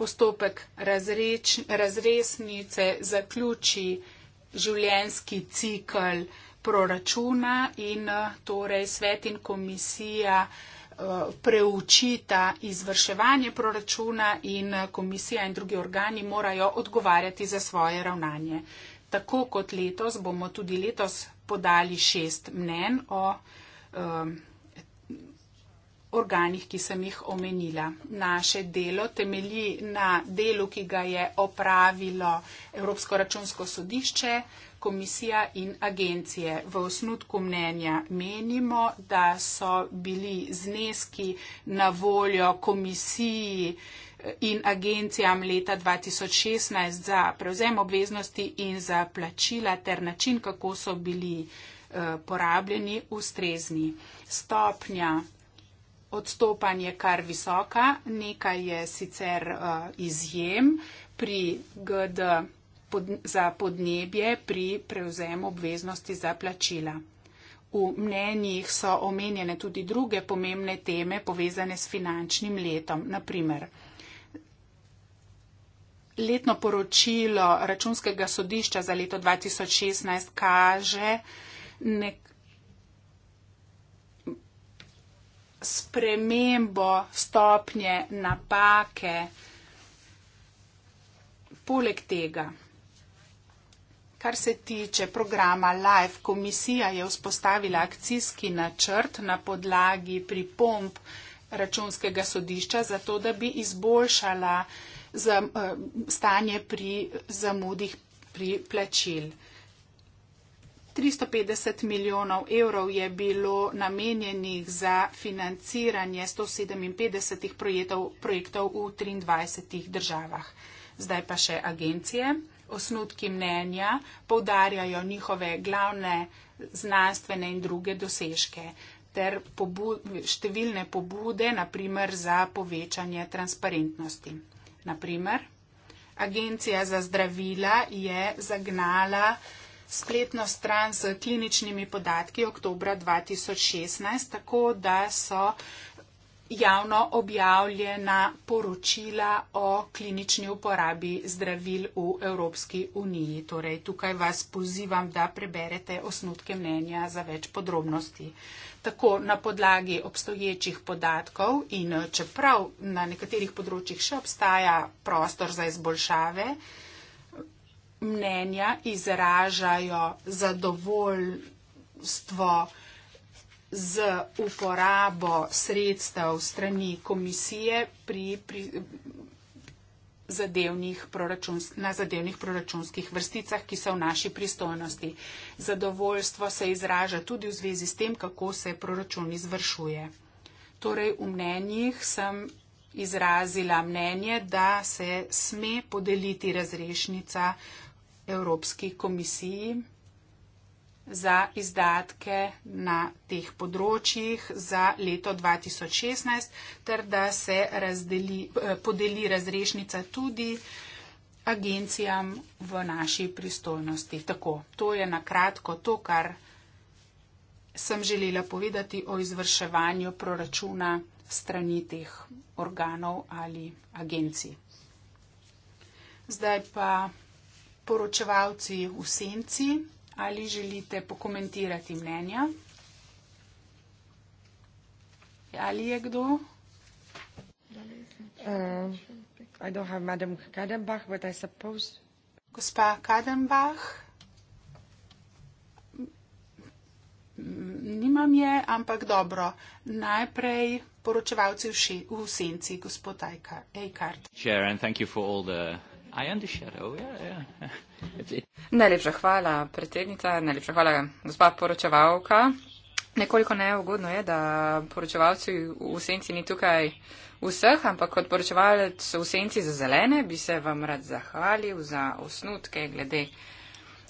postopek razreč, razresnice zaključi življenski cikl proračuna in torej svet in komisija eh, preučita izvrševanje proračuna in komisija in drugi organi morajo odgovarjati za svoje ravnanje. Tako kot letos bomo tudi letos podali šest mnen o um, organih, ki sem jih omenila. Naše delo temelji na delu, ki ga je opravilo Evropsko računsko sodišče, komisija in agencije. V osnutku mnenja menimo, da so bili zneski na voljo komisiji. Uh, in agencijam leta 2016 za prevzem obveznosti in za plačila ter način, kako so bili eh, porabljeni ustrezni. Stopnja odstopanja je kar visoka, nekaj je sicer eh, izjem pri GD za podnebje pri prevzem obveznosti za plačila. V mnenjih so omenjene tudi druge pomembne teme povezane s finančnim letom, naprimer letno poročilo računskega sodišča za leto 2016 kaže nek spremembo stopnje napake. Poleg tega, kar se tiče programa LIFE, komisija je vzpostavila akcijski načrt na podlagi pripomp, računskega sodišča, zato da bi izboljšala za, eh, stanje pri zamudih pri plačil. 350 milijonov evrov je bilo namenjenih za financiranje 157 projektov, projektov v 23 državah. Zdaj pa še agencije. Osnutki mnenja poudarjajo njihove glavne znanstvene in druge dosežke ter pobu številne pobude, naprimer za povečanje transparentnosti. Naprimer, Agencija za zdravila je zagnala spletno stran s kliničnimi podatki oktobra 2016, tako da so javno objavljena poročila o klinični uporabi zdravil v Evropski uniji. Torej, tukaj vas pozivam, da preberete osnutke mnenja za več podrobnosti tako na podlagi obstoječih podatkov in eh, čeprav na nekaterih področjih še obstaja prostor za izboljšave, mnenja izražajo zadovoljstvo z uporabo sredstev strani komisije pri, pri zadevnih proračuns, na zadevnih proračunskih vrsticah, ki so v naši pristojnosti. Zadovoljstvo se izraža tudi v zvezi s tem, kako se proračun izvršuje. Torej, v mnenjih sem izrazila mnenje, da se sme podeliti razrešnica Evropski komisiji za izdatke na teh področjih za leto 2016, ter da se razdeli, eh, podeli razrešnica tudi agencijam v naši pristojnosti. Tako, to je na kratko to, kar sem želela povedati o izvrševanju proračuna strani teh organov ali agencij. Zdaj pa poročevalci v senci ali želite pokomentirati mnenja? Ali je kdo? Uh, I don't have Madam Kadenbach, but I suppose. Gospa Kadenbach. Nimam je, ampak dobro. Najprej poročevalci v, v senci, gospod Eikart. Chair, and thank you for all the Ja, ja. Najlepša hvala, predsednica, najlepša hvala, gospa poročevalka. Nekoliko neugodno je, da poročevalci v senci ni tukaj vseh, ampak kot poročevalec v senci za zelene bi se vam rad zahvalil za osnutke glede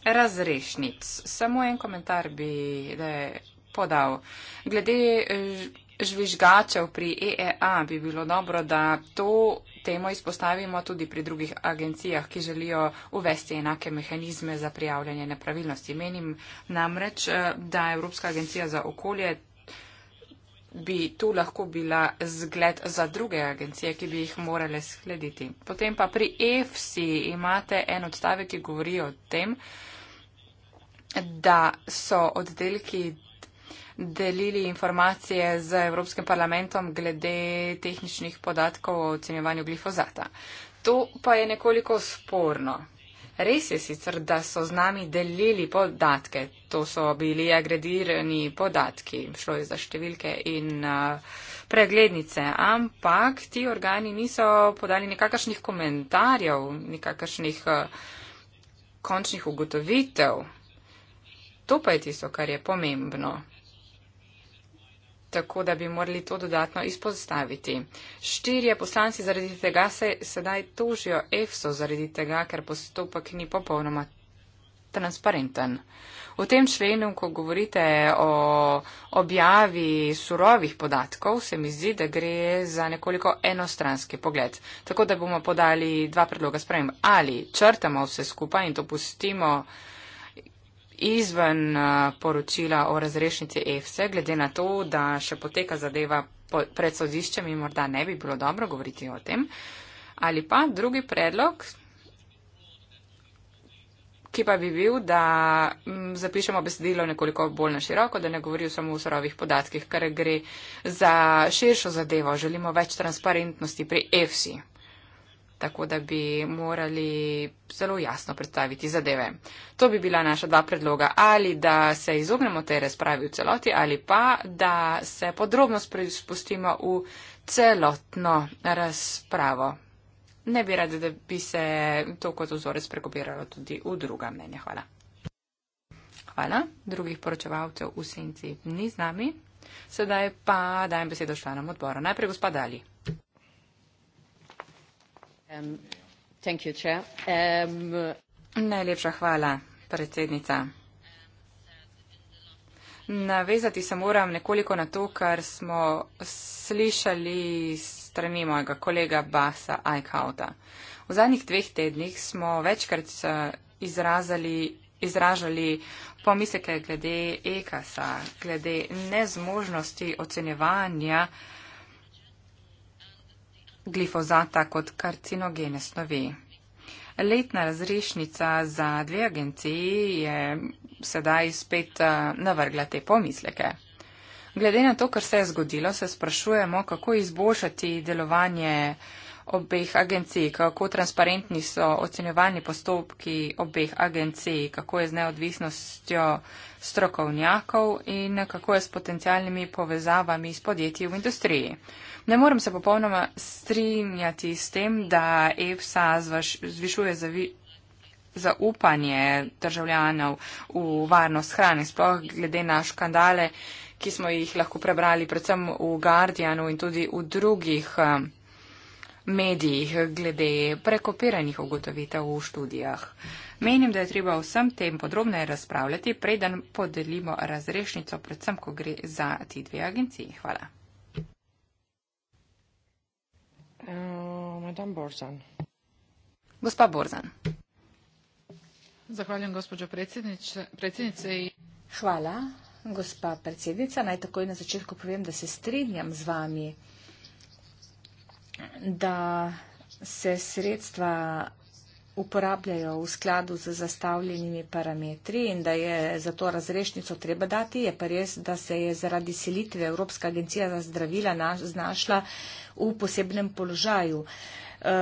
razrešnic. Samo en komentar bi podal. Glede eh, žvižgačev pri EEA, bi bilo dobro, da to temo izpostavimo tudi pri drugih agencijah, ki želijo uvesti enake mehanizme za prijavljanje nepravilnosti. Menim namreč, eh, da Evropska agencija za okolje bi tu lahko bila zgled za druge agencije, ki bi jih morale slediti. Potem pa pri EFSI imate en odstavek, ki govori o tem, da so oddelki delili informacije z Evropskim parlamentom glede tehničnih podatkov o ocenjevanju glifozata. To pa je nekoliko sporno. Res je sicer, da so z nami delili podatke, to so bili agredirani podatki, šlo je za številke in uh, preglednice, ampak ti organi niso podali nekakšnih komentarjev, nekakšnih uh, končnih ugotovitev. To pa je tisto, kar je pomembno tako da bi morali to dodatno izpostaviti. Štirje poslanci zaradi tega se sedaj tožijo EFSO zaradi tega, ker postopek ni popolnoma transparenten. V tem členu, ko govorite o objavi surovih podatkov, se mi zdi, da gre za nekoliko enostranski pogled. Tako da bomo podali dva predloga sprem. Ali črtamo vse skupaj in to pustimo izven eh, poročila o razrešnici EFSE, glede na to, da še poteka zadeva pred sodiščem in morda ne bi bilo dobro govoriti o tem. Ali pa drugi predlog, ki pa bi bil, da mm, zapišemo besedilo nekoliko bolj na široko, da ne govorijo samo o surovih podatkih, ker gre za širšo zadevo, želimo več transparentnosti pri EFSI tako da bi morali zelo jasno predstaviti zadeve. To bi bila naša dva predloga, ali da se izognemo tej razpravi v celoti, ali pa da se podrobno spustimo v celotno razpravo. Ne bi rada, da bi se to kot ozorec prekopiralo tudi v druga mnenja. Hvala. Hvala. Drugih poročevalcev v senci ni z nami. Sedaj pa dajem besedo članom odbora. Najprej gospod Dali. Um, um, Najlepša hvala, predsednica. Navezati se moram nekoliko na to, kar smo slišali strani mojega kolega Basa Eichhauta. V zadnjih dveh tednih smo večkrat eh, izrazali, izražali pomisleke glede ekasa, glede nezmožnosti ocenjevanja uh, glifozata kot karcinogene snovi. Letna razrešnica za dve agenciji je sedaj spet eh, navrgla te pomisleke. Glede na to, kar se je zgodilo, se sprašujemo, kako izboljšati delovanje obeh agencij, kako transparentni so ocenjevalni postopki obeh agencij, kako je z neodvisnostjo strokovnjakov in kako je s potencijalnimi povezavami s podjetji v industriji. Ne morem se popolnoma strinjati s tem, da EFSA zvišuje zavi zaupanje državljanov v varnost hrane, sploh glede na škandale, ki smo jih lahko prebrali predvsem v Guardianu in tudi v drugih um, medijih glede prekopiranih ugotovitev v študijah. Menim, da je treba vsem tem podrobneje razpravljati, preden podelimo razrešnico, predvsem, ko gre za ti dve agenciji. Hvala. Uh, Borzan. Gospa Borzan. Zahvaljujem, gospođo predsednice. Hvala, gospa predsednica. Naj takoj na začetku povem, da se strinjam z vami da se sredstva uporabljajo v skladu z zastavljenimi parametri in da je za to razrešnico treba dati. Je pa res, da se je zaradi selitve Evropska agencija za zdravila znašla v posebnem položaju. Uh, Eh,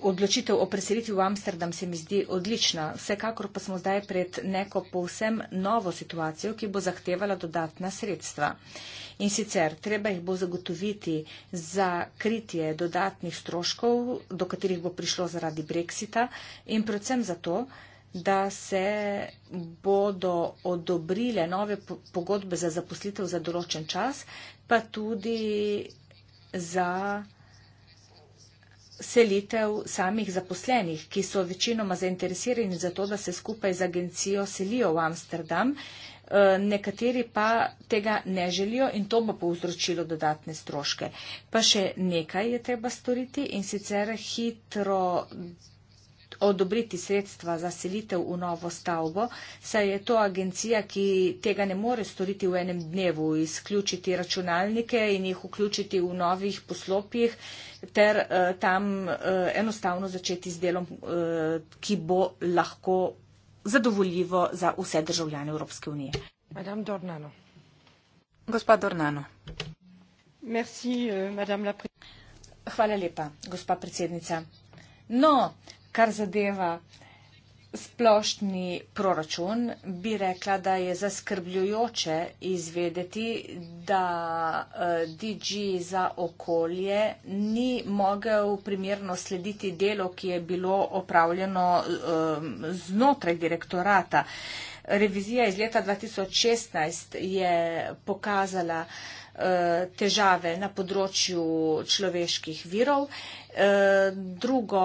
odločitev o preselitvi v Amsterdam se mi zdi odlična. Vsekakor pa smo zdaj pred neko povsem novo situacijo, ki bo zahtevala dodatna sredstva. In sicer treba jih bo zagotoviti za kritje dodatnih stroškov, do katerih bo prišlo zaradi Brexita in predvsem zato, da se bodo odobrile nove pogodbe za zaposlitev za določen čas, pa tudi za selitev samih zaposlenih, ki so večinoma zainteresirani za to, da se skupaj z agencijo selijo v Amsterdam, eh, nekateri pa tega ne želijo in to bo povzročilo dodatne stroške. Pa še nekaj je treba storiti in sicer hitro odobriti sredstva za selitev v novo stavbo, saj je to agencija, ki tega ne more storiti v enem dnevu, izključiti računalnike in jih vključiti v novih poslopjih, uh, ter uh, tam uh, enostavno začeti z delom, uh, ki bo lahko zadovoljivo za vse državljane Evropske unije. Madame Dornano. Gospa Dornano. Merci, uh, Hvala lepa, gospa predsednica. No, kar zadeva. Splošni proračun bi rekla, da je zaskrbljujoče izvedeti, da eh, DG za okolje ni mogel primerno slediti delo, ki je bilo opravljeno eh, znotraj direktorata. Revizija iz leta 2016 je pokazala eh, težave na področju človeških virov Eh, drugo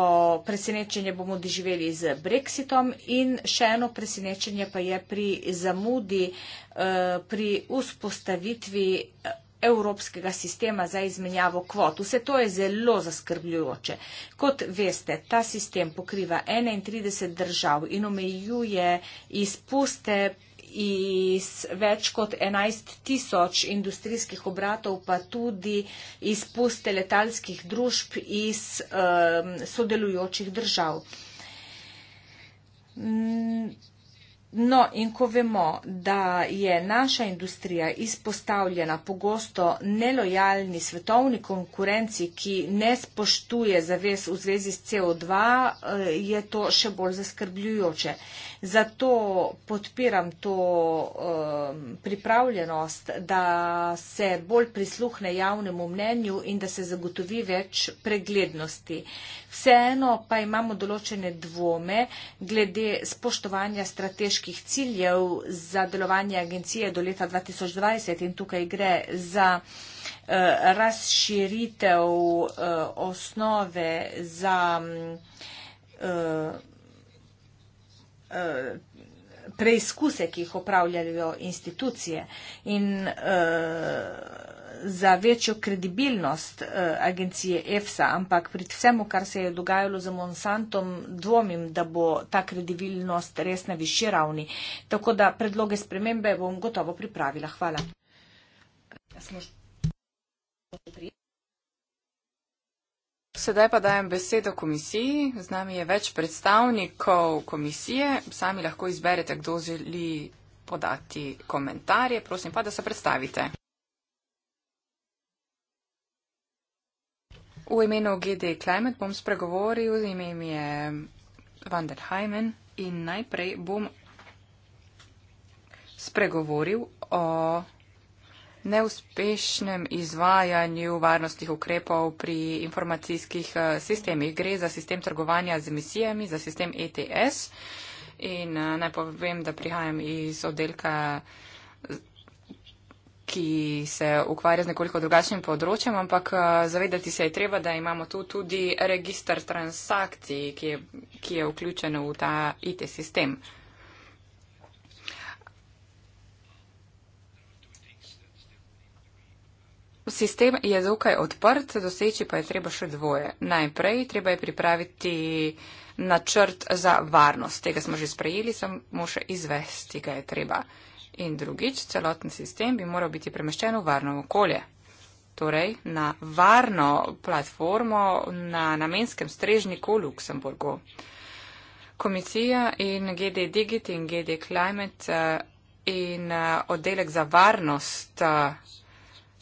presenečenje bomo doživeli z Brexitom in še eno presenečenje pa je pri zamudi eh, pri vzpostavitvi eh, evropskega sistema za izmenjavo kvot. Vse to je zelo zaskrbljujoče. Kot veste, ta sistem pokriva 31 držav in omejuje izpuste iz več kot 11 tisoč industrijskih obratov, pa tudi izpuste letalskih družb iz um, sodelujočih držav. Mm, no, in ko vemo, da je naša industrija izpostavljena pogosto nelojalni svetovni konkurenci, ki ne spoštuje zavez v zvezi s CO2, eh, je to še bolj zaskrbljujoče. Zato podpiram to um, pripravljenost, da se bolj prisluhne javnemu mnenju in da se zagotovi več preglednosti. Vseeno pa imamo določene dvome glede spoštovanja strateških ciljev za delovanje agencije do leta 2020 in tukaj gre za eh, razširitev uh, osnove za uh, Eh, preizkuse, ki jih upravljajo institucije in eh, za večjo kredibilnost eh, agencije EFSA, ampak pri vsemu, kar se je dogajalo za Monsantom, dvomim, da bo ta kredibilnost res na višji ravni. Tako da predloge spremembe bom gotovo pripravila. Hvala. Ja, sedaj pa dajem besedo komisiji. Z nami je več predstavnikov komisije. Sami lahko izberete, kdo želi podati komentarje. Prosim pa, da se predstavite. V imenu GD Klemet bom spregovoril, ime mi je Van der Heimen in najprej bom spregovoril o neuspešnem izvajanju varnostnih ukrepov pri informacijskih eh, sistemih. Gre za sistem trgovanja z emisijami, za sistem ETS. In eh, naj povem, da prihajam iz oddelka, ki se ukvarja z nekoliko drugačnim področjem, ampak eh, zavedati se je treba, da imamo tu tudi registr transakcij, ki je, ki je vključen v ta IT sistem. Sistem je dokaj odprt, doseči pa je treba še dvoje. Najprej treba je pripraviti načrt za varnost. Tega smo že sprejeli, samo še izvesti ga je treba. In drugič, celoten sistem bi moral biti premeščen v varno okolje. Torej, na varno platformo na namenskem strežniku v Luksemburgu. Komisija in GD Digit in GD Climate eh, in eh, oddelek za varnost eh,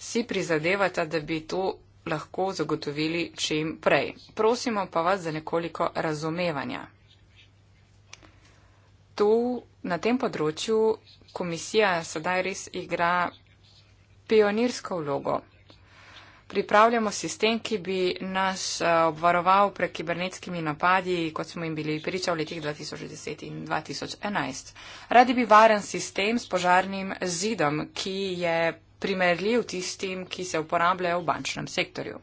si prizadevata, da bi to lahko zagotovili čim prej. Prosimo pa vas za nekoliko razumevanja. Tu na tem področju komisija sedaj res igra pionirsko vlogo. Pripravljamo sistem, ki bi nas eh, obvaroval pred kibernetskimi napadi, kot smo jim bili priča v letih 2010 in 2011. Radi bi varen sistem s požarnim zidom, ki je primerljiv tistim, ki se uporabljajo v bančnem sektorju.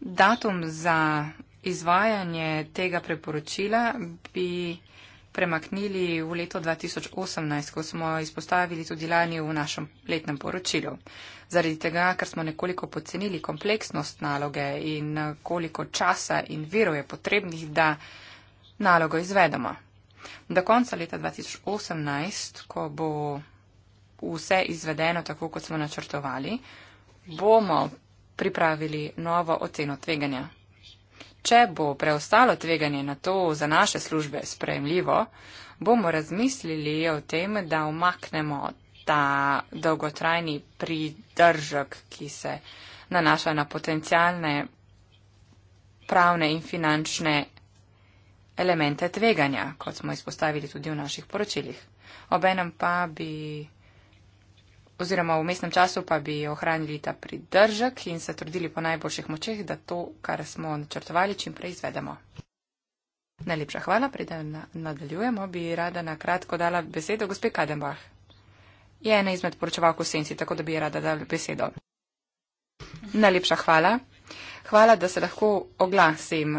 Datum za izvajanje tega preporočila bi premaknili v leto 2018, ko smo izpostavili tudi lani v našem letnem poročilu. Zaradi tega, ker smo nekoliko pocenili kompleksnost naloge in koliko časa in virov je potrebnih, da nalogo izvedemo. Do konca leta 2018, ko bo vse izvedeno tako, kot smo načrtovali, bomo pripravili novo oceno tveganja. Če bo preostalo tveganje na to za naše službe sprejemljivo, bomo razmislili o tem, da omaknemo ta dolgotrajni pridržek, ki se nanaša na potencijalne pravne in finančne elemente tveganja, kot smo izpostavili tudi v naših poročilih. Obenem pa bi oziroma v mestnem času pa bi ohranili ta pridržek in se trudili po najboljših močeh, da to, kar smo načrtovali, čim prej izvedemo. Najlepša hvala, preden nadaljujemo, bi rada na kratko dala besedo gospe Kadenbach. Je ena izmed poročevalk v senci, tako da bi rada dala besedo. Najlepša hvala. Hvala, da se lahko oglasim.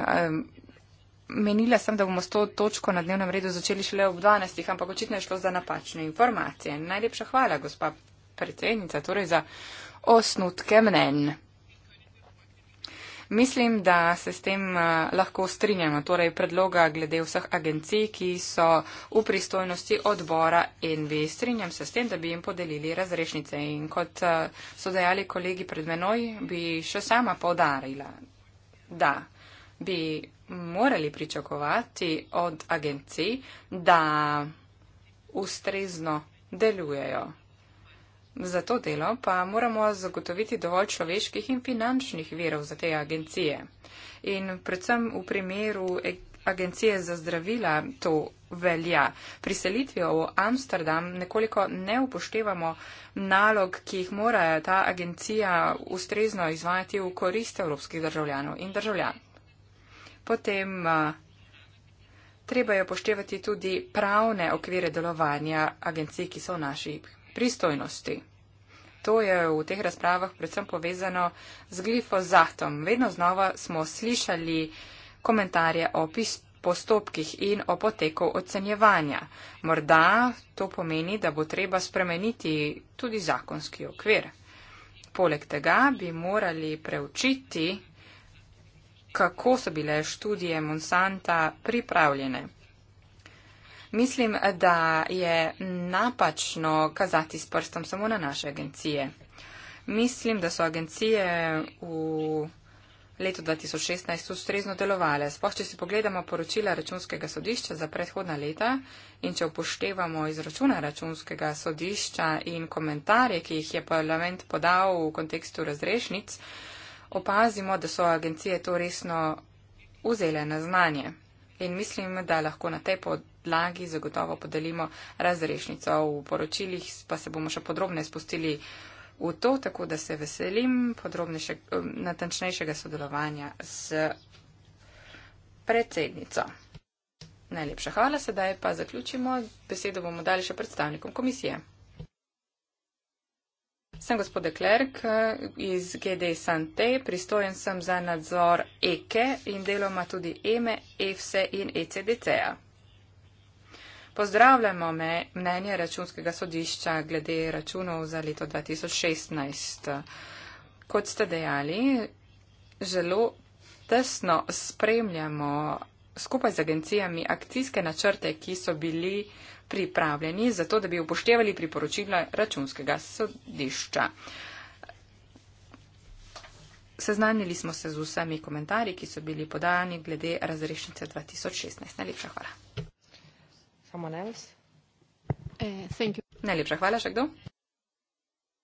Menila sem, da bomo s to točko na dnevnem redu začeli šele ob 12, ampak očitno je šlo za napačne informacije. Najlepša hvala, gospa predsednica, torej za osnutke mnen. Mislim, da se s tem eh, lahko strinjamo, torej predloga glede vseh agencij, ki so v pristojnosti odbora in bi strinjam se s tem, da bi jim podelili razrešnice. In kot eh, so dejali kolegi pred menoj, bi še sama povdarila, da bi morali pričakovati od agencij, da ustrezno delujejo. Za to delo pa moramo zagotoviti dovolj človeških in finančnih virov za te agencije. In predvsem v primeru e-, agencije za zdravila to velja. Priselitvijo v Amsterdam nekoliko ne upoštevamo nalog, ki jih mora ta agencija ustrezno izvajati v korist evropskih državljanov in državljan. Potem treba je upoštevati tudi pravne okvire delovanja agencij, ki so v naših pristojnosti. To je v teh razpravah predvsem povezano z glifozatom. Vedno znova smo slišali komentarje o postopkih in o poteku ocenjevanja. Morda to pomeni, da bo treba spremeniti tudi zakonski okvir. Poleg tega bi morali preučiti, kako so bile študije Monsanta pripravljene. Mislim, da je napačno kazati s prstom samo na naše agencije. Mislim, da so agencije v letu 2016 ustrezno delovale. Sploh, če si pogledamo poročila računskega sodišča za predhodna leta in če upoštevamo izračuna računskega sodišča in komentarje, ki jih je parlament podal v kontekstu razrešnic, opazimo, da so agencije to resno vzele na znanje. In mislim, da lahko na tej podlagi podlagi zagotovo podelimo razrešnico. V poročilih pa se bomo še podrobne spustili v to, tako da se veselim eh, natančnejšega sodelovanja s predsednico. Najlepša hvala, sedaj pa zaključimo. Besedo bomo dali še predstavnikom komisije. Sem gospod Klerk eh, iz GD Sante, pristojen sem za nadzor EKE e in deloma tudi EME, EFSE in ECDC-a. Pozdravljamo me, mnenje računskega sodišča glede računov za leto 2016. Kot ste dejali, zelo tesno spremljamo skupaj z agencijami akcijske načrte, ki so bili pripravljeni za to, da bi upoštevali priporočila računskega sodišča. Seznanili smo se z vsemi komentarji, ki so bili podani glede razrešnice 2016. Najlepša hvala someone else? Uh, thank you. Najlepša hvala, še kdo?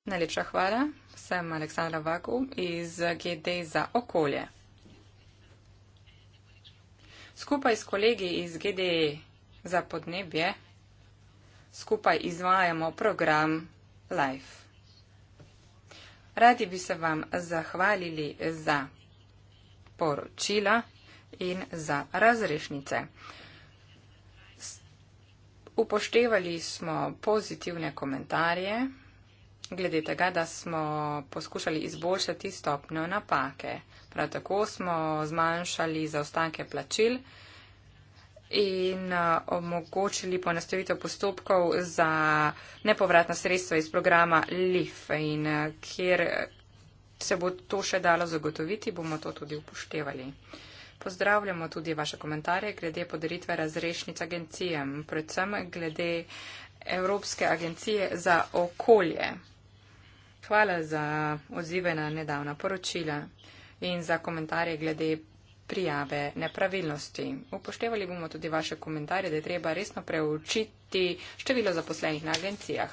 Najlepša hvala, sem Aleksandra Vaku iz GD za okolje. Skupaj s kolegi iz GD za podnebje skupaj izvajamo program LIFE. Radi bi se vam zahvalili za poročila in za razrešnice. Upoštevali smo pozitivne komentarje glede tega, da smo poskušali izboljšati stopnjo napake. Prav tako smo zmanjšali zaostanke plačil in uh, omogočili ponastavitev postopkov za nepovratna sredstva iz programa LIF. In uh, kjer se bo to še dalo zagotoviti, bomo to tudi upoštevali. Pozdravljamo tudi vaše komentarje glede podaritve razrešnic agencijem, predvsem glede Evropske agencije za okolje. Hvala za odzive na nedavna poročila in za komentarje glede prijave nepravilnosti. Upoštevali bomo tudi vaše komentarje, da je treba resno preučiti število zaposlenih na agencijah.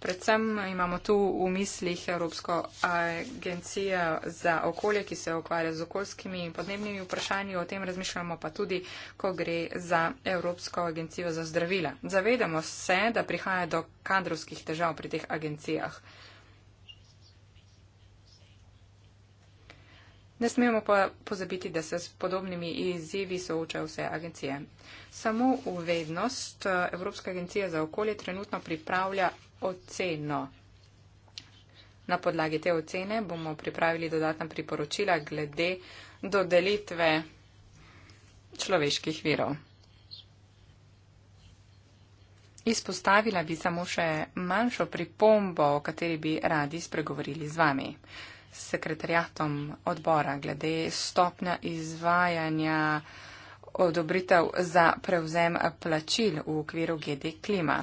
Predvsem imamo tu v mislih Evropsko agencijo za okolje, ki se ukvarja z okoljskimi in podnebnimi vprašanji. O tem razmišljamo pa tudi, ko gre za Evropsko agencijo za zdravila. Zavedamo se, da prihaja do kadrovskih težav pri teh agencijah. Ne smemo pa pozabiti, da se s podobnimi izzivi soočajo vse agencije. Samo uvednost eh, Evropska agencija za okolje trenutno pripravlja oceno. Na podlagi te ocene bomo pripravili dodatna priporočila glede dodelitve človeških virov. Izpostavila bi samo še manjšo pripombo, o kateri bi radi spregovorili z vami, s sekretarjatom odbora glede stopnja izvajanja odobritev za prevzem plačil v okviru GD Klima.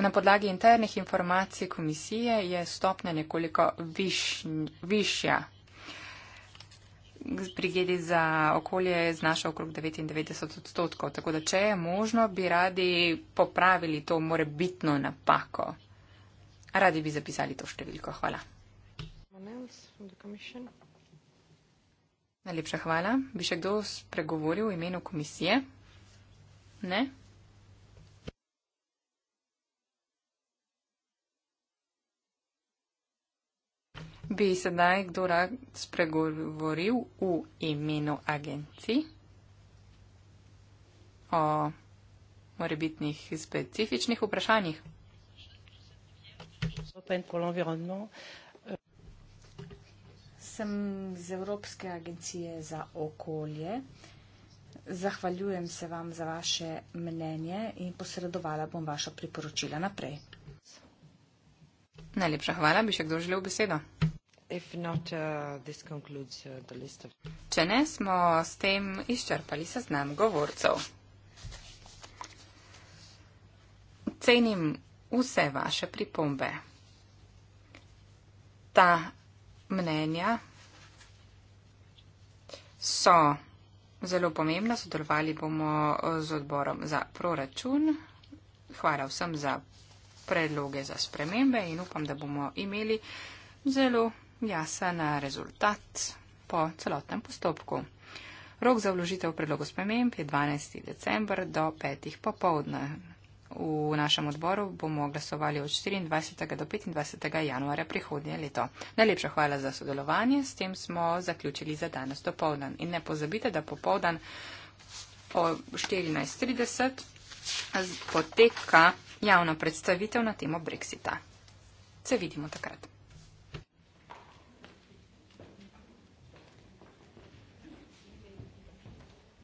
Na podlagi internih informacij komisije je stopnja nekoliko viš, višja. Prigedi za okolje je znašal okrog 99 odstotkov, tako da če je možno, bi radi popravili to morebitno napako. Radi bi zapisali to številko. Hvala. Najlepša hvala. Bi še kdo spregovoril v imenu komisije? Ne? bi sedaj kdo rad spregovoril v imenu agenci o morebitnih specifičnih vprašanjih. Sem iz Evropske agencije za okolje. Zahvaljujem se vam za vaše mnenje in posredovala bom vaša priporočila naprej. Najlepša hvala, bi še kdo želel besedo. Uh, uh, Če ne, smo s tem izčrpali seznam govorcev. Cenim vse vaše pripombe. Ta mnenja so zelo pomembna. Sodelovali bomo uh, z odborom za proračun. Hvala vsem za predloge za spremembe in upam, da bomo imeli zelo jasen rezultat po celotnem postopku. Rok za vložitev predlogov sprememb je 12. december do 5. popovdne. V našem odboru bomo glasovali od 24. do 25. januarja prihodnje leto. Najlepša hvala za sodelovanje, s tem smo zaključili za danes dopovdan. In ne pozabite, da popovdan o 14.30 poteka javna predstavitev na temo Brexita. Se vidimo takrat.